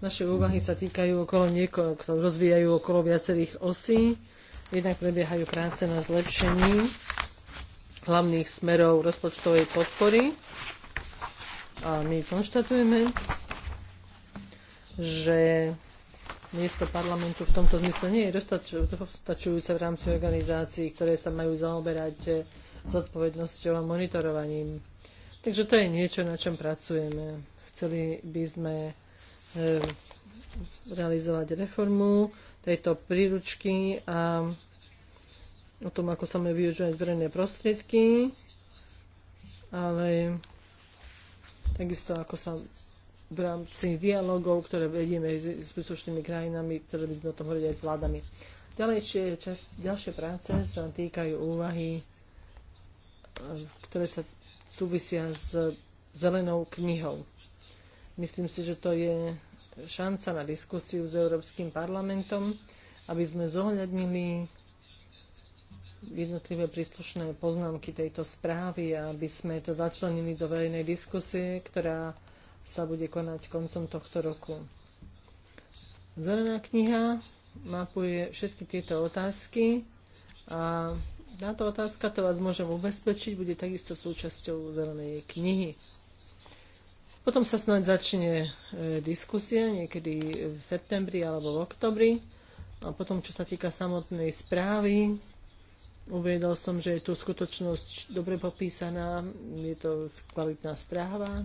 Naše úvahy sa týkajú okolo niekoľko, rozvíjajú okolo viacerých osí. Jednak prebiehajú práce na zlepšení hlavných smerov rozpočtovej podpory. A my konštatujeme, že miesto parlamentu v tomto zmysle nie je dostačujúce v rámci organizácií, ktoré sa majú zaoberať s odpovednosťou a monitorovaním. Takže to je niečo, na čom pracujeme. Chceli by sme e, realizovať reformu tejto príručky a o tom, ako sa majú využívať verejné prostriedky, ale takisto ako sa v rámci dialogov, ktoré vedieme s príslušnými krajinami, ktoré by sme o tom hovorili aj s vládami. Ďalejšie, čas, ďalšie práce sa týkajú úvahy, e, ktoré sa súvisia s zelenou knihou. Myslím si, že to je šanca na diskusiu s Európskym parlamentom, aby sme zohľadnili jednotlivé príslušné poznámky tejto správy, aby sme to začlenili do verejnej diskusie, ktorá sa bude konať koncom tohto roku. Zelená kniha mapuje všetky tieto otázky a táto otázka, to vás môžem ubezpečiť, bude takisto súčasťou zelenej knihy. Potom sa snáď začne e, diskusia niekedy v septembri alebo v oktobri. A potom, čo sa týka samotnej správy, Uviedol som, že je tu skutočnosť dobre popísaná, je to kvalitná správa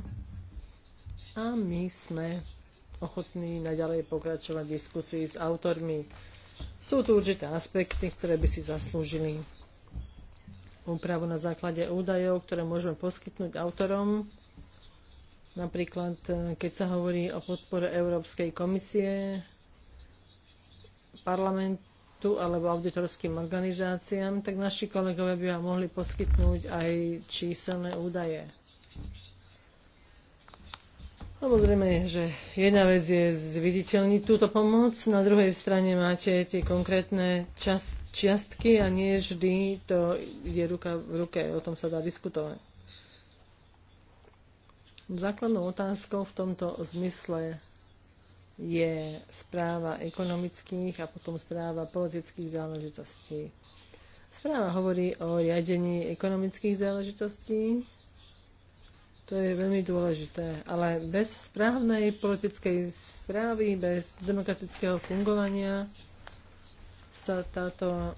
a my sme ochotní naďalej pokračovať v diskusii s autormi. Sú tu určité aspekty, ktoré by si zaslúžili úpravu na základe údajov, ktoré môžeme poskytnúť autorom. Napríklad, keď sa hovorí o podpore Európskej komisie, parlament štátu alebo auditorským organizáciám, tak naši kolegovia by vám mohli poskytnúť aj číselné údaje. Samozrejme, že jedna vec je zviditeľniť túto pomoc, na druhej strane máte tie konkrétne čas, čiastky a nie vždy to ide ruka v ruke, o tom sa dá diskutovať. Základnou otázkou v tomto zmysle je správa ekonomických a potom správa politických záležitostí. Správa hovorí o riadení ekonomických záležitostí. To je veľmi dôležité, ale bez správnej politickej správy, bez demokratického fungovania sa táto,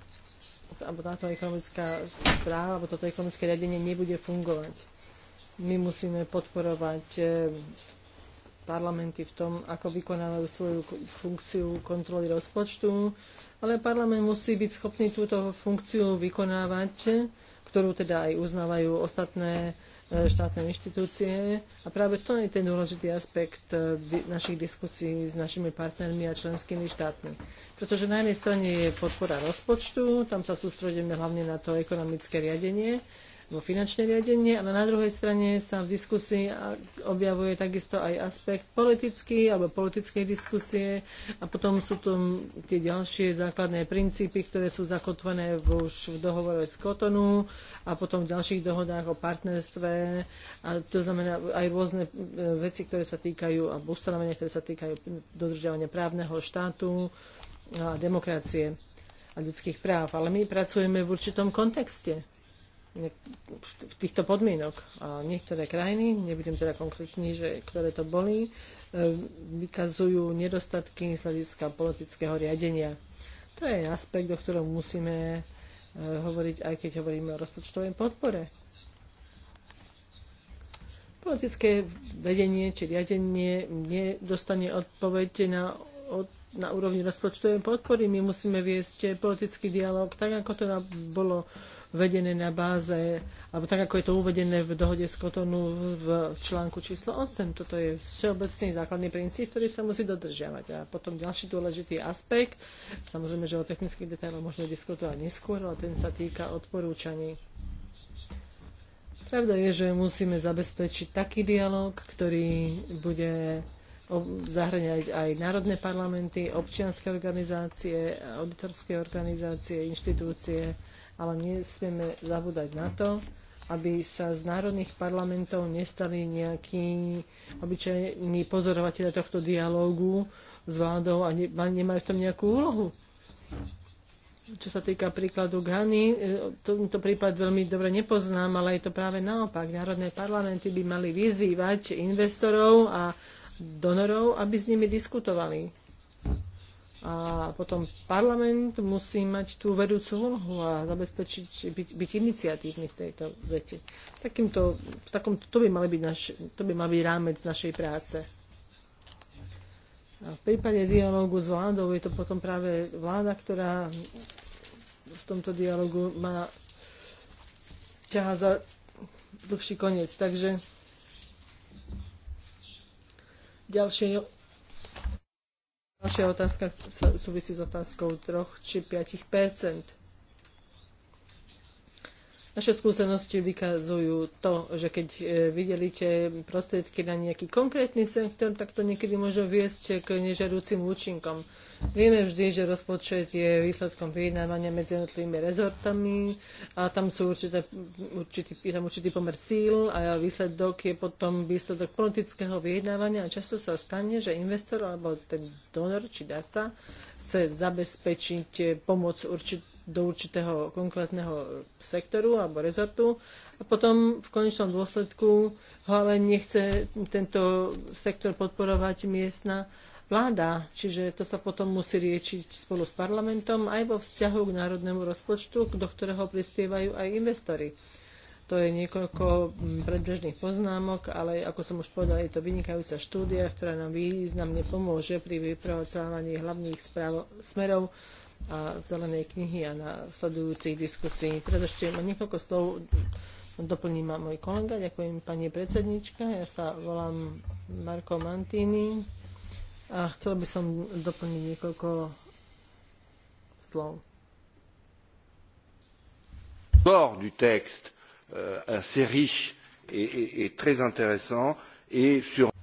alebo táto ekonomická správa, alebo toto ekonomické riadenie nebude fungovať. My musíme podporovať eh, parlamenty v tom, ako vykonávajú svoju funkciu kontroly rozpočtu, ale parlament musí byť schopný túto funkciu vykonávať, ktorú teda aj uznávajú ostatné e, štátne inštitúcie. A práve to je ten dôležitý aspekt e, našich diskusí s našimi partnermi a členskými štátmi. Pretože na jednej strane je podpora rozpočtu, tam sa sústredíme hlavne na to ekonomické riadenie, vo finančné riadenie, ale na druhej strane sa v diskusii objavuje takisto aj aspekt politický alebo politickej diskusie a potom sú tu tie ďalšie základné princípy, ktoré sú zakotvené už v dohovore z Kotonu a potom v ďalších dohodách o partnerstve a to znamená aj rôzne e, veci, ktoré sa týkajú a ustanovenia, ktoré sa týkajú dodržiavania právneho štátu a demokracie a ľudských práv. Ale my pracujeme v určitom kontexte v týchto podmienok. A niektoré krajiny, nebudem teda konkrétni, že ktoré to boli, e, vykazujú nedostatky z hľadiska politického riadenia. To je aspekt, o ktorom musíme e, hovoriť, aj keď hovoríme o rozpočtovej podpore. Politické vedenie či riadenie nedostane odpoveď na, od, na úrovni rozpočtovej podpory. My musíme viesť politický dialog tak, ako to teda bolo vedené na báze, alebo tak, ako je to uvedené v dohode z Kotonu v článku číslo 8. Toto je všeobecný základný princíp, ktorý sa musí dodržiavať. A potom ďalší dôležitý aspekt, samozrejme, že o technických detailoch môžeme diskutovať neskôr, ale ten sa týka odporúčaní. Pravda je, že musíme zabezpečiť taký dialog, ktorý bude zahrňať aj národné parlamenty, občianske organizácie, auditorské organizácie, inštitúcie, ale nesmieme zabúdať na to, aby sa z národných parlamentov nestali nejakí obyčajní pozorovateľe tohto dialógu s vládou a nemajú v tom nejakú úlohu. Čo sa týka príkladu Ghany, e, tento prípad veľmi dobre nepoznám, ale je to práve naopak. Národné parlamenty by mali vyzývať investorov a donorov, aby s nimi diskutovali a potom parlament musí mať tú vedúcu úlohu a zabezpečiť, byť, byť iniciatívny v tejto veci. Takýmto, takom, to, by mal byť naš, to by mal byť rámec našej práce. A v prípade dialógu s vládou je to potom práve vláda, ktorá v tomto dialogu má ťaha za dlhší koniec. Takže ďalšie Ďalšia otázka súvisí s otázkou 3 či 5 naše skúsenosti vykazujú to, že keď e, vydelíte prostriedky na nejaký konkrétny sektor, tak to niekedy môže viesť k nežadúcim účinkom. Vieme vždy, že rozpočet je výsledkom vyjednávania medzi jednotlivými rezortami a tam sú určité, určitý, tam určitý pomer síl a výsledok je potom výsledok politického vyjednávania a často sa stane, že investor alebo ten donor či darca chce zabezpečiť e, pomoc určitým do určitého konkrétneho sektoru alebo rezortu a potom v konečnom dôsledku ho ale nechce tento sektor podporovať miestna vláda. Čiže to sa potom musí riešiť spolu s parlamentom aj vo vzťahu k národnému rozpočtu, do ktorého prispievajú aj investori. To je niekoľko mm, predbežných poznámok, ale ako som už povedala, je to vynikajúca štúdia, ktorá nám významne pomôže pri vypracovávaní hlavných správ, smerov a zelenej knihy a na sledujúcich diskusí. Teraz ešte ma niekoľko slov doplní ma môj kolega. Ďakujem pani predsednička. Ja sa volám Marko Mantini a chcel by som doplniť niekoľko slov. Bord du texte euh, assez riche et, et, et très intéressant et sur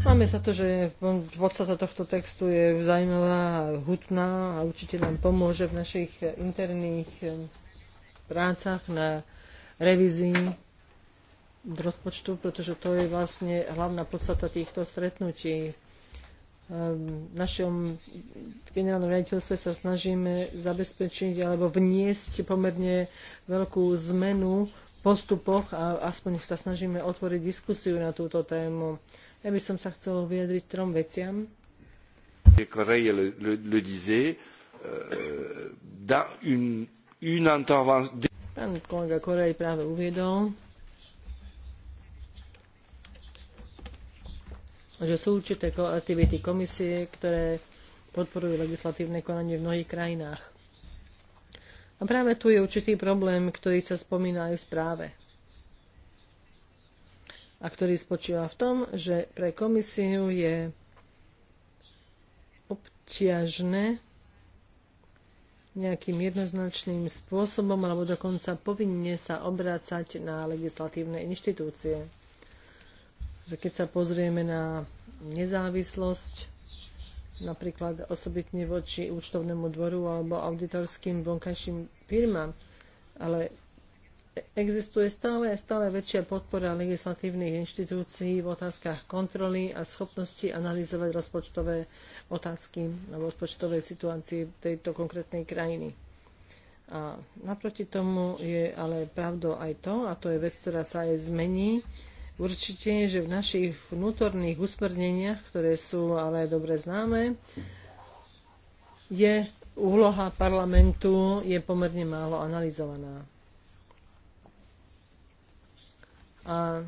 Máme sa to, že podstata tohto textu je zaujímavá, hutná a určite nám pomôže v našich interných eh, prácach na revízii rozpočtu, pretože to je vlastne hlavná podstata týchto stretnutí. Eh, v našom generálnom riaditeľstve sa snažíme zabezpečiť alebo vniesť pomerne veľkú zmenu postupoch a aspoň sa snažíme otvoriť diskusiu na túto tému. Ja by som sa chcel vyjadriť trom veciam. Correille le, le, le disait, euh, dans une, une intervention... Pán kolega Correille práve uviedol, že sú určité aktivity komisie, ktoré podporujú legislatívne konanie v mnohých krajinách. A práve tu je určitý problém, ktorý sa spomína aj v správe a ktorý spočíva v tom, že pre komisiu je obťažné nejakým jednoznačným spôsobom alebo dokonca povinne sa obrácať na legislatívne inštitúcie. Keď sa pozrieme na nezávislosť, napríklad osobitne voči účtovnému dvoru alebo auditorským vonkajším firmám, ale Existuje stále a stále väčšia podpora legislatívnych inštitúcií v otázkach kontroly a schopnosti analyzovať rozpočtové otázky alebo rozpočtové situácie tejto konkrétnej krajiny. A naproti tomu je ale pravdou aj to, a to je vec, ktorá sa aj zmení, určite, že v našich vnútorných usmerneniach, ktoré sú ale dobre známe, je úloha parlamentu je pomerne málo analyzovaná. a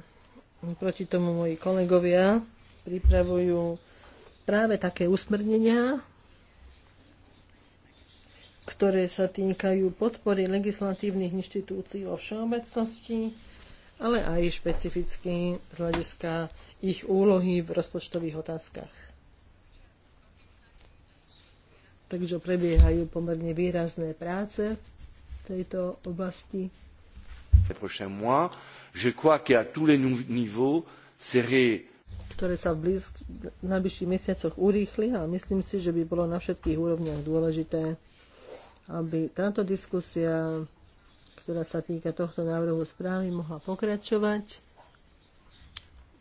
proti tomu moji kolegovia pripravujú práve také usmrnenia, ktoré sa týkajú podpory legislatívnych inštitúcií vo všeobecnosti, ale aj špecificky z hľadiska ich úlohy v rozpočtových otázkach. Takže prebiehajú pomerne výrazné práce v tejto oblasti. Les mois, je crois qu'à tous les niveaux serait ktoré sa v blízk, v najbližších mesiacoch urýchli a myslím si, že by bolo na všetkých úrovniach dôležité, aby táto diskusia, ktorá sa týka tohto návrhu správy, mohla pokračovať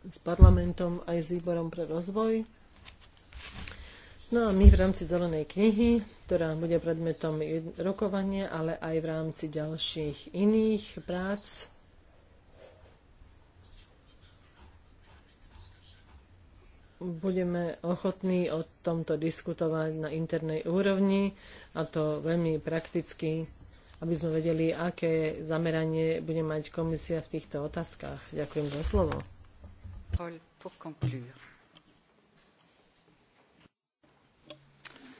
s parlamentom aj s výborom pre rozvoj. No a my v rámci zelenej knihy, ktorá bude predmetom rokovania, ale aj v rámci ďalších iných prác, budeme ochotní o tomto diskutovať na internej úrovni a to veľmi prakticky, aby sme vedeli, aké zameranie bude mať komisia v týchto otázkach. Ďakujem za slovo. For...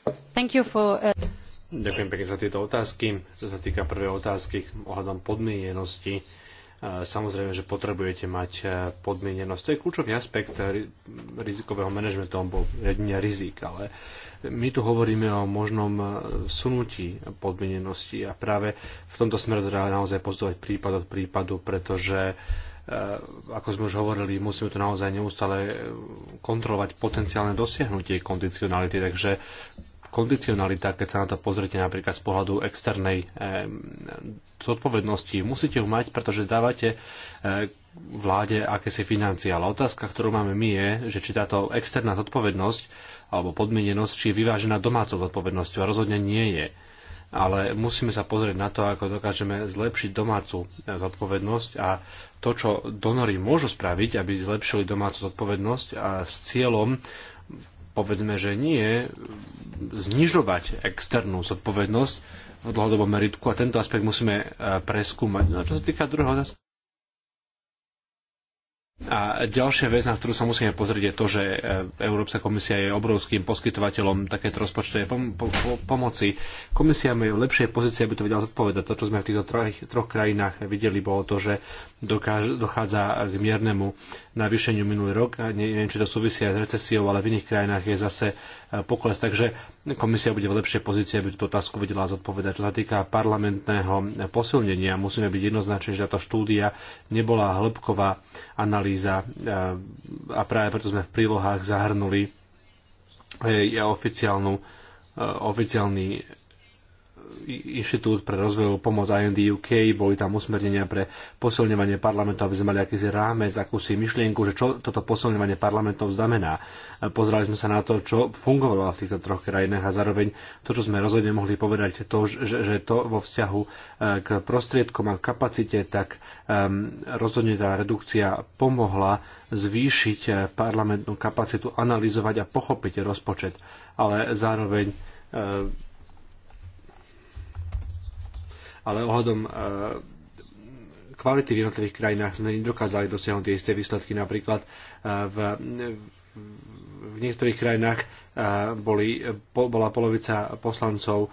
Uh, Ďakujem pekne za tieto otázky. Čo sa týka prvej otázky ohľadom podmienenosti, Samozrejme, že potrebujete mať e, podmienenosť. To je kľúčový aspekt e, rizikového manažmentu alebo riadenia rizik, ale my tu hovoríme o možnom e, sunutí podmienenosti a práve v tomto smere treba naozaj pozdovať prípad od prípadu, pretože ako sme už hovorili, musíme to naozaj neustále kontrolovať potenciálne dosiahnutie kondicionality, takže kondicionalita, keď sa na to pozrite napríklad z pohľadu externej eh, zodpovednosti. Musíte ju mať, pretože dávate eh, vláde akési financie. Ale otázka, ktorú máme my, je, že či táto externá zodpovednosť alebo podmienenosť, či je vyvážená domácou zodpovednosťou a rozhodne nie je ale musíme sa pozrieť na to, ako dokážeme zlepšiť domácu eh, zodpovednosť a to, čo donory môžu spraviť, aby zlepšili domácu zodpovednosť a s cieľom povedzme, že nie znižovať externú zodpovednosť v dlhodobom meritku a tento aspekt musíme eh, preskúmať. No a čo sa týka druhého otázky, a ďalšia vec, na ktorú sa musíme pozrieť, je to, že e, Európska komisia je obrovským poskytovateľom takéto rozpočtovej pom- po- pomoci. Komisia je v lepšej pozícii, aby to vedela zodpovedať. To, čo sme v týchto troch, troch krajinách videli, bolo to, že dokáž- dochádza k miernemu navýšeniu minulý rok. Ne- neviem, či to súvisia s recesiou, ale v iných krajinách je zase e, pokles. Takže Komisia bude v lepšej pozícii, aby túto otázku vedela zodpovedať. Čo sa týka parlamentného posilnenia, musíme byť jednoznační, že táto štúdia nebola hĺbková analýza e, a práve preto sme v prílohách zahrnuli e, oficiálnu, e, oficiálny Inštitút pre rozvojovú pomoc IND UK, boli tam usmernenia pre posilňovanie parlamentov, aby sme mali akýsi rámec, akúsi myšlienku, že čo toto posilňovanie parlamentov znamená. Pozerali sme sa na to, čo fungovalo v týchto troch krajinách a zároveň to, čo sme rozhodne mohli povedať, to, že, že to vo vzťahu e, k prostriedkom a kapacite, tak um, rozhodne tá redukcia pomohla zvýšiť e, parlamentnú kapacitu analyzovať a pochopiť rozpočet, ale zároveň e, ale ohľadom e, kvality v jednotlivých krajinách sme nedokázali dosiahnuť tie isté výsledky. Napríklad e, v, v niektorých krajinách boli, bola polovica poslancov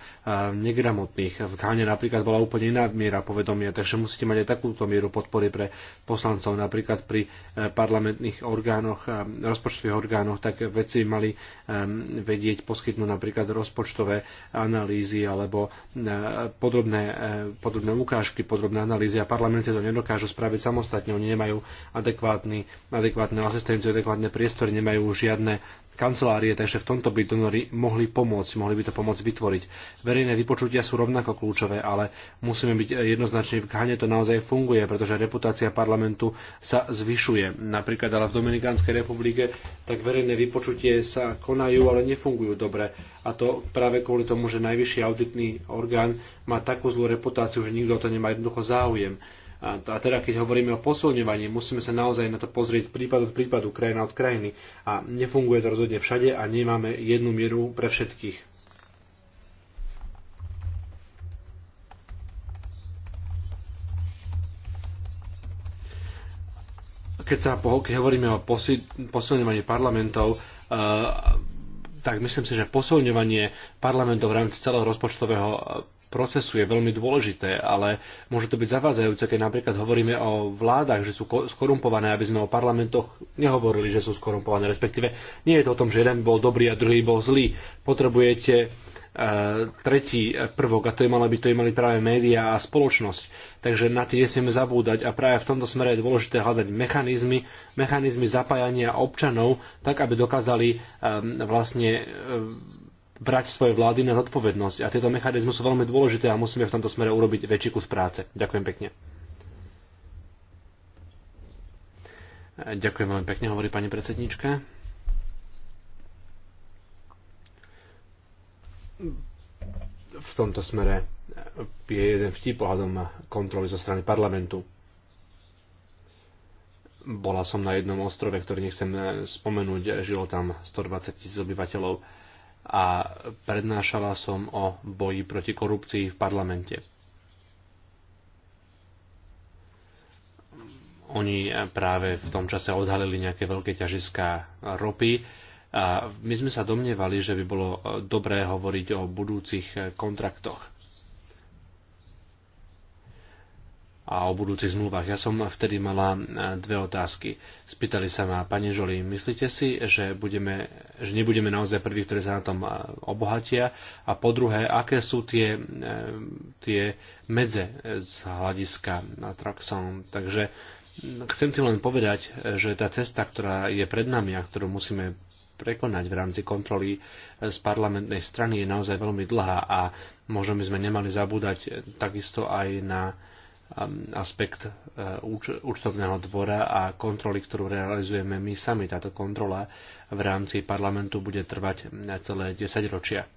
negramotných. V Káne napríklad bola úplne iná miera povedomia, takže musíte mať aj takúto mieru podpory pre poslancov. Napríklad pri e, parlamentných orgánoch, rozpočtových orgánoch, tak veci mali e, vedieť poskytnúť napríklad rozpočtové analýzy alebo e, podrobné, podrobné ukážky, podrobné analýzy a parlamenty to nedokážu spraviť samostatne. Oni nemajú adekvátny, adekvátnu asistenciu, adekvátne priestory, nemajú žiadne kancelárie, takže v tomto by donory mohli pomôcť, mohli by to pomôcť vytvoriť. Verejné vypočutia sú rovnako kľúčové, ale musíme byť jednoznační, v Ghane to naozaj funguje, pretože reputácia parlamentu sa zvyšuje. Napríklad ale v Dominikánskej republike tak verejné vypočutie sa konajú, ale nefungujú dobre. A to práve kvôli tomu, že najvyšší auditný orgán má takú zlú reputáciu, že nikto o to nemá jednoducho záujem a, a teda keď hovoríme o posilňovaní, musíme sa naozaj na to pozrieť prípad od prípadu, krajina od krajiny. A nefunguje to rozhodne všade a nemáme jednu mieru pre všetkých. keď, sa, keď hovoríme o posilňovaní parlamentov, eh, tak myslím si, že posilňovanie parlamentov v rámci celého rozpočtového eh, procesu je veľmi dôležité, ale môže to byť zavádzajúce, keď napríklad hovoríme o vládach, že sú skorumpované, aby sme o parlamentoch nehovorili, že sú skorumpované. Respektíve nie je to o tom, že jeden bol dobrý a druhý bol zlý. Potrebujete e, tretí prvok a to je mali by to mali práve médiá a spoločnosť. Takže na tie nesmieme zabúdať a práve v tomto smere je dôležité hľadať mechanizmy, mechanizmy zapájania občanov, tak aby dokázali um, vlastne um, brať svoje vlády na zodpovednosť. A tieto mechanizmy sú veľmi dôležité a musíme v tomto smere urobiť väčší kus práce. Ďakujem pekne. Ďakujem veľmi pekne, hovorí pani predsednička. V tomto smere je jeden vtip pohľadom kontroly zo strany parlamentu. Bola som na jednom ostrove, ktorý nechcem spomenúť, žilo tam 120 tisíc obyvateľov a prednášala som o boji proti korupcii v parlamente. Oni práve v tom čase odhalili nejaké veľké ťažiská ropy a my sme sa domnievali, že by bolo dobré hovoriť o budúcich kontraktoch a o budúcich zmluvách. Ja som vtedy mala e, dve otázky. Spýtali sa ma, pani Žoli, myslíte si, že, budeme, že nebudeme naozaj prví, ktorí sa na tom e, obohatia? A po druhé, aké sú tie, e, tie medze z hľadiska na Traxon? Takže chcem ti len povedať, že tá cesta, ktorá je pred nami a ktorú musíme prekonať v rámci kontroly z parlamentnej strany je naozaj veľmi dlhá a možno by sme nemali zabúdať takisto aj na Um, aspekt uh, účtovného dvora a kontroly, ktorú realizujeme my sami. Táto kontrola v rámci parlamentu bude trvať uh, celé 10 ročia.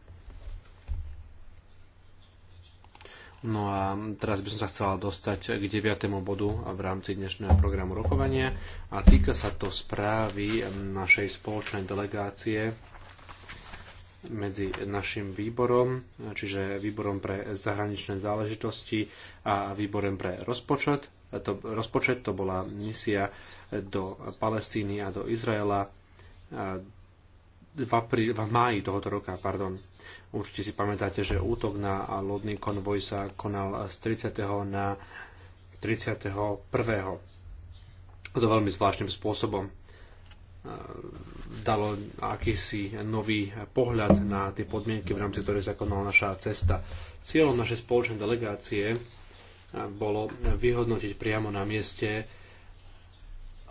No a teraz by som sa chcela dostať k 9. bodu v rámci dnešného programu rokovania a týka sa to správy um, našej spoločnej delegácie medzi našim výborom, čiže výborom pre zahraničné záležitosti a výborom pre rozpočet. To, rozpočet to bola misia do Palestíny a do Izraela v, apríl, v máji tohoto roka. Pardon. Určite si pamätáte, že útok na lodný konvoj sa konal z 30. na 31. To veľmi zvláštnym spôsobom E, dalo akýsi nový pohľad na tie podmienky, v rámci ktorých zakonala naša cesta. Cieľom našej spoločnej delegácie e, bolo vyhodnotiť priamo na mieste,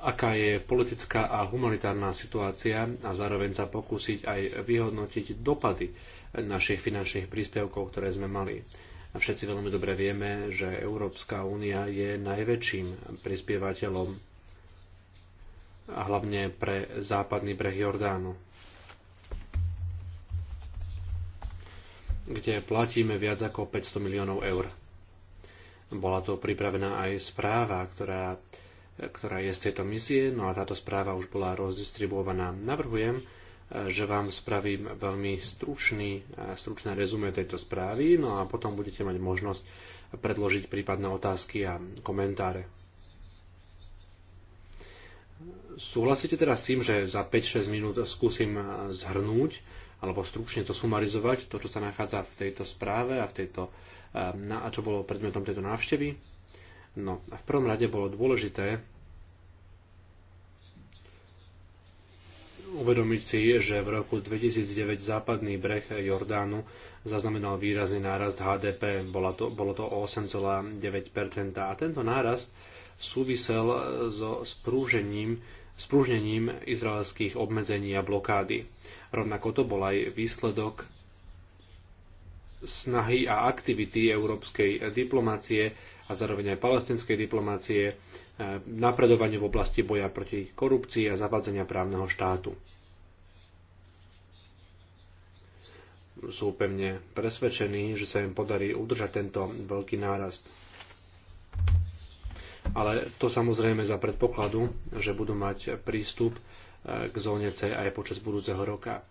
aká je politická a humanitárna situácia a zároveň sa pokúsiť aj vyhodnotiť dopady našich finančných príspevkov, ktoré sme mali. A všetci veľmi dobre vieme, že Európska únia je najväčším prispievateľom a hlavne pre západný breh Jordánu, kde platíme viac ako 500 miliónov eur. Bola to pripravená aj správa, ktorá, ktorá je z tejto misie, no a táto správa už bola rozdistribuovaná. Navrhujem, že vám spravím veľmi stručný, stručné rezume tejto správy, no a potom budete mať možnosť predložiť prípadné otázky a komentáre. Súhlasíte teda s tým, že za 5-6 minút skúsim eh, zhrnúť alebo stručne to sumarizovať, to, čo sa nachádza v tejto správe a, v tejto, eh, a čo bolo predmetom tejto návštevy? No a v prvom rade bolo dôležité uvedomiť si, že v roku 2009 západný breh Jordánu zaznamenal výrazný nárast HDP, bolo to, bolo to 8,9%. A tento nárast súvisel eh, so sprúžením spružnením izraelských obmedzení a blokády. Rovnako to bol aj výsledok snahy a aktivity európskej diplomácie a zároveň aj palestinskej diplomácie eh, napredovanie v oblasti boja proti korupcii a zavadzenia právneho štátu. Sú pevne presvedčení, že sa im podarí udržať tento veľký nárast ale to samozrejme za predpokladu, že budú mať prístup e, k zóne C aj počas budúceho roka.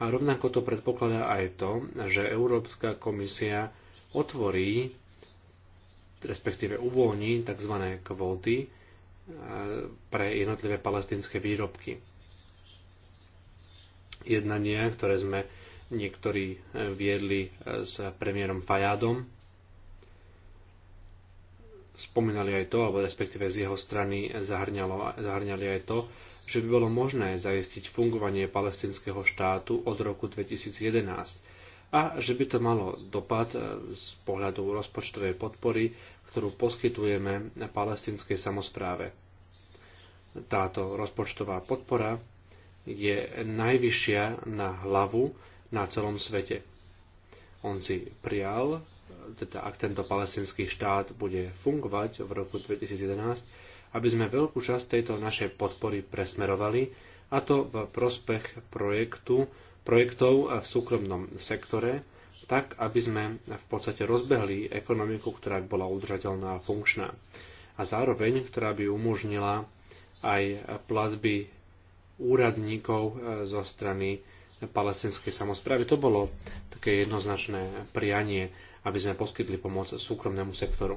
A rovnako to predpokladá aj to, že Európska komisia otvorí, respektíve uvoľní tzv. kvóty e, pre jednotlivé palestinské výrobky. Jednania, ktoré sme niektorí e, viedli s premiérom Fajádom spomínali aj to, alebo respektíve z jeho strany zahrňalo, zahrňali aj to, že by bolo možné zaistiť fungovanie palestinského štátu od roku 2011 a že by to malo dopad e, z pohľadu rozpočtovej podpory, ktorú poskytujeme palestinskej samozpráve. Táto rozpočtová podpora je najvyššia na hlavu na celom svete. On si prijal, teda ak tento palestinský štát bude fungovať v roku 2011, aby sme veľkú časť tejto našej podpory presmerovali, a to v prospech projektu, projektov v súkromnom sektore, tak aby sme v podstate rozbehli ekonomiku, ktorá by bola udržateľná a funkčná. A zároveň, ktorá by umožnila aj platby úradníkov e, zo strany palestinskej samozprávy. To bolo také jednoznačné prianie aby sme poskytli pomoc súkromnému sektoru.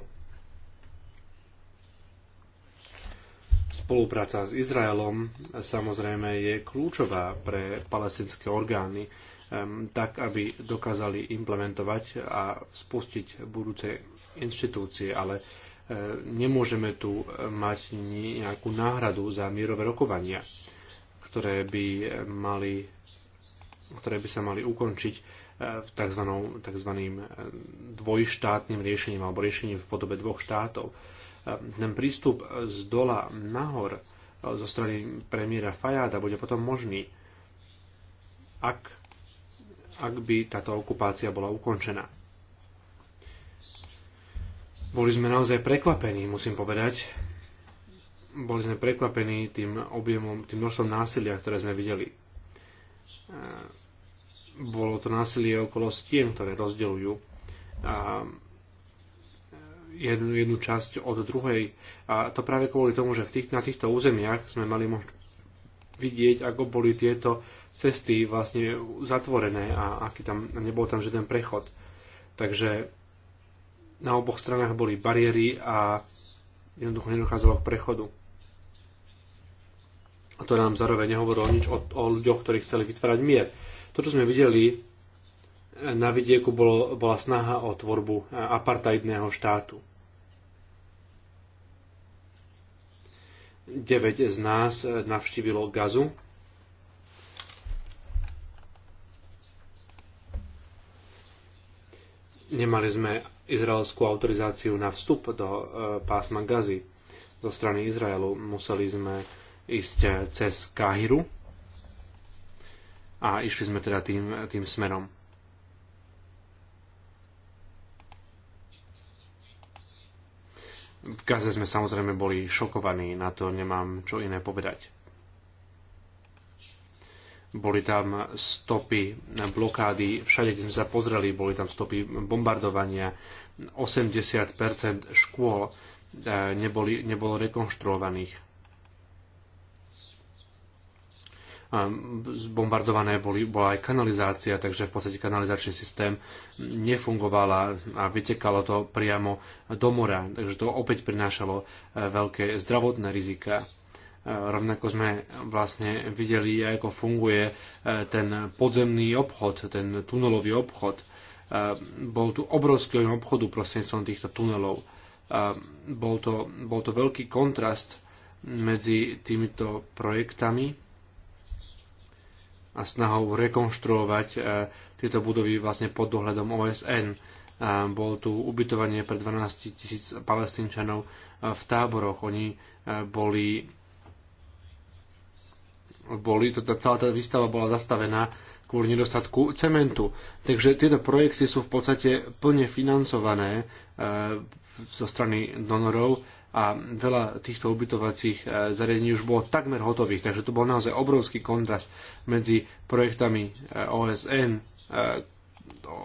Spolupráca s Izraelom samozrejme je kľúčová pre palestinské orgány, tak aby dokázali implementovať a spustiť budúce inštitúcie, ale e, nemôžeme tu mať nejakú náhradu za mierové rokovania, ktoré by, e, mali, ktoré by sa mali ukončiť tzv. E, tzv. E, dvojštátnym riešením alebo riešením v podobe dvoch štátov. E, ten prístup z dola nahor zo strany premiéra Fajáda bude potom možný, ak, ak by táto okupácia bola ukončená. Boli sme naozaj prekvapení, musím povedať. Boli sme prekvapení tým objemom, tým množstvom násilia, ktoré sme videli bolo to násilie okolo stien, ktoré rozdeľujú e, jednu, jednu časť od druhej. A to práve kvôli tomu, že v tých, na týchto územiach sme mali možnosť vidieť, ako boli tieto cesty vlastne zatvorené a aký tam, nebol tam žiaden prechod. Takže na oboch stranách boli bariéry a jednoducho nedochádzalo k prechodu. A to nám zároveň nehovorilo nič o, o ľuďoch, ktorí chceli vytvárať mier. To, čo sme videli e, na vidieku, bolo, bola snaha o tvorbu e, apartheidného štátu. 9 z nás e, navštívilo Gazu, nemali sme izraelskú autorizáciu na vstup do pásma Gazy zo strany Izraelu. Museli sme ísť cez Káhiru a išli sme teda tým, tým smerom. V Gaze sme samozrejme boli šokovaní, na to nemám čo iné povedať. Boli tam stopy blokády, všade, kde sme sa pozreli, boli tam stopy bombardovania, 80% škôl eh, neboli, nebolo rekonštruovaných Zbombardované boli, bola aj kanalizácia, takže v podstate kanalizačný systém nefungovala a vytekalo to priamo do mora, takže to opäť prinášalo e, veľké zdravotné rizika. E, rovnako sme vlastne videli, ako funguje e, ten podzemný obchod, ten tunelový obchod. Bol tu obrovský obchodu prostredníctvom týchto tunelov. Bol to, bol to veľký kontrast medzi týmito projektami a snahou rekonštruovať e, tieto budovy vlastne pod dohľadom OSN. E, bolo tu ubytovanie pre 12 tisíc palestínčanov e, v táboroch. Oni boli, boli tá, celá tá výstava bola zastavená kvôli nedostatku cementu. Takže tieto projekty sú v podstate plne financované zo strany donorov a veľa týchto ubytovacích e, zariadení už bolo takmer hotových, takže to bol naozaj obrovský kontrast medzi projektami e, OSN, e,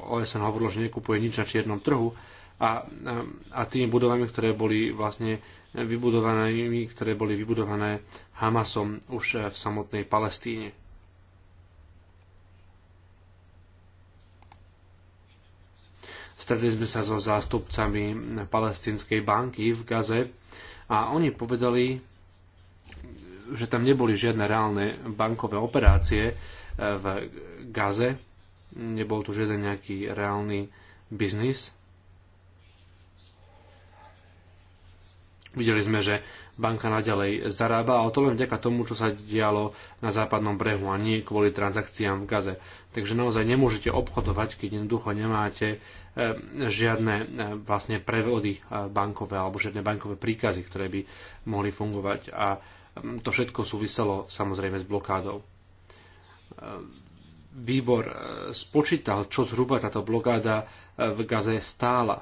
OSN hovorilo, že nekupuje nič na čiernom trhu, a, a tými budovami, ktoré boli vlastne vybudované, ktoré boli vybudované Hamasom už v samotnej Palestíne. Stretli sme sa so zástupcami palestinskej banky v Gaze a oni povedali, že tam neboli žiadne reálne bankové operácie e, v Gaze, nebol tu žiaden nejaký reálny biznis. Videli sme, že banka naďalej zarába, ale to len vďaka tomu, čo sa dialo na západnom brehu a nie kvôli transakciám v Gaze. Takže naozaj nemôžete obchodovať, keď jednoducho nemáte Ehm, žiadne ehm, vlastne prevody ehm, bankové alebo žiadne bankové príkazy, ktoré by mohli fungovať a to všetko súviselo samozrejme s blokádou. Výbor spočítal, čo zhruba táto blokáda v Gaze stála.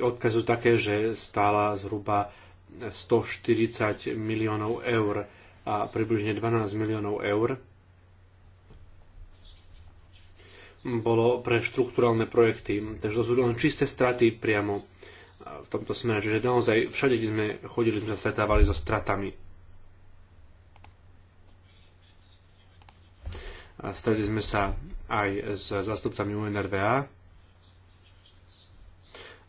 Odkazujú také, že stála zhruba 140 miliónov eur a približne 12 miliónov eur bolo pre štruktúralne projekty. Takže to sú len čisté straty priamo v tomto smere. Čiže naozaj všade, kde sme chodili, sme sa stretávali so stratami. A stretli sme sa aj s zástupcami UNRVA,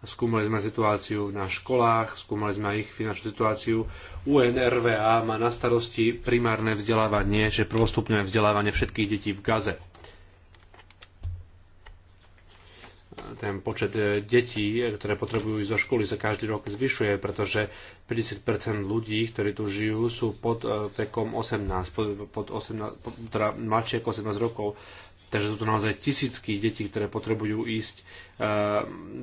skúmali sme situáciu na školách, skúmali sme ich finančnú situáciu. UNRVA má na starosti primárne vzdelávanie, že prvostupňuje vzdelávanie všetkých detí v Gaze. ten počet e, detí, ktoré potrebujú ísť do školy, sa každý rok zvyšuje, pretože 50% ľudí, ktorí tu žijú, sú pod e, vekom 18, pod, 18 teda mladšie ako 18 rokov Takže sú to naozaj tisícky detí, ktoré potrebujú ísť eh,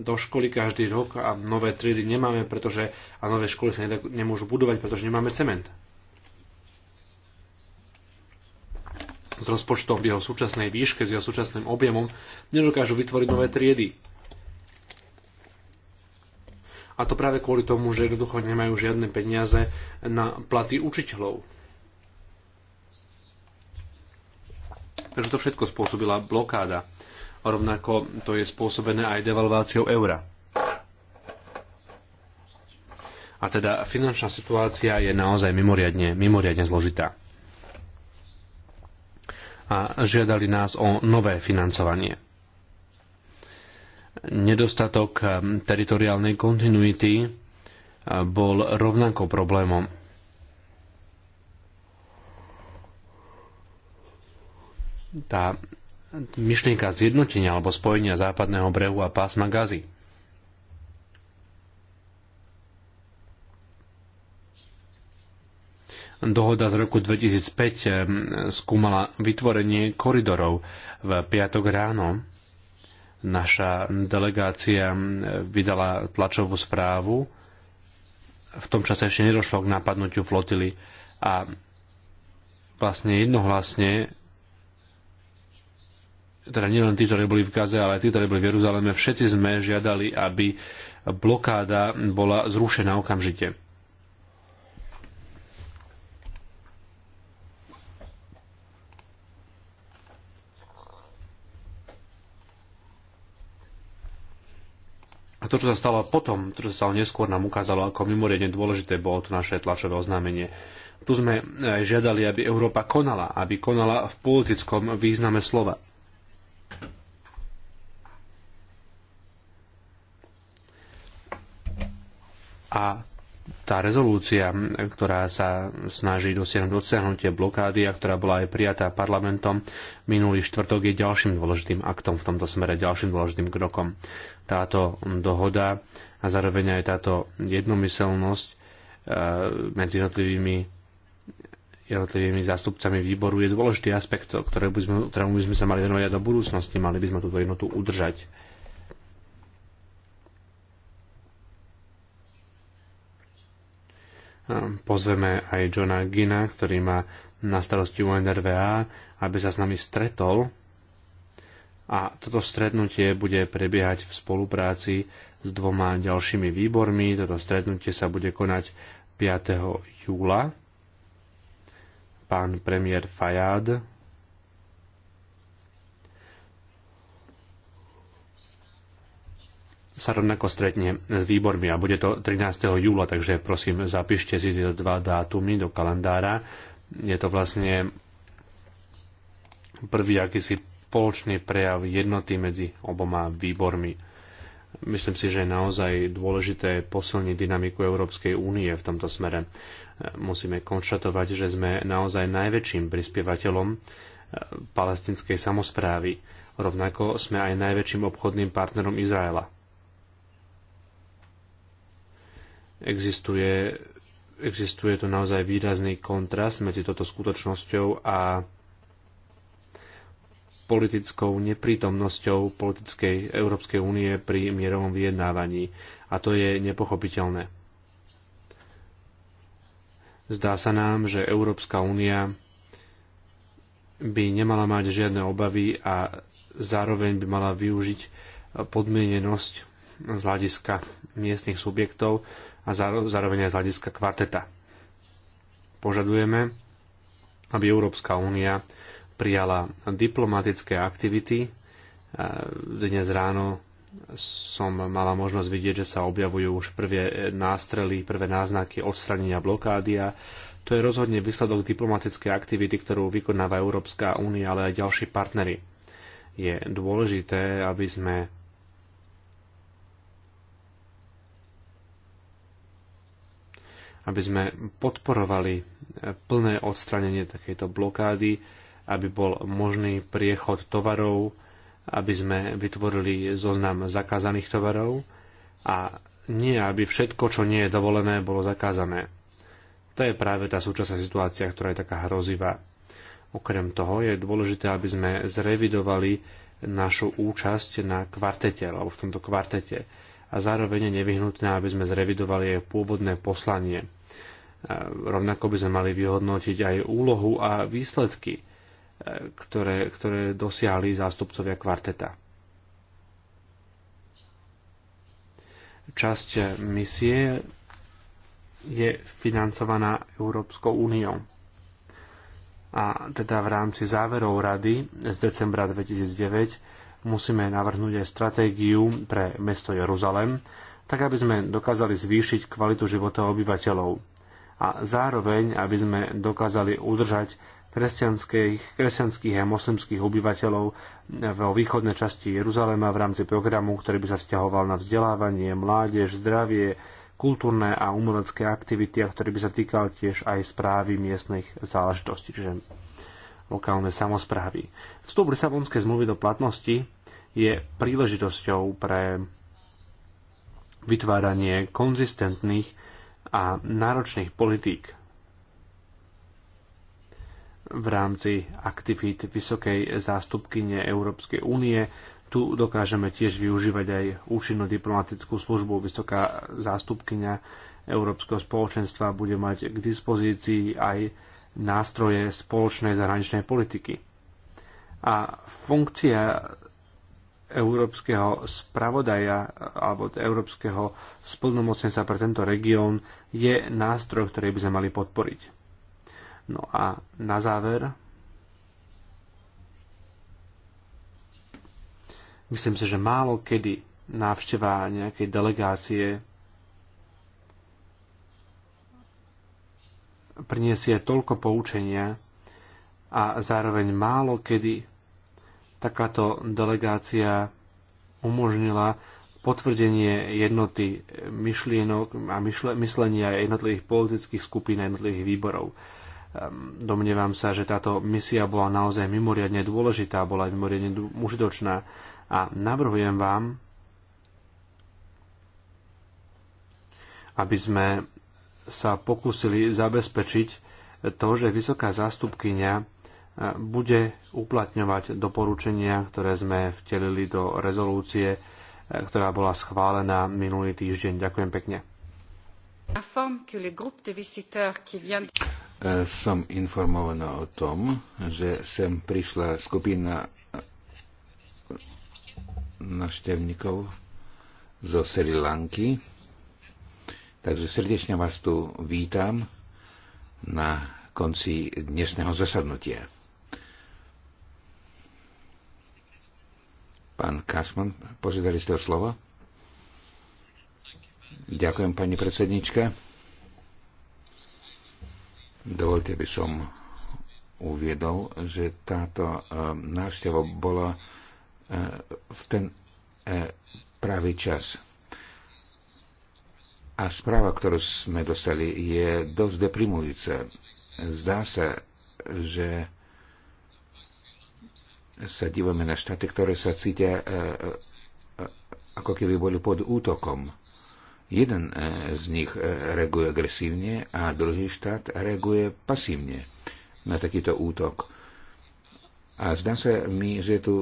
do školy každý rok a nové triedy nemáme, pretože a nové školy sa nemôžu budovať, pretože nemáme cement. S rozpočtom v jeho súčasnej výške, s jeho súčasným objemom nedokážu vytvoriť nové triedy. A to práve kvôli tomu, že jednoducho nemajú žiadne peniaze na platy učiteľov. Takže to všetko spôsobila blokáda. Rovnako to je spôsobené aj devalváciou eura. A teda finančná situácia je naozaj mimoriadne, mimoriadne zložitá. A žiadali nás o nové financovanie nedostatok teritoriálnej kontinuity bol rovnako problémom. tá myšlienka zjednotenia alebo spojenia západného brehu a pásma Gazy. Dohoda z roku 2005 eh, skúmala vytvorenie koridorov v piatok ráno. Naša delegácia eh, vydala tlačovú správu. V tom čase ešte nedošlo k napadnutiu flotily a vlastne jednohlasne teda nielen tí, ktorí boli v Gaze, ale aj tí, ktorí boli v Jeruzaleme, všetci sme žiadali, aby blokáda bola zrušená okamžite. A to, čo sa stalo potom, to, čo sa stalo neskôr, nám ukázalo, ako mimoriadne dôležité bolo to naše tlačové oznámenie. Tu sme aj žiadali, aby Európa konala, aby konala v politickom význame slova. a tá rezolúcia, ktorá sa snaží dosiahnuť odsiahnutie blokády a ktorá bola aj prijatá parlamentom minulý štvrtok, je ďalším dôležitým aktom v tomto smere, ďalším dôležitým krokom. Táto dohoda a zároveň aj táto jednomyselnosť e, medzi jednotlivými jednotlivými zástupcami výboru je dôležitý aspekt, ktorému by sme, ktorému by sme sa mali venovať aj do budúcnosti. Mali by sme túto jednotu udržať Ehm, pozveme aj Johna Gina, ktorý má na starosti UNRVA, aby sa s nami stretol. A toto stretnutie bude prebiehať v spolupráci s dvoma ďalšími výbormi. Toto stretnutie sa bude konať 5. júla. Pán premiér Fajad sa rovnako stretne s výbormi a bude to 13. júla, takže prosím, zapíšte si tieto dva dátumy do kalendára. Je to vlastne prvý akýsi spoločný prejav jednoty medzi oboma výbormi. Myslím si, že je naozaj dôležité posilniť dynamiku Európskej únie v tomto smere. Musíme konštatovať, že sme naozaj najväčším prispievateľom eh, palestinskej samozprávy. Rovnako sme aj najväčším obchodným partnerom Izraela. Existuje, existuje to naozaj výrazný kontrast medzi toto skutočnosťou a politickou neprítomnosťou politickej Európskej únie pri mierovom vyjednávaní. A to je nepochopiteľné. Zdá sa nám, že Európska únia by nemala mať žiadne obavy a zároveň by mala využiť podmienenosť z hľadiska miestnych subjektov, a zároveň aj z hľadiska kvarteta. Požadujeme, aby Európska únia prijala diplomatické aktivity. Dnes ráno som mala možnosť vidieť, že sa objavujú už prvé nástrely, prvé náznaky odstranenia blokády a to je rozhodne výsledok diplomatickej aktivity, ktorú vykonáva Európska únia, ale aj ďalší partnery. Je dôležité, aby sme aby sme podporovali e, plné odstranenie takejto blokády, aby bol možný priechod tovarov, aby sme vytvorili zoznam zakázaných tovarov a nie, aby všetko, čo nie je dovolené, bolo zakázané. To je práve tá súčasná situácia, ktorá je taká hrozivá. Okrem toho je dôležité, aby sme zrevidovali našu účasť na kvartete, alebo v tomto kvartete a zároveň je nevyhnutné, aby sme zrevidovali jej pôvodné poslanie. E, rovnako by sme mali vyhodnotiť aj úlohu a výsledky, e, ktoré, ktoré dosiahli zástupcovia kvarteta. Časť misie je financovaná Európskou úniou. A teda v rámci záverov rady z decembra 2009 musíme navrhnúť aj stratégiu pre mesto Jeruzalem, tak aby sme dokázali zvýšiť kvalitu života obyvateľov a zároveň, aby sme dokázali udržať kresťanských, kresťanských a moslimských obyvateľov vo východnej časti Jeruzalema v rámci programu, ktorý by sa vzťahoval na vzdelávanie, mládež, zdravie, kultúrne a umelecké aktivity a ktorý by sa týkal tiež aj správy miestnych záležitostí. Čiže lokálne samozprávy. Vstup Lisabonskej zmluvy do platnosti je príležitosťou pre vytváranie konzistentných a náročných politík v rámci aktivít vysokej zástupkyne Európskej únie. Tu dokážeme tiež využívať aj účinnú diplomatickú službu. Vysoká zástupkyňa Európskeho spoločenstva bude mať k dispozícii aj nástroje spoločnej zahraničnej politiky. A funkcia európskeho spravodaja alebo európskeho splnomocnenca pre tento región je nástroj, ktorý by sme mali podporiť. No a na záver myslím si, že málo kedy návšteva nejakej delegácie priniesie toľko poučenia a zároveň málo kedy takáto delegácia umožnila potvrdenie jednoty myšlienok a myšle, myslenia jednotlivých politických skupín a jednotlivých výborov. Ehm, domnievam sa, že táto misia bola naozaj mimoriadne dôležitá, bola mimoriadne užitočná a navrhujem vám, aby sme sa pokúsili zabezpečiť to, že vysoká zástupkynia e, bude uplatňovať doporučenia, ktoré sme vtelili do rezolúcie, e, ktorá bola schválená minulý týždeň. Ďakujem pekne. E, som informovaná o tom, že sem prišla skupina naštevníkov zo Sri Lanky Takže srdečne vás tu vítam na konci dnešného zasadnutia. Pán Kašman, požiadali ste o slovo? Ďakujem, pani predsednička. Dovolte by som uviedol, že táto e, návšteva bola e, v ten e, pravý čas a správa, ktorú sme dostali, je dosť deprimujúca. Zdá sa, že sa dívame na štáty, ktoré sa cítia e, e, e, ako keby boli pod útokom. Jeden z nich reaguje agresívne a druhý štát reaguje pasívne na takýto útok. A zdá sa mi, že je tu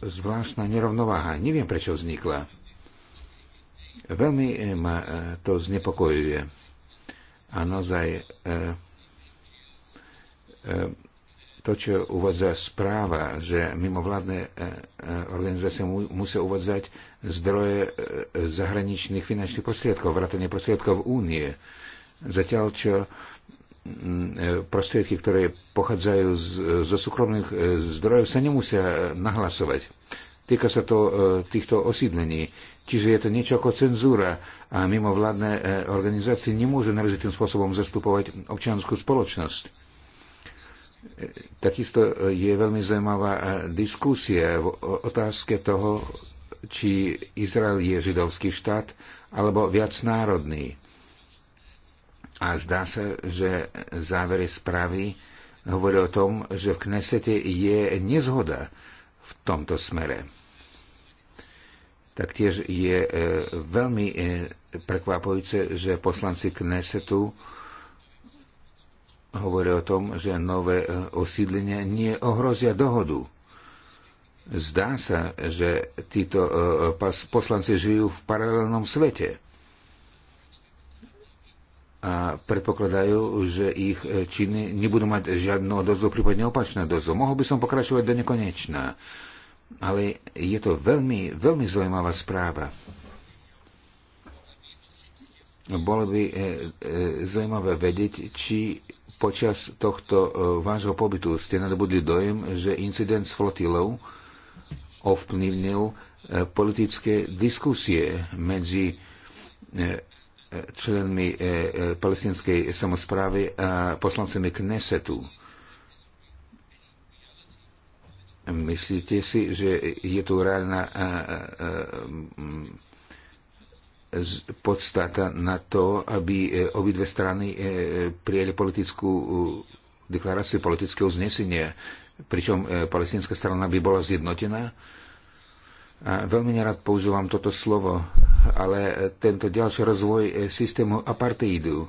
zvláštna nerovnováha. Neviem, prečo vznikla. Veľmi e, ma e, to znepokojuje. A naozaj e, to, čo uvádza správa, že mimovládne organizácie musia uvádzať zdroje zahraničných finančných prostriedkov, vrátanie prostriedkov únie. Zatiaľ, čo prostriedky, ktoré pochádzajú z, zo súkromných zdrojov, sa nemusia nahlasovať. Týka sa to týchto osídlení. Čiže je to niečo ako cenzúra a mimovládne e, organizácie nemôžu náležitým spôsobom zastupovať občianskú spoločnosť. E, takisto e, je veľmi zaujímavá diskusia v otázke toho, či Izrael je židovský štát alebo viacnárodný. A zdá sa, že závery správy hovorí o tom, že v Knesete je nezhoda v tomto smere. Taktiež je e, veľmi e, prekvapujúce, že poslanci Knesetu hovoria o tom, že nové e, osídlenia nie ohrozia dohodu. Zdá sa, že títo poslanci žijú v paralelnom svete a predpokladajú, že ich činy nebudú mať žiadnu odozvu, prípadne opačnú odozvu. Mohol by som pokračovať do nekonečna ale je to veľmi, veľmi zaujímavá správa. Bolo by e, e, zaujímavé vedieť, či počas tohto e, vášho pobytu ste nadobudli dojem, že incident s flotilou ovplyvnil politické diskusie medzi členmi palestinskej samozprávy a poslancami Knesetu. Myslíte si, že je tu reálna e, e, e, podstata na to, aby obidve strany prijali politickú deklaráciu, politické uznesenie, pričom palestinská strana by bola zjednotená? A veľmi nerad používam toto slovo, ale tento ďalší rozvoj systému apartheidu,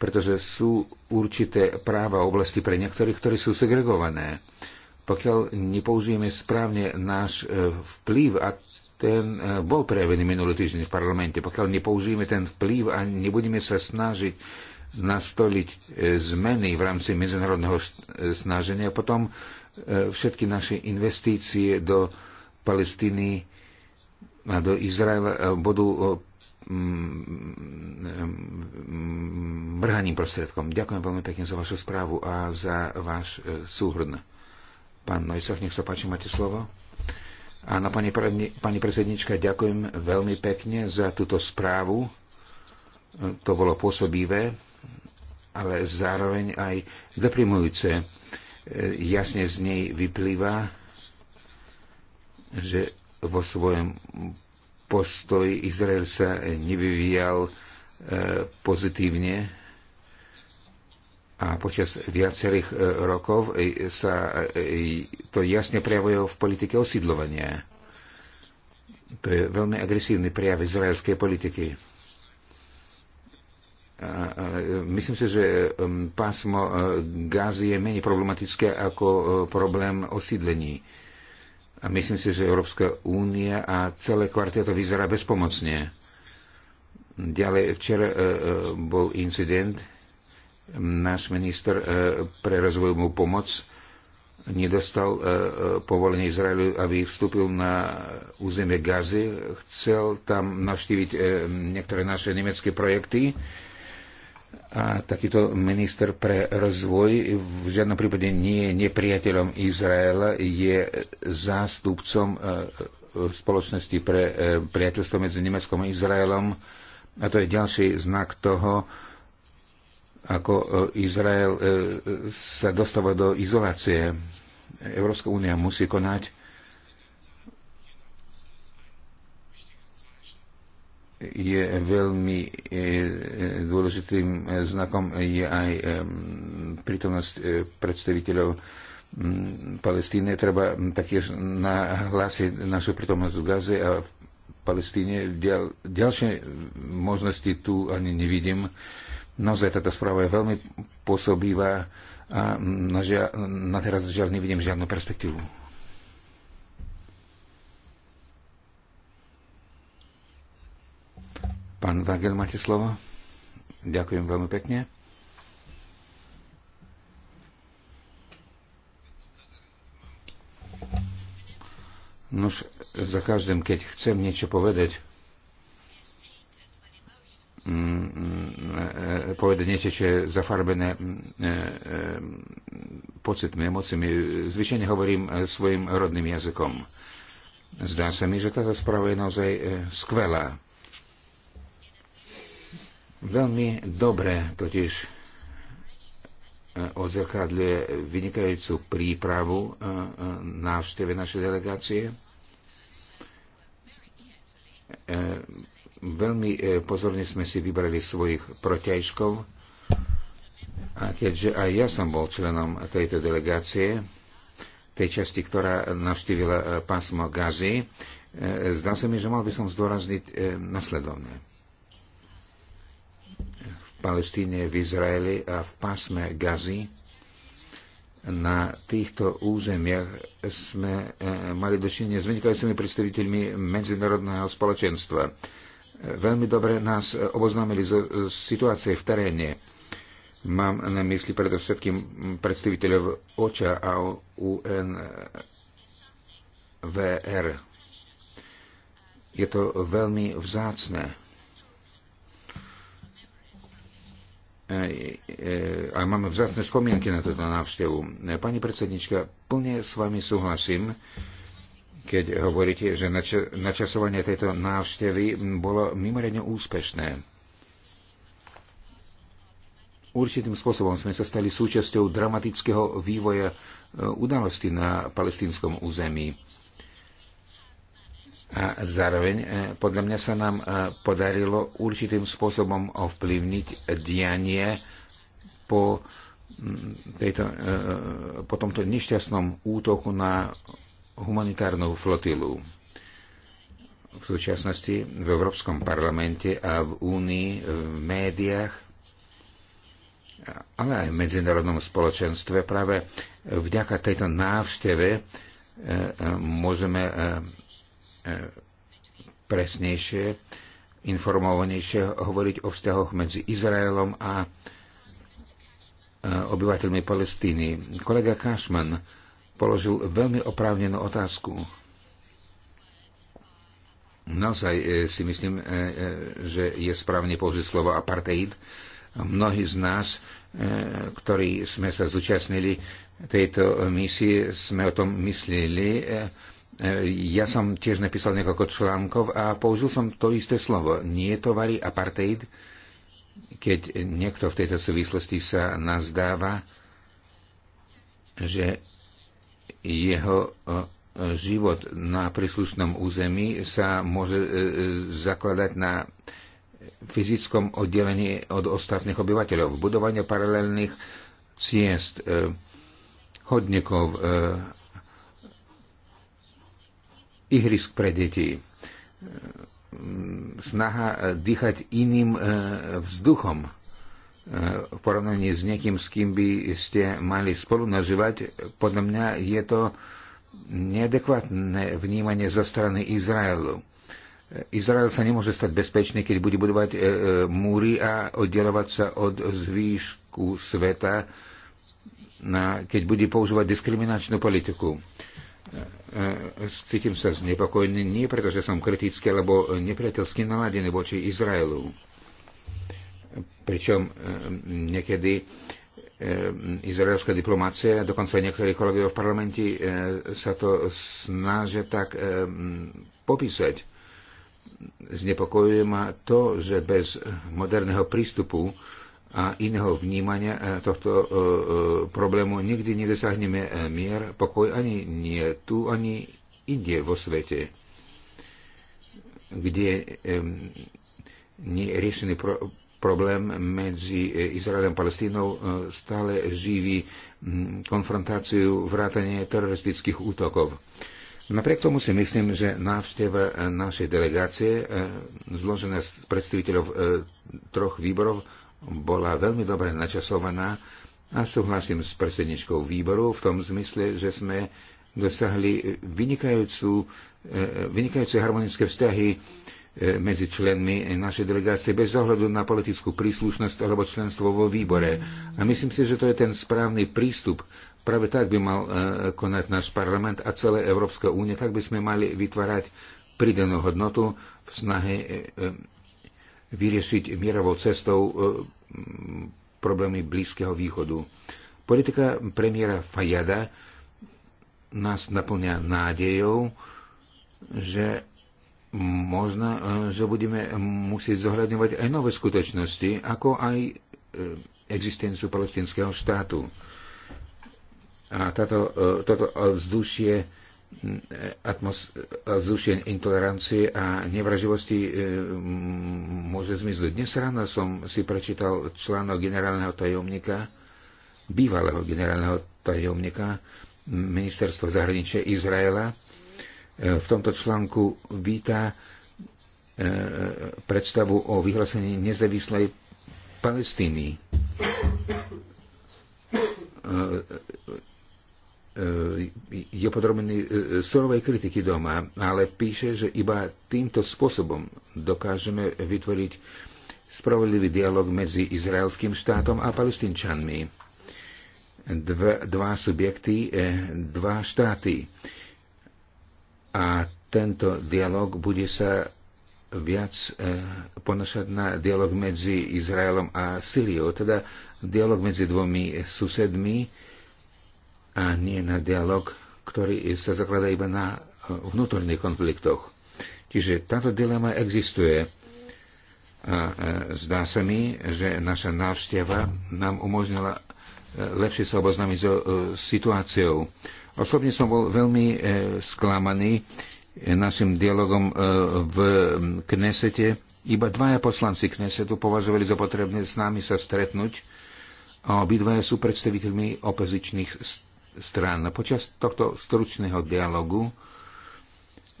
pretože sú určité práva oblasti pre niektorých, ktorí sú segregované pokiaľ nepoužijeme správne náš vplyv a ten bol prejavený minulý týždeň v parlamente. Pokiaľ nepoužijeme ten vplyv a nebudeme sa snažiť nastoliť zmeny v rámci medzinárodného snaženia, potom všetky naše investície do Palestíny a do Izraela budú mrhaním prostriedkom. Ďakujem veľmi pekne za vašu správu a za váš súhrn. Pán Nojsoch, nech sa páči, máte slovo. Áno, pani, pani predsednička, ďakujem veľmi pekne za túto správu. To bolo pôsobivé, ale zároveň aj deprimujúce. Jasne z nej vyplýva, že vo svojom postoji Izrael sa nevyvíjal eh, pozitívne a počas viacerých e, rokov e, sa e, to jasne prejavuje v politike osídlovania. To je veľmi agresívny prejav izraelskej politiky. Myslím si, že pásmo Gázy je menej problematické ako problém osídlení. A myslím si, že Európska únia a celé kvarteto vyzerá bezpomocne. Ďalej, včera bol incident, náš minister e, pre rozvojovú pomoc nedostal e, e, povolenie Izraelu, aby vstúpil na územie Gazy. Chcel tam navštíviť niektoré naše nemecké projekty a takýto minister pre rozvoj v žiadnom prípade nie je nepriateľom Izraela, je zástupcom spoločnosti pre priateľstvo medzi Nemeckom a Izraelom. A to je ďalší znak toho, ako e, Izrael e, sa dostáva do izolácie. Európska únia musí konať. Je veľmi e, dôležitým znakom je aj prítomnosť predstaviteľov Palestíny. Treba taktiež nahlásiť našu prítomnosť v Gaze a v Palestíne. Ďal, ďalšie možnosti tu ani nevidím. Naozaj táto správa je veľmi pôsobivá a na, žia, na teraz žiaľ nevidím žiadnu perspektívu. Pán Vagel, máte slovo? Ďakujem veľmi pekne. Nož, za každým, keď chcem niečo povedať, Mm, mm, e, e, povedať niečo, čo je zafarbené mm, e, pocitmi, emóciami. Zvyčajne hovorím svojim rodným jazykom. Zdá sa mi, že táto správa je naozaj skvelá. Veľmi dobre totiž odzrkadľuje vynikajúcu prípravu návšteve našej delegácie Veľmi e, pozorne sme si vybrali svojich protiažkov a keďže aj ja som bol členom tejto delegácie, tej časti, ktorá navštívila e, pásmo Gazy, e, zdá sa mi, že mal by som zdôrazniť nasledovne. V Palestíne, v Izraeli a v pásme Gazy na týchto územiach sme mali dočinenie s vynikajúcimi predstaviteľmi medzinárodného spoločenstva veľmi dobre nás e, oboznámili z e, situácie v teréne. Mám na mysli predovšetkým predstaviteľov OČA a UNVR. Je to veľmi vzácne. E, a máme vzácne spomienky na túto návštevu. Pani predsednička, plne s vami súhlasím keď hovoríte, že načasovanie tejto návštevy bolo mimoriadne úspešné. Určitým spôsobom sme sa stali súčasťou dramatického vývoja e, udalosti na palestínskom území. A zároveň e, podľa mňa sa nám e, podarilo určitým spôsobom ovplyvniť dianie po, tejto, po tomto nešťastnom útoku na humanitárnu flotilu. V súčasnosti v Európskom parlamente a v Únii, v médiách, ale aj v medzinárodnom spoločenstve práve vďaka tejto návšteve e, e, môžeme e, presnejšie, informovanejšie hovoriť o vzťahoch medzi Izraelom a obyvateľmi Palestíny. Kolega Kašman položil veľmi oprávnenú otázku. Naozaj e, si myslím, e, e, že je správne použiť slovo apartheid. Mnohí z nás, ktorí sme sa zúčastnili tejto misie, sme o tom mysleli. Ja som tiež napísal niekoľko článkov a použil som to isté slovo. Nie je to varí apartheid, keď niekto v tejto súvislosti sa nazdáva, že jeho e, život na príslušnom území sa môže e, zakladať na fyzickom oddelení od ostatných obyvateľov. Budovanie paralelných ciest, e, chodníkov, ihrisk pre deti, snaha dýchať iným vzduchom v porovnaní s niekým, s kým by ste mali spolu nažívať, podľa mňa je to neadekvátne vnímanie zo strany Izraelu. Izrael sa nemôže stať bezpečný, keď bude budovať e, e múry a oddelovať sa od zvýšku sveta, na, keď bude používať diskriminačnú politiku. E, e, cítim sa znepokojený nie preto, že som kritický alebo nepriateľsky naladený voči Izraelu pričom e, niekedy e, izraelská diplomácia, dokonca niektorí kolegovia v parlamente sa to snažia tak e, popísať. Znepokojuje ma to, že bez moderného prístupu a iného vnímania tohto problému nikdy nedosiahneme mier, pokoj ani nie tu, ani inde vo svete, kde riešený pro, problém medzi e, Izraelom a Palestínou e, stále živí konfrontáciu vrátanie teroristických útokov. Napriek tomu si myslím, že návšteva e, našej delegácie, zložená z predstaviteľov troch výborov, bola veľmi dobre načasovaná a súhlasím s predsedničkou výboru v tom zmysle, že sme dosahli vynikajúcu, vynikajúce harmonické vzťahy E, medzi členmi našej delegácie bez ohľadu na politickú príslušnosť alebo členstvo vo výbore. A myslím si, že to je ten správny prístup. Práve tak by mal e, konať náš parlament a celé Európska únie. Tak by sme mali vytvárať pridanú hodnotu v snahe e, vyriešiť mierovou cestou problémy Blízkeho východu. Politika premiéra Fajada nás naplňa nádejou, že možno, e, že budeme musieť zohľadňovať aj nové skutočnosti, ako aj e, existenciu palestinského štátu. A táto, e, toto vzdušie, atmos, vzdušie intolerancie a nevraživosti môže zmiznúť. Dnes ráno som si prečítal článok generálneho tajomníka, bývalého generálneho tajomníka ministerstva zahraničia Izraela, E, v tomto článku vítá e, predstavu o vyhlásení nezávislej Palestíny. E, je podrobený surovej kritiky doma, ale píše, že iba týmto spôsobom dokážeme vytvoriť spravodlivý dialog medzi izraelským štátom a palestinčanmi. Dva, dva subjekty, dva štáty. A tento dialog bude sa viac e, ponašať na dialog medzi Izraelom a Syriou, teda dialog medzi dvomi susedmi a nie na dialog, ktorý sa zakladá iba na e, vnútorných konfliktoch. Čiže táto dilema existuje. A e, zdá sa mi, že naša návšteva nám umožnila lepšie sa oboznámiť so situáciou. Osobne som bol veľmi e, sklamaný e, našim dialogom e, v Knesete. Iba dvaja poslanci Knesetu považovali za potrebné s nami sa stretnúť a obidvaja sú predstaviteľmi opozičných strán. Počas tohto stručného dialogu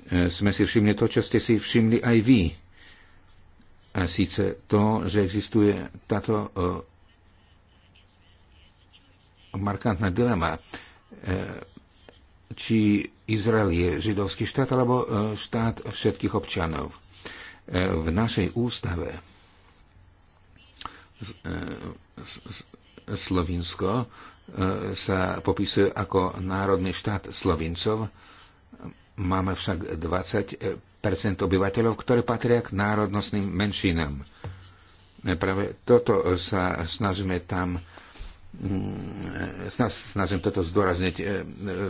sme si všimli to, čo ste si všimli aj vy. A síce to, že existuje táto markantná dilema či Izrael je židovský štát alebo e, štát všetkých občanov. E, v našej ústave e, Slovinsko sa popisuje ako národný štát Slovincov. Máme však 20 obyvateľov, ktoré patria k národnostným menšinám. Práve toto sa snažíme tam Mm, e, snažím toto zdôrazniť. E, e,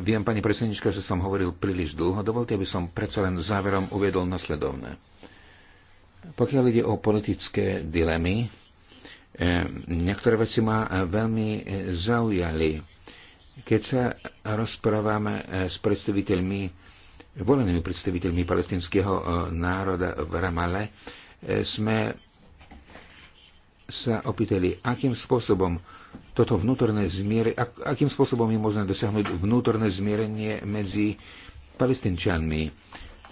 viem, pani predsednička, že som hovoril príliš dlho. Dovolte, aby som predsa len záverom uviedol nasledovné. Pokiaľ ide o politické dilemy, niektoré veci ma veľmi zaujali. Keď sa rozprávame s predstaviteľmi, volenými predstaviteľmi palestinského národa v Ramale, sme sa opýtali, akým spôsobom toto vnútorné zmiere, akým spôsobom je možné dosiahnuť vnútorné zmierenie medzi palestinčanmi.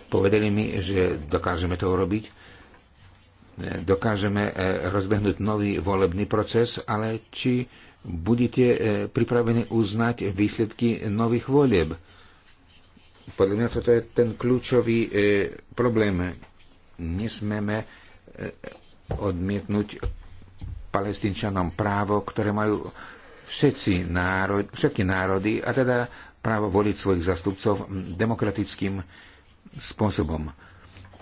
Povedali mi, že dokážeme to urobiť, dokážeme e, rozbehnúť nový volebný proces, ale či budete e, pripravení uznať výsledky nových volieb? Podľa mňa toto je ten kľúčový e, problém. Nesmeme odmietnúť palestínčanom právo, ktoré majú všetci národ, všetky národy, a teda právo voliť svojich zastupcov demokratickým spôsobom.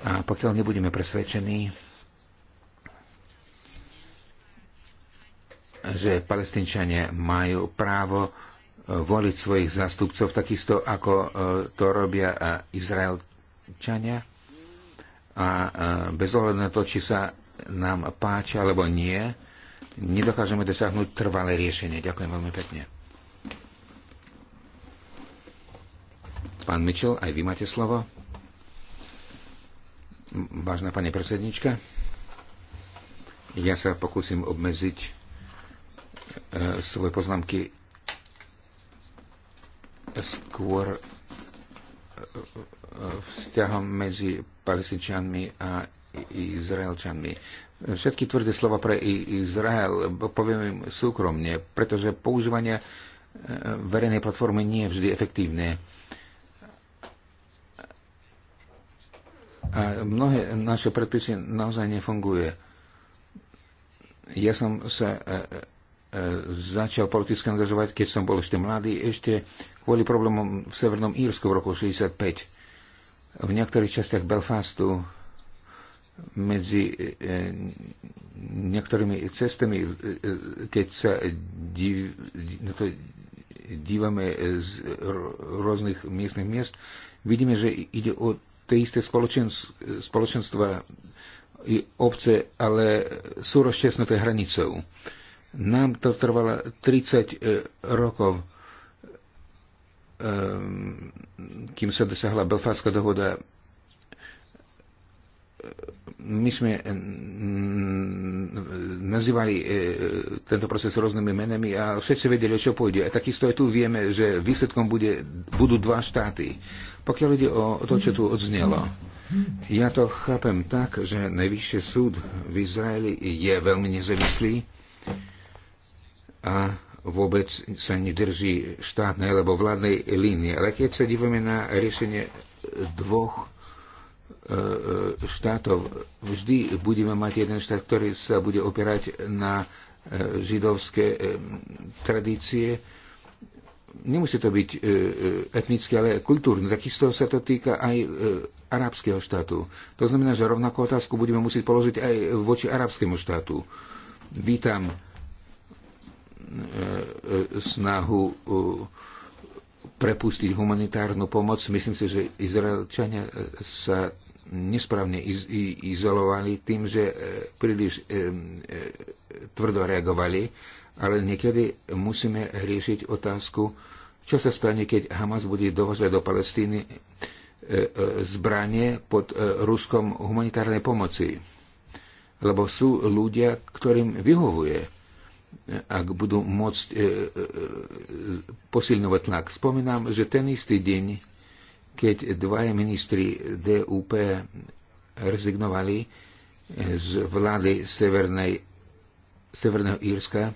A pokiaľ nebudeme presvedčení, že palestinčania majú právo e, voliť svojich zástupcov, takisto ako e, to robia e, Izraelčania. A bez ohľadu na to, či sa nám páči alebo nie, nedokážeme dosiahnuť trvalé riešenie. Ďakujem veľmi pekne. Pán Mitchell, aj vy máte slovo. Vážna pani predsednička, ja sa pokúsim obmedziť e, svoje poznámky skôr e, e, e vzťahom medzi palestinčanmi a Izraelčanmi všetky tvrdé slova pre Izrael, poviem im súkromne, pretože používanie e, verejnej platformy nie je vždy efektívne. A mnohé naše predpisy naozaj nefunguje. Ja som sa e, e, začal politicky angažovať, keď som bol ešte mladý, ešte kvôli problémom v Severnom Írsku v roku 65. V niektorých častiach Belfastu medzi e, niektorými cestami, e, e, keď sa div, na to dívame z rôznych miestnych miest, vidíme, že ide o tie isté spoločenstva i obce, ale sú rozčesnuté hranicou. Nám to trvalo 30 rokov, kým sa dosiahla Belfástka dohoda my sme eh, nazývali eh, tento proces rôznymi menami a všetci vedeli, o čo pôjde. A takisto aj tu vieme, že výsledkom bude, budú dva štáty. Pokiaľ ide o to, čo tu odznelo, ja to chápem tak, že najvyšší súd v Izraeli je veľmi nezávislý a vôbec sa nedrží štátnej alebo vládnej línie. Ale keď sa dívame na riešenie dvoch E, e, štátov. Vždy budeme mať jeden štát, ktorý sa bude opierať na e, židovské tradície. Nemusí to byť etnické, ale kultúrne. Takisto sa to týka aj arabského štátu. To znamená, že rovnakú otázku budeme musieť položiť aj voči arabskému štátu. Vítam snahu prepustiť humanitárnu pomoc. Myslím si, že Izraelčania sa nesprávne iz, izolovali tým, že e, príliš e, e, tvrdo reagovali, ale niekedy musíme riešiť otázku, čo sa stane, keď Hamas bude dovážať do Palestíny zbranie pod Ruskom humanitárnej pomoci. Lebo sú ľudia, ktorým vyhovuje ak budú môcť e, e, posilňovať tlak. Spomínam, že ten istý deň keď dvaja ministri DUP rezignovali z vlády Severnej, Severného Írska.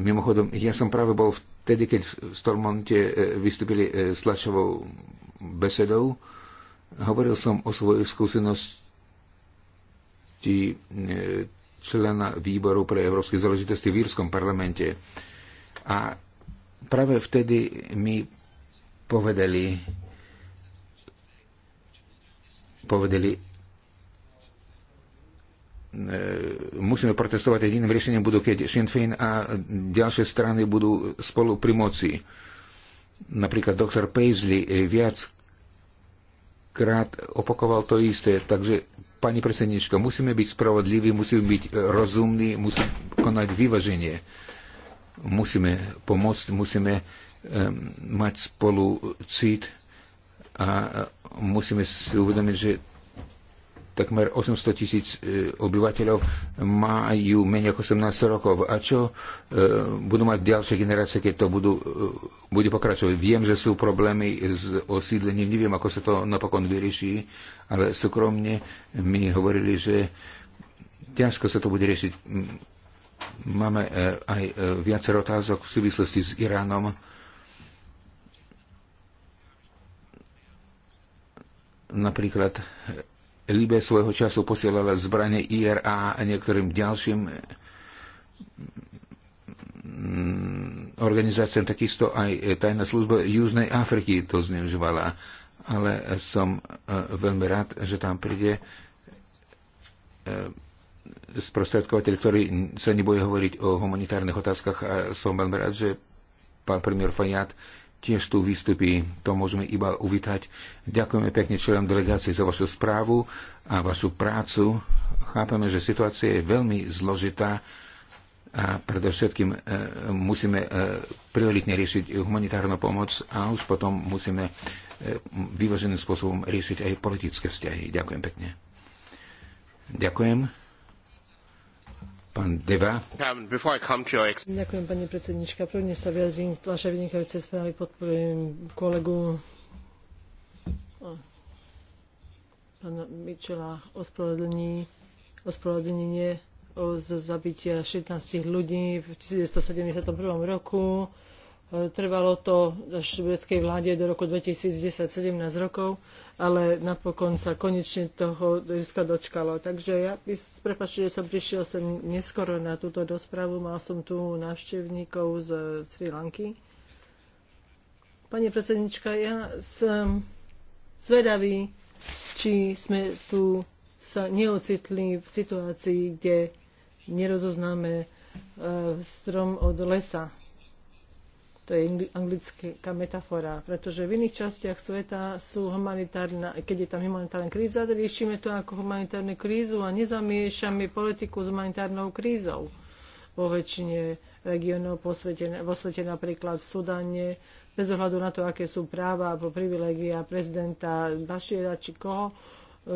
Mimochodom, ja som práve bol vtedy, keď v Stormonte e, vystúpili e, s tlačovou besedou. Hovoril som o svojej skúsenosti e, člena výboru pre európske záležitosti v Írskom parlamente. A práve vtedy mi povedali, povedali e, musíme protestovať jediným riešením budú, keď Sinn Féin a ďalšie strany budú spolu pri moci. Napríklad doktor Paisley e, viac krát opakoval to isté. Takže, pani predsednička, musíme byť spravodliví, musíme byť rozumní, musíme konať vyvaženie. Musíme pomôcť, musíme Ehm, mať spolu cít a musíme si uvedomiť, že takmer 800 tisíc e, obyvateľov majú menej ako 18 rokov. A čo e, budú mať ďalšie generácie, keď to budú, e, bude pokračovať? Viem, že sú problémy s osídlením, neviem, ako sa to napokon vyrieši, ale súkromne mi hovorili, že ťažko sa to bude riešiť. Máme aj viacero otázok v súvislosti s Iránom Napríklad Libia svojho času posielala zbranie IRA a niektorým ďalším mm, organizáciám, takisto aj tajná služba Južnej Afriky to zneužívala. Ale som e, veľmi rád, že tam príde e, sprostredkovateľ, ktorý sa nebude hovoriť o humanitárnych otázkach a som veľmi rád, že pán premiér Fajat tiež tu vystupí. To môžeme iba uvítať. Ďakujeme pekne členom delegácie za vašu správu a vašu prácu. Chápeme, že situácia je veľmi zložitá a predovšetkým e, musíme e, prioritne riešiť humanitárnu pomoc a už potom musíme e, vyvaženým spôsobom riešiť aj politické vzťahy. Ďakujem pekne. Ďakujem. Pán Deva. Um, Ďakujem, pani predsednička. Prvne sa vyjadrím k vašej vynikajúcej správe. Podporujem kolegu eh, pána Mičela ospravedlnenie o zabitia 16 ľudí v 1971 roku Trvalo to až švedskej vláde do roku 2010 17 rokov, ale napokon sa konečne toho riska dočkalo. Takže ja by, prepačte, že som prišiel sem neskoro na túto rozpravu. Mal som tu návštevníkov z Sri Lanky. Pani predsednička, ja som zvedavý, či sme tu sa neocitli v situácii, kde nerozoznáme eh, strom od lesa to je anglická metafora, pretože v iných častiach sveta sú humanitárna, keď je tam humanitárna kríza, riešime to ako humanitárnu krízu a nezamiešame politiku s humanitárnou krízou. Vo väčšine svete, vo svete, napríklad v Sudáne, bez ohľadu na to, aké sú práva alebo privilégia prezidenta Bašiera či koho, e,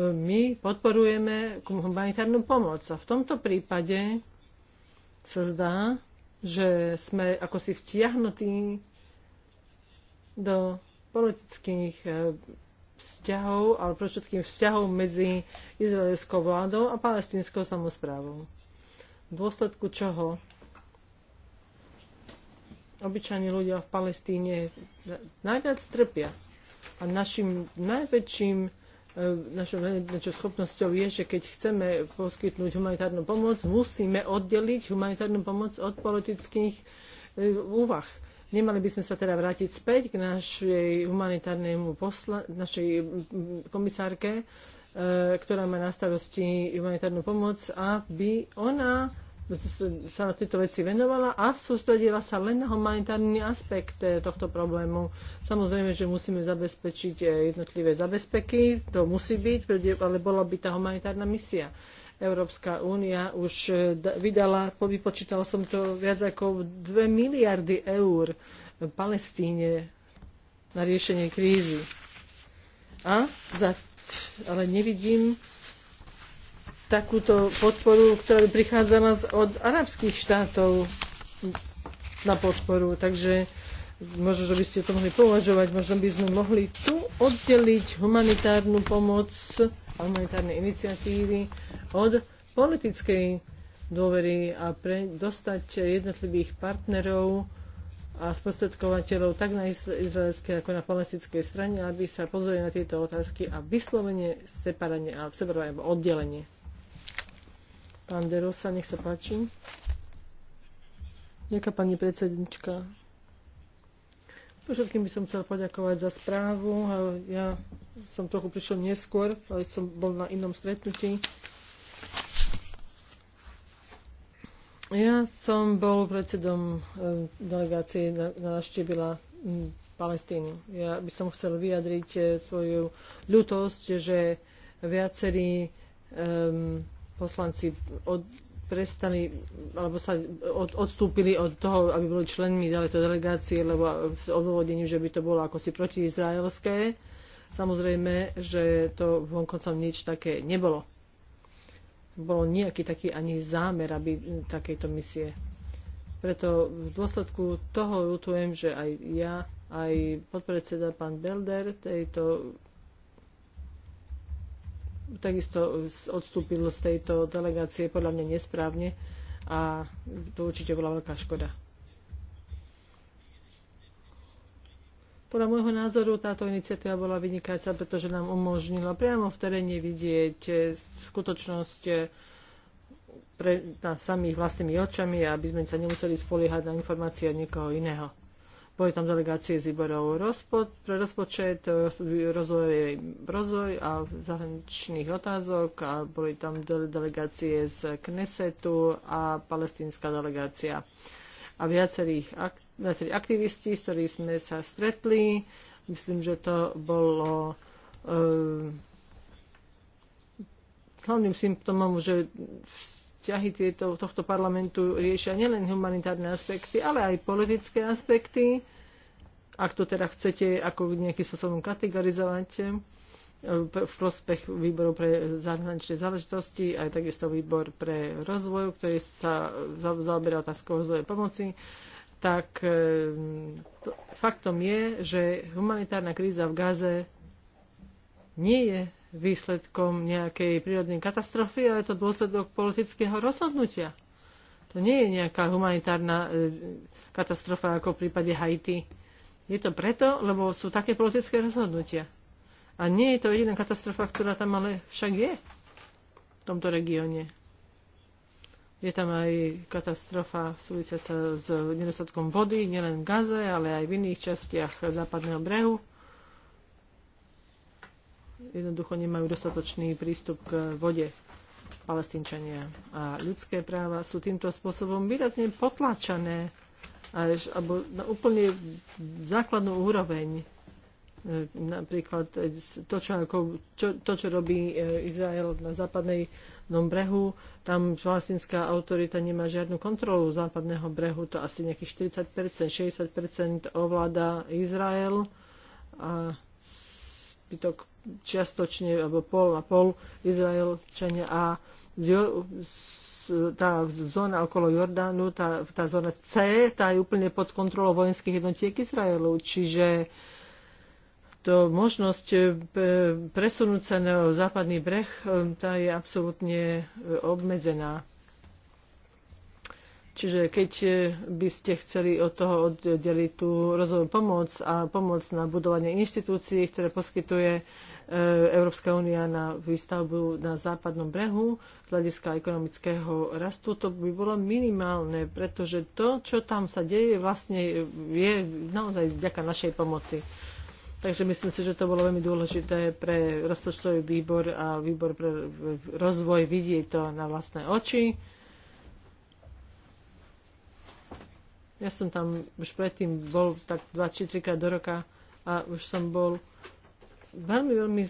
my podporujeme humanitárnu pomoc. A v tomto prípade sa zdá, že sme ako si vtiahnutí do politických eh, vzťahov, ale pre všetkým vzťahov medzi izraelskou vládou a palestinskou samozprávou. V dôsledku čoho obyčajní ľudia v Palestíne najviac trpia. A našim najväčším E, našou najväčšou schopnosťou je, že keď chceme poskytnúť humanitárnu pomoc, musíme oddeliť humanitárnu pomoc od politických e, úvah. Nemali by sme sa teda vrátiť späť k našej humanitárnemu posla, našej komisárke, e, ktorá má na starosti humanitárnu pomoc, aby ona sa na tieto veci venovala a sústredila sa len na humanitárny aspekt eh, tohto problému. Samozrejme, že musíme zabezpečiť eh, jednotlivé zabezpeky, to musí byť, ale bola by tá humanitárna misia. Európska únia už eh, vydala, vypočítala som to viac ako 2 miliardy eur v Palestíne na riešenie krízy. A za, ale nevidím takúto podporu, ktorá prichádzala od arabských štátov na podporu. Takže možno, že by ste to mohli považovať, možno by sme mohli tu oddeliť humanitárnu pomoc a humanitárne iniciatívy od politickej dôvery a pre, dostať jednotlivých partnerov a spostredkovateľov tak na izraelskej ako na palestinskej strane, aby sa pozreli na tieto otázky a vyslovene separanie a separovanie alebo oddelenie. Pán Derosa, nech sa páči. Ďakujem, pani predsednička. všetkým by som chcela poďakovať za správu. Ja som trochu prišiel neskôr, ale som bol na inom stretnutí. Ja som bol predsedom eh, delegácie, navštívila hm, Palestínu. Ja by som chcel vyjadriť eh, svoju ľutosť, že viacerí um, poslanci od, prestali alebo sa od, odstúpili od toho, aby boli členmi tejto delegácie, lebo s odôvodení, že by to bolo ako si protiizraelské. Samozrejme, že to vonkoncom nič také nebolo. Bolo nejaký taký ani zámer, aby takejto misie. Preto v dôsledku toho ľutujem, že aj ja, aj podpredseda pán Belder tejto takisto e, odstúpil z tejto delegácie podľa mňa nesprávne a to určite bola veľká škoda. Podľa môjho názoru táto iniciatíva bola vynikajúca, pretože nám umožnila priamo v teréne vidieť e, skutočnosť e, pre nás samých vlastnými očami, aby sme sa nemuseli spoliehať na informácie od niekoho iného. Boli tam delegácie z výborov rozpo, pre rozpočet, e, rozvoj, rozvoj a zahraničných otázok a boli tam delegácie z Knesetu a palestínska delegácia a viacerých ak, viacerí aktivisti, s ktorými sme sa stretli. Myslím, že to bolo um, hlavným symptómom, že v, ťahy tieto, tohto parlamentu riešia nielen humanitárne aspekty, ale aj politické aspekty, ak to teda chcete ako nejakým spôsobom kategorizovať e, v prospech výboru pre zahraničné záležitosti, aj takisto výbor pre rozvoj, ktorý sa zaoberá otázkou rozvoja pomoci, tak e, faktom je, že humanitárna kríza v Gaze nie je výsledkom nejakej prírodnej katastrofy, ale je to dôsledok politického rozhodnutia. To nie je nejaká humanitárna e, katastrofa ako v prípade Haiti. Je to preto, lebo sú také politické rozhodnutia. A nie je to jediná katastrofa, ktorá tam ale však je v tomto regióne. Je tam aj katastrofa súvisiaca s nedostatkom vody, nielen v Gaze, ale aj v iných častiach západného brehu jednoducho nemajú dostatočný prístup k vode palestínčania. A ľudské práva sú týmto spôsobom výrazne potlačané až, alebo na úplne základnú úroveň. E, napríklad to, čo, ako, čo, to, čo robí e, Izrael na západnej brehu, tam palestinská autorita nemá žiadnu kontrolu západného brehu, to asi nejakých 40%, 60% ovláda Izrael a zbytok čiastočne alebo pol na pol Izraelčania a tá zóna okolo Jordánu, tá, tá zóna C, tá je úplne pod kontrolou vojenských jednotiek Izraelu. Čiže to možnosť e, presunúť sa na západný breh, e, tá je absolútne e, obmedzená. Čiže keď e, by ste chceli od toho oddeliť tú rozvojovú pomoc a pomoc na budovanie inštitúcií, ktoré poskytuje e, Európska únia na výstavbu na západnom brehu z hľadiska ekonomického rastu, to by bolo minimálne, pretože to, čo tam sa deje, vlastne je naozaj vďaka našej pomoci. Takže myslím si, že to bolo veľmi dôležité pre rozpočtový výbor a výbor pre rozvoj vidieť to na vlastné oči. Ja som tam už predtým bol tak 2 3 krát do roka a už som bol veľmi, veľmi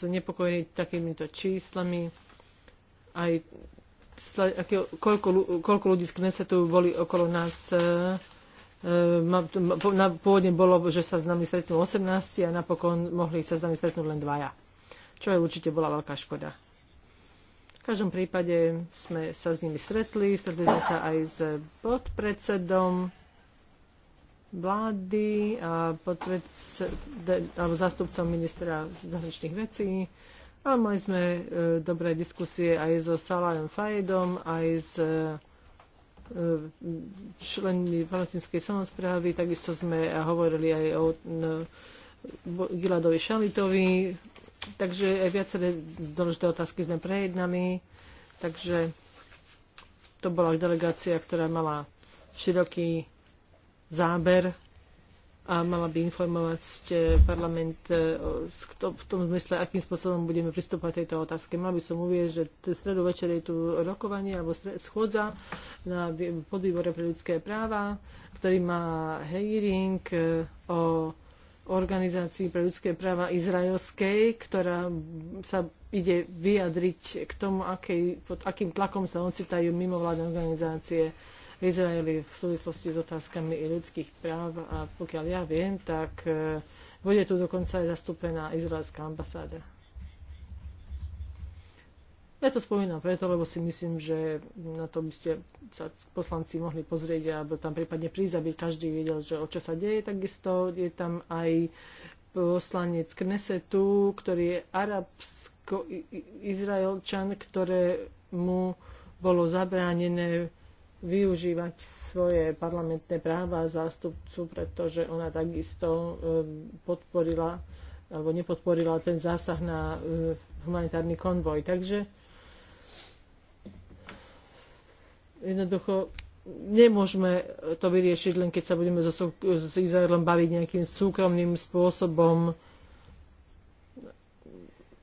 znepokojený takýmito číslami. Aj koľko, koľko ľudí z Knesetu boli okolo nás. E, e, pôvodne bolo, že sa s nami stretnú 18 a napokon mohli sa s nami stretnúť len dvaja. Čo je určite bola veľká škoda. V každom prípade sme sa s nimi stretli, stretli sme sa aj s podpredsedom vlády a alebo zástupcom ministra zahraničných vecí. Ale mali sme e, dobré diskusie aj so Salajom Fajedom, aj s e, členmi palestinskej samozprávy. Takisto sme hovorili aj o e, Giladovi Šalitovi, Takže aj viaceré dôležité otázky sme prejednali. Takže to bola delegácia, ktorá mala široký záber a mala by informovať eh, parlament eh, v tom zmysle, akým spôsobom budeme pristúpať tejto otázke. Mal by som uvieť, že v stredu večer je tu rokovanie alebo schôdza na podvýbore pre ľudské práva, ktorý má hearing eh, o organizácii pre ľudské práva izraelskej, ktorá sa ide vyjadriť k tomu, akej, pod akým tlakom sa ocitajú mimovládne organizácie v Izraeli v súvislosti s otázkami ľudských práv. A pokiaľ ja viem, tak eh, bude tu dokonca aj zastúpená izraelská ambasáda. Ja to spomínam preto, lebo si myslím, že na to by ste sa poslanci mohli pozrieť a tam prípadne prísť, aby každý vedel, že o čo sa deje. Takisto je tam aj poslanec Knesetu, ktorý je arabsko-izraelčan, ktoré mu bolo zabránené využívať svoje parlamentné práva zástupcu, pretože ona takisto ehm, podporila alebo nepodporila ten zásah na ehm, humanitárny konvoj. Takže Jednoducho nemôžeme to vyriešiť len keď sa budeme so, s Izraelom baviť nejakým súkromným spôsobom.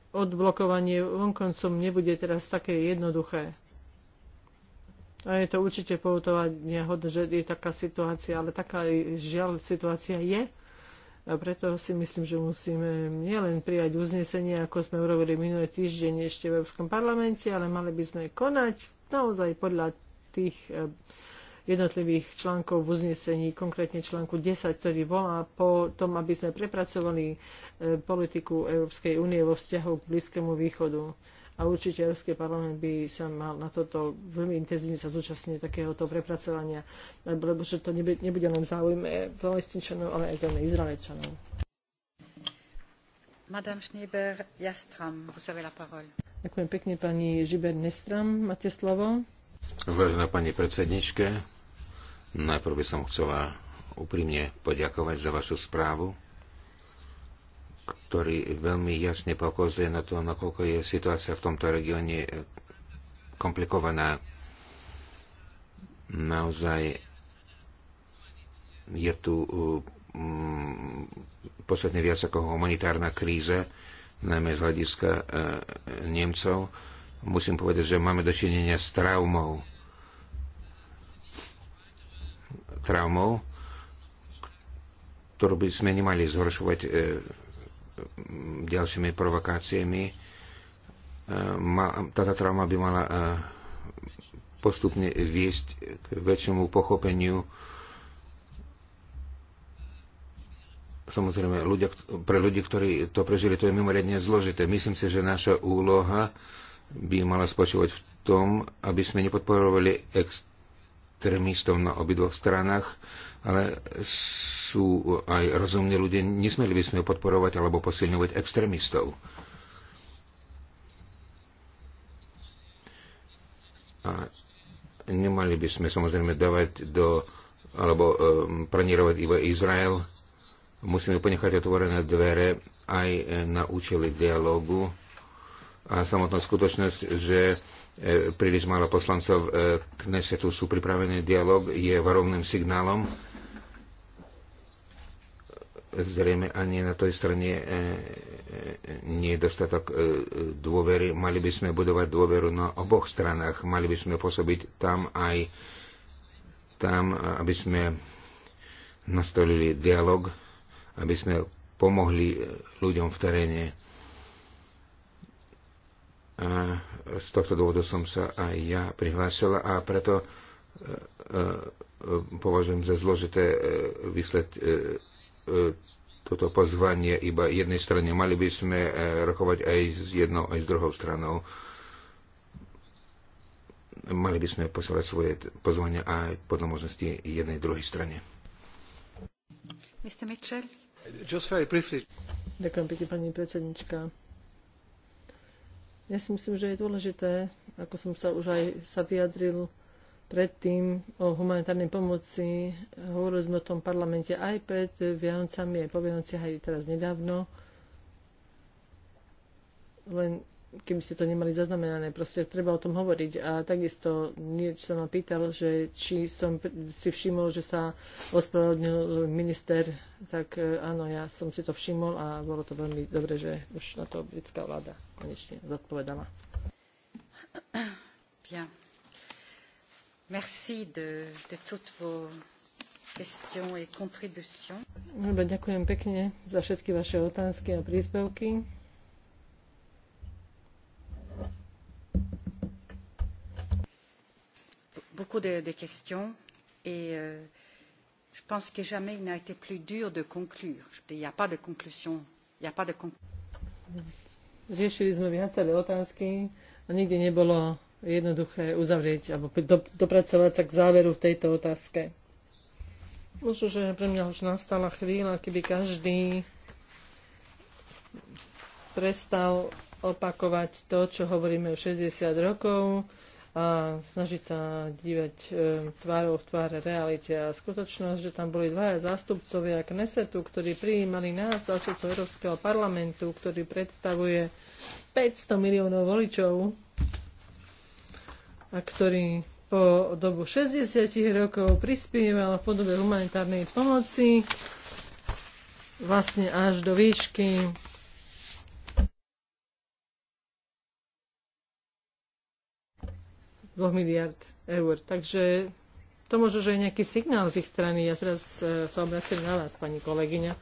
Odblokovanie vonkoncom nebude teraz také jednoduché. A je to určite poutovania hodné, že je taká situácia, ale taká žiaľ situácia je. A preto si myslím, že musíme nielen prijať uznesenie, ako sme urobili minulý týždeň ešte v Európskom parlamente, ale mali by sme konať naozaj podľa tých e, jednotlivých článkov v uznesení, konkrétne článku 10, ktorý volá po tom, aby sme prepracovali e, politiku Európskej únie vo vzťahu k Blízkému východu. A určite Európsky parlament by sa mal na toto veľmi intenzívne sa zúčastniť takéhoto prepracovania, lebo že to nebude len záujme palestinčanov, ale aj záujme Izraelčanov. Madame Schneeber-Jastram, vous avez la parole. Ďakujem pekne, pani Žiber-Nestram. Máte slovo. Vážená pani predsedničke, najprv by som chcela úprimne poďakovať za vašu správu, ktorý veľmi jasne pokazuje na to, nakoľko je situácia v tomto regióne komplikovaná. Naozaj je tu mm, posledne viac ako humanitárna kríza, najmä z hľadiska e, Nemcov musím povedať, že máme dočinenia s traumou. Traumou, ktorú by sme nemali zhoršovať e, ďalšími provokáciami. E, ma, táto trauma by mala e, postupne viesť k väčšiemu pochopeniu samozrejme ľudia, pre ľudí, ktorí to prežili, to je mimoriadne zložité. Myslím si, že naša úloha by mala spočívať v tom, aby sme nepodporovali extrémistov na obidvoch stranách, ale sú aj rozumní ľudia, nesmeli by sme podporovať alebo posilňovať extrémistov. A nemali by sme samozrejme dávať do alebo um, ehm, pranírovať iba Izrael. Musíme ponechať otvorené dvere aj na účely dialogu a samotná skutočnosť, že e, príliš málo poslancov e, nesetu sú pripravení dialog, je varovným signálom. Zrejme ani na tej strane nie je dostatok e, dôvery. Mali by sme budovať dôveru na oboch stranách. Mali by sme pôsobiť tam aj tam, aby sme nastolili dialog, aby sme pomohli ľuďom v teréne a z tohto dôvodu som sa aj ja prihlásila a preto e, e, považujem za zložité e, vysleť toto pozvanie iba jednej strane. Mali by sme rokovať aj s jednou, aj s druhou stranou. Mali by sme posielať svoje pozvanie aj podľa možnosti jednej, druhej strane. Mr. Mitchell. Just very briefly. Ďakujem pekne, pani predsednička. Ja si myslím, že je dôležité, ako som sa už aj sa vyjadril predtým o humanitárnej pomoci. Hovorili sme o tom parlamente aj pred Vianocami, aj po Vianociach, aj teraz nedávno. Len keby ste to nemali zaznamenané, proste treba o tom hovoriť. A takisto niečo sa ma pýtal, že či som si všimol, že sa ospravedlnil minister, tak e, áno, ja som si to všimol a bolo to veľmi dobre, že už na to britská vláda konečne zodpovedala. Bien. Merci de, de toutes vos questions et contributions. ďakujem pekne za všetky vaše otázky a príspevky. beaucoup de, de questions et euh, je pense que jamais il n'a été plus dur de conclure. Il n'y a pas de conclusion. Il n'y a pas de Riešili sme viaceré otázky a nikdy nebolo jednoduché uzavrieť alebo do, dopracovať sa k záveru v tejto otázke. Možno, že pre mňa už nastala chvíľa, keby každý prestal opakovať to, čo hovoríme už 60 rokov, a snažiť sa dívať e, tvárou v tváre realite. A skutočnosť, že tam boli dvaja zástupcovia Knesetu, ktorí prijímali nás, zástupcov Európskeho parlamentu, ktorý predstavuje 500 miliónov voličov a ktorý po dobu 60 rokov prispieval v podobe humanitárnej pomoci vlastne až do výšky 2 miliard eur. Takže to môže, že je nejaký signál z ich strany. Ja teraz e, sa obracím na vás, pani kolegyňa.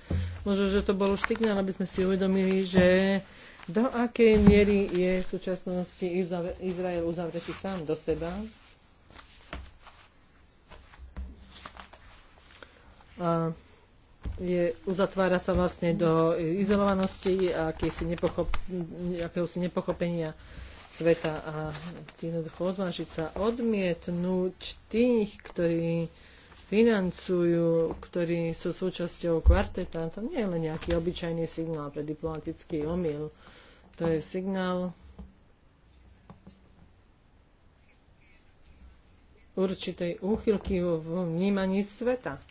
Možno, že to bol už signál, aby sme si uvedomili, že do akej miery je v súčasnosti Izrael uzavretý sám do seba. A je, uzatvára sa vlastne do izolovanosti a akési nepochop, nepochopenia sveta a jednoducho odvážiť sa odmietnúť tých, ktorí financujú, ktorí sú súčasťou kvarteta. To nie je len nejaký obyčajný signál pre diplomatický omyl. To je signál určitej úchylky vo vnímaní sveta.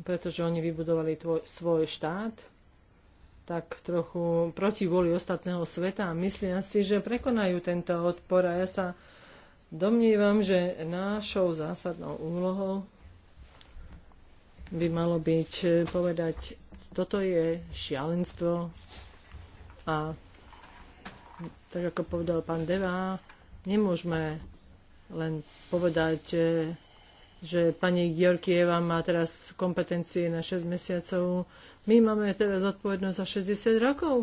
Pretože oni vybudovali tvoj, svoj štát, tak trochu proti vôli ostatného sveta a myslia si, že prekonajú tento odpor a ja sa domnívam, že našou zásadnou úlohou by malo byť povedať, toto je šialenstvo a tak ako povedal pán Deva, nemôžeme len povedať, že pani Georgieva má teraz kompetencie na 6 mesiacov. My máme teraz odpovednosť za 60 rokov.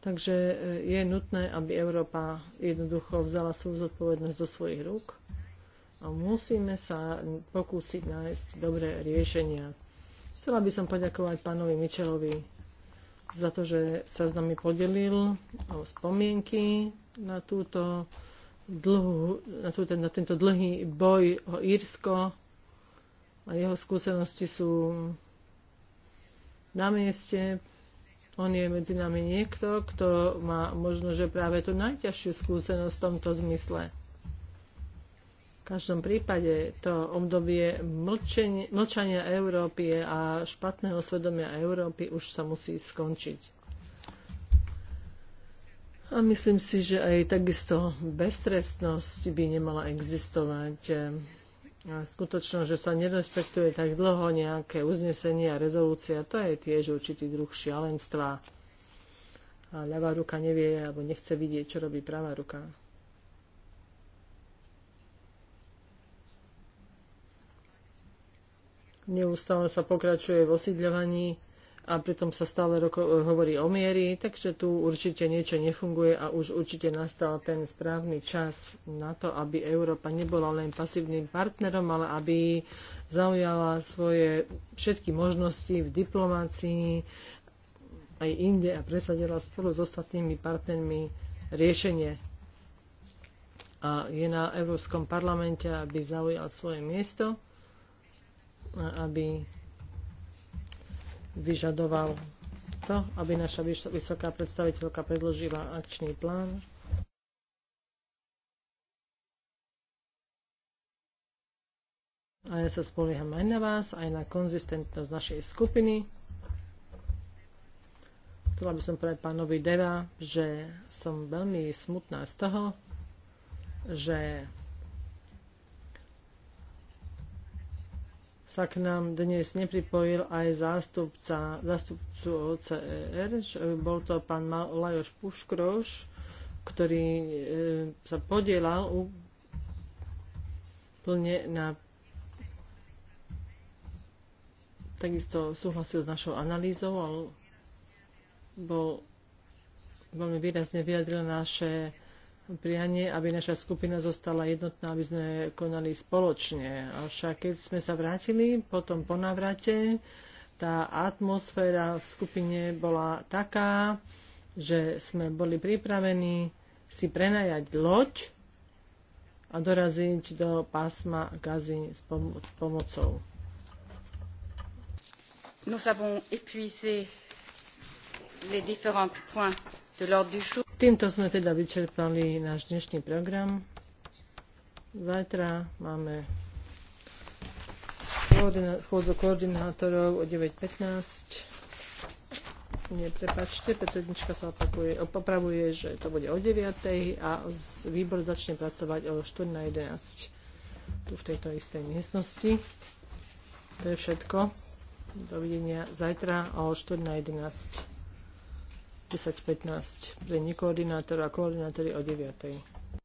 Takže e, je nutné, aby Európa jednoducho vzala svoju zodpovednosť do svojich rúk a musíme sa pokúsiť nájsť dobré riešenia. Chcela by som poďakovať pánovi Mičelovi za to, že sa s nami podelil o spomienky na túto dlhú, na, tú, na tento dlhý boj o Írsko a jeho skúsenosti sú na mieste. On je medzi nami niekto, kto má možno, že práve tú najťažšiu skúsenosť v tomto zmysle. V každom prípade to obdobie mlčenia Európy a špatného svedomia Európy už sa musí skončiť. A myslím si, že aj takisto beztrestnosť by nemala existovať. A skutočno, že sa nerespektuje tak dlho nejaké uznesenie a rezolúcia, to je tiež určitý druh šialenstva. A ľavá ruka nevie alebo nechce vidieť, čo robí pravá ruka. Neustále sa pokračuje v osídľovaní a pritom sa stále roko- hovorí o miery, takže tu určite niečo nefunguje a už určite nastal ten správny čas na to, aby Európa nebola len pasívnym partnerom, ale aby zaujala svoje všetky možnosti v diplomácii aj inde a presadila spolu s ostatnými partnermi riešenie. A je na Európskom parlamente, aby zaujal svoje miesto, aby vyžadoval to, aby naša vysoká predstaviteľka predložila akčný plán A ja sa spolieham aj na vás, aj na konzistentnosť našej skupiny. Chcela by som povedať pánovi Deva, že som veľmi smutná z toho, že sa k nám dnes nepripojil aj zástupca, zástupcu OCR. Bol to pán Lajos Puškroš, ktorý e, sa podielal plne na takisto súhlasil s našou analýzou ale bol veľmi výrazne vyjadril naše prianie, aby naša skupina zostala jednotná, aby sme konali spoločne. Avšak keď sme sa vrátili, potom po navrate, tá atmosféra v skupine bola taká, že sme boli pripravení si prenajať loď a doraziť do pásma gazy s pom pomocou. Nous avons épuisé les différents points Týmto sme teda vyčerpali náš dnešný program. Zajtra máme schôdzu koordinátorov o 9.15. Nie, prepačte, predsednička sa opakuje, opravuje, že to bude o 9.00 a výbor začne pracovať o 4 na 11. Tu v tejto istej miestnosti. To je všetko. Dovidenia zajtra o 4 na 11. 10.15 pre nekoordinátorov a koordinátory o 9.00.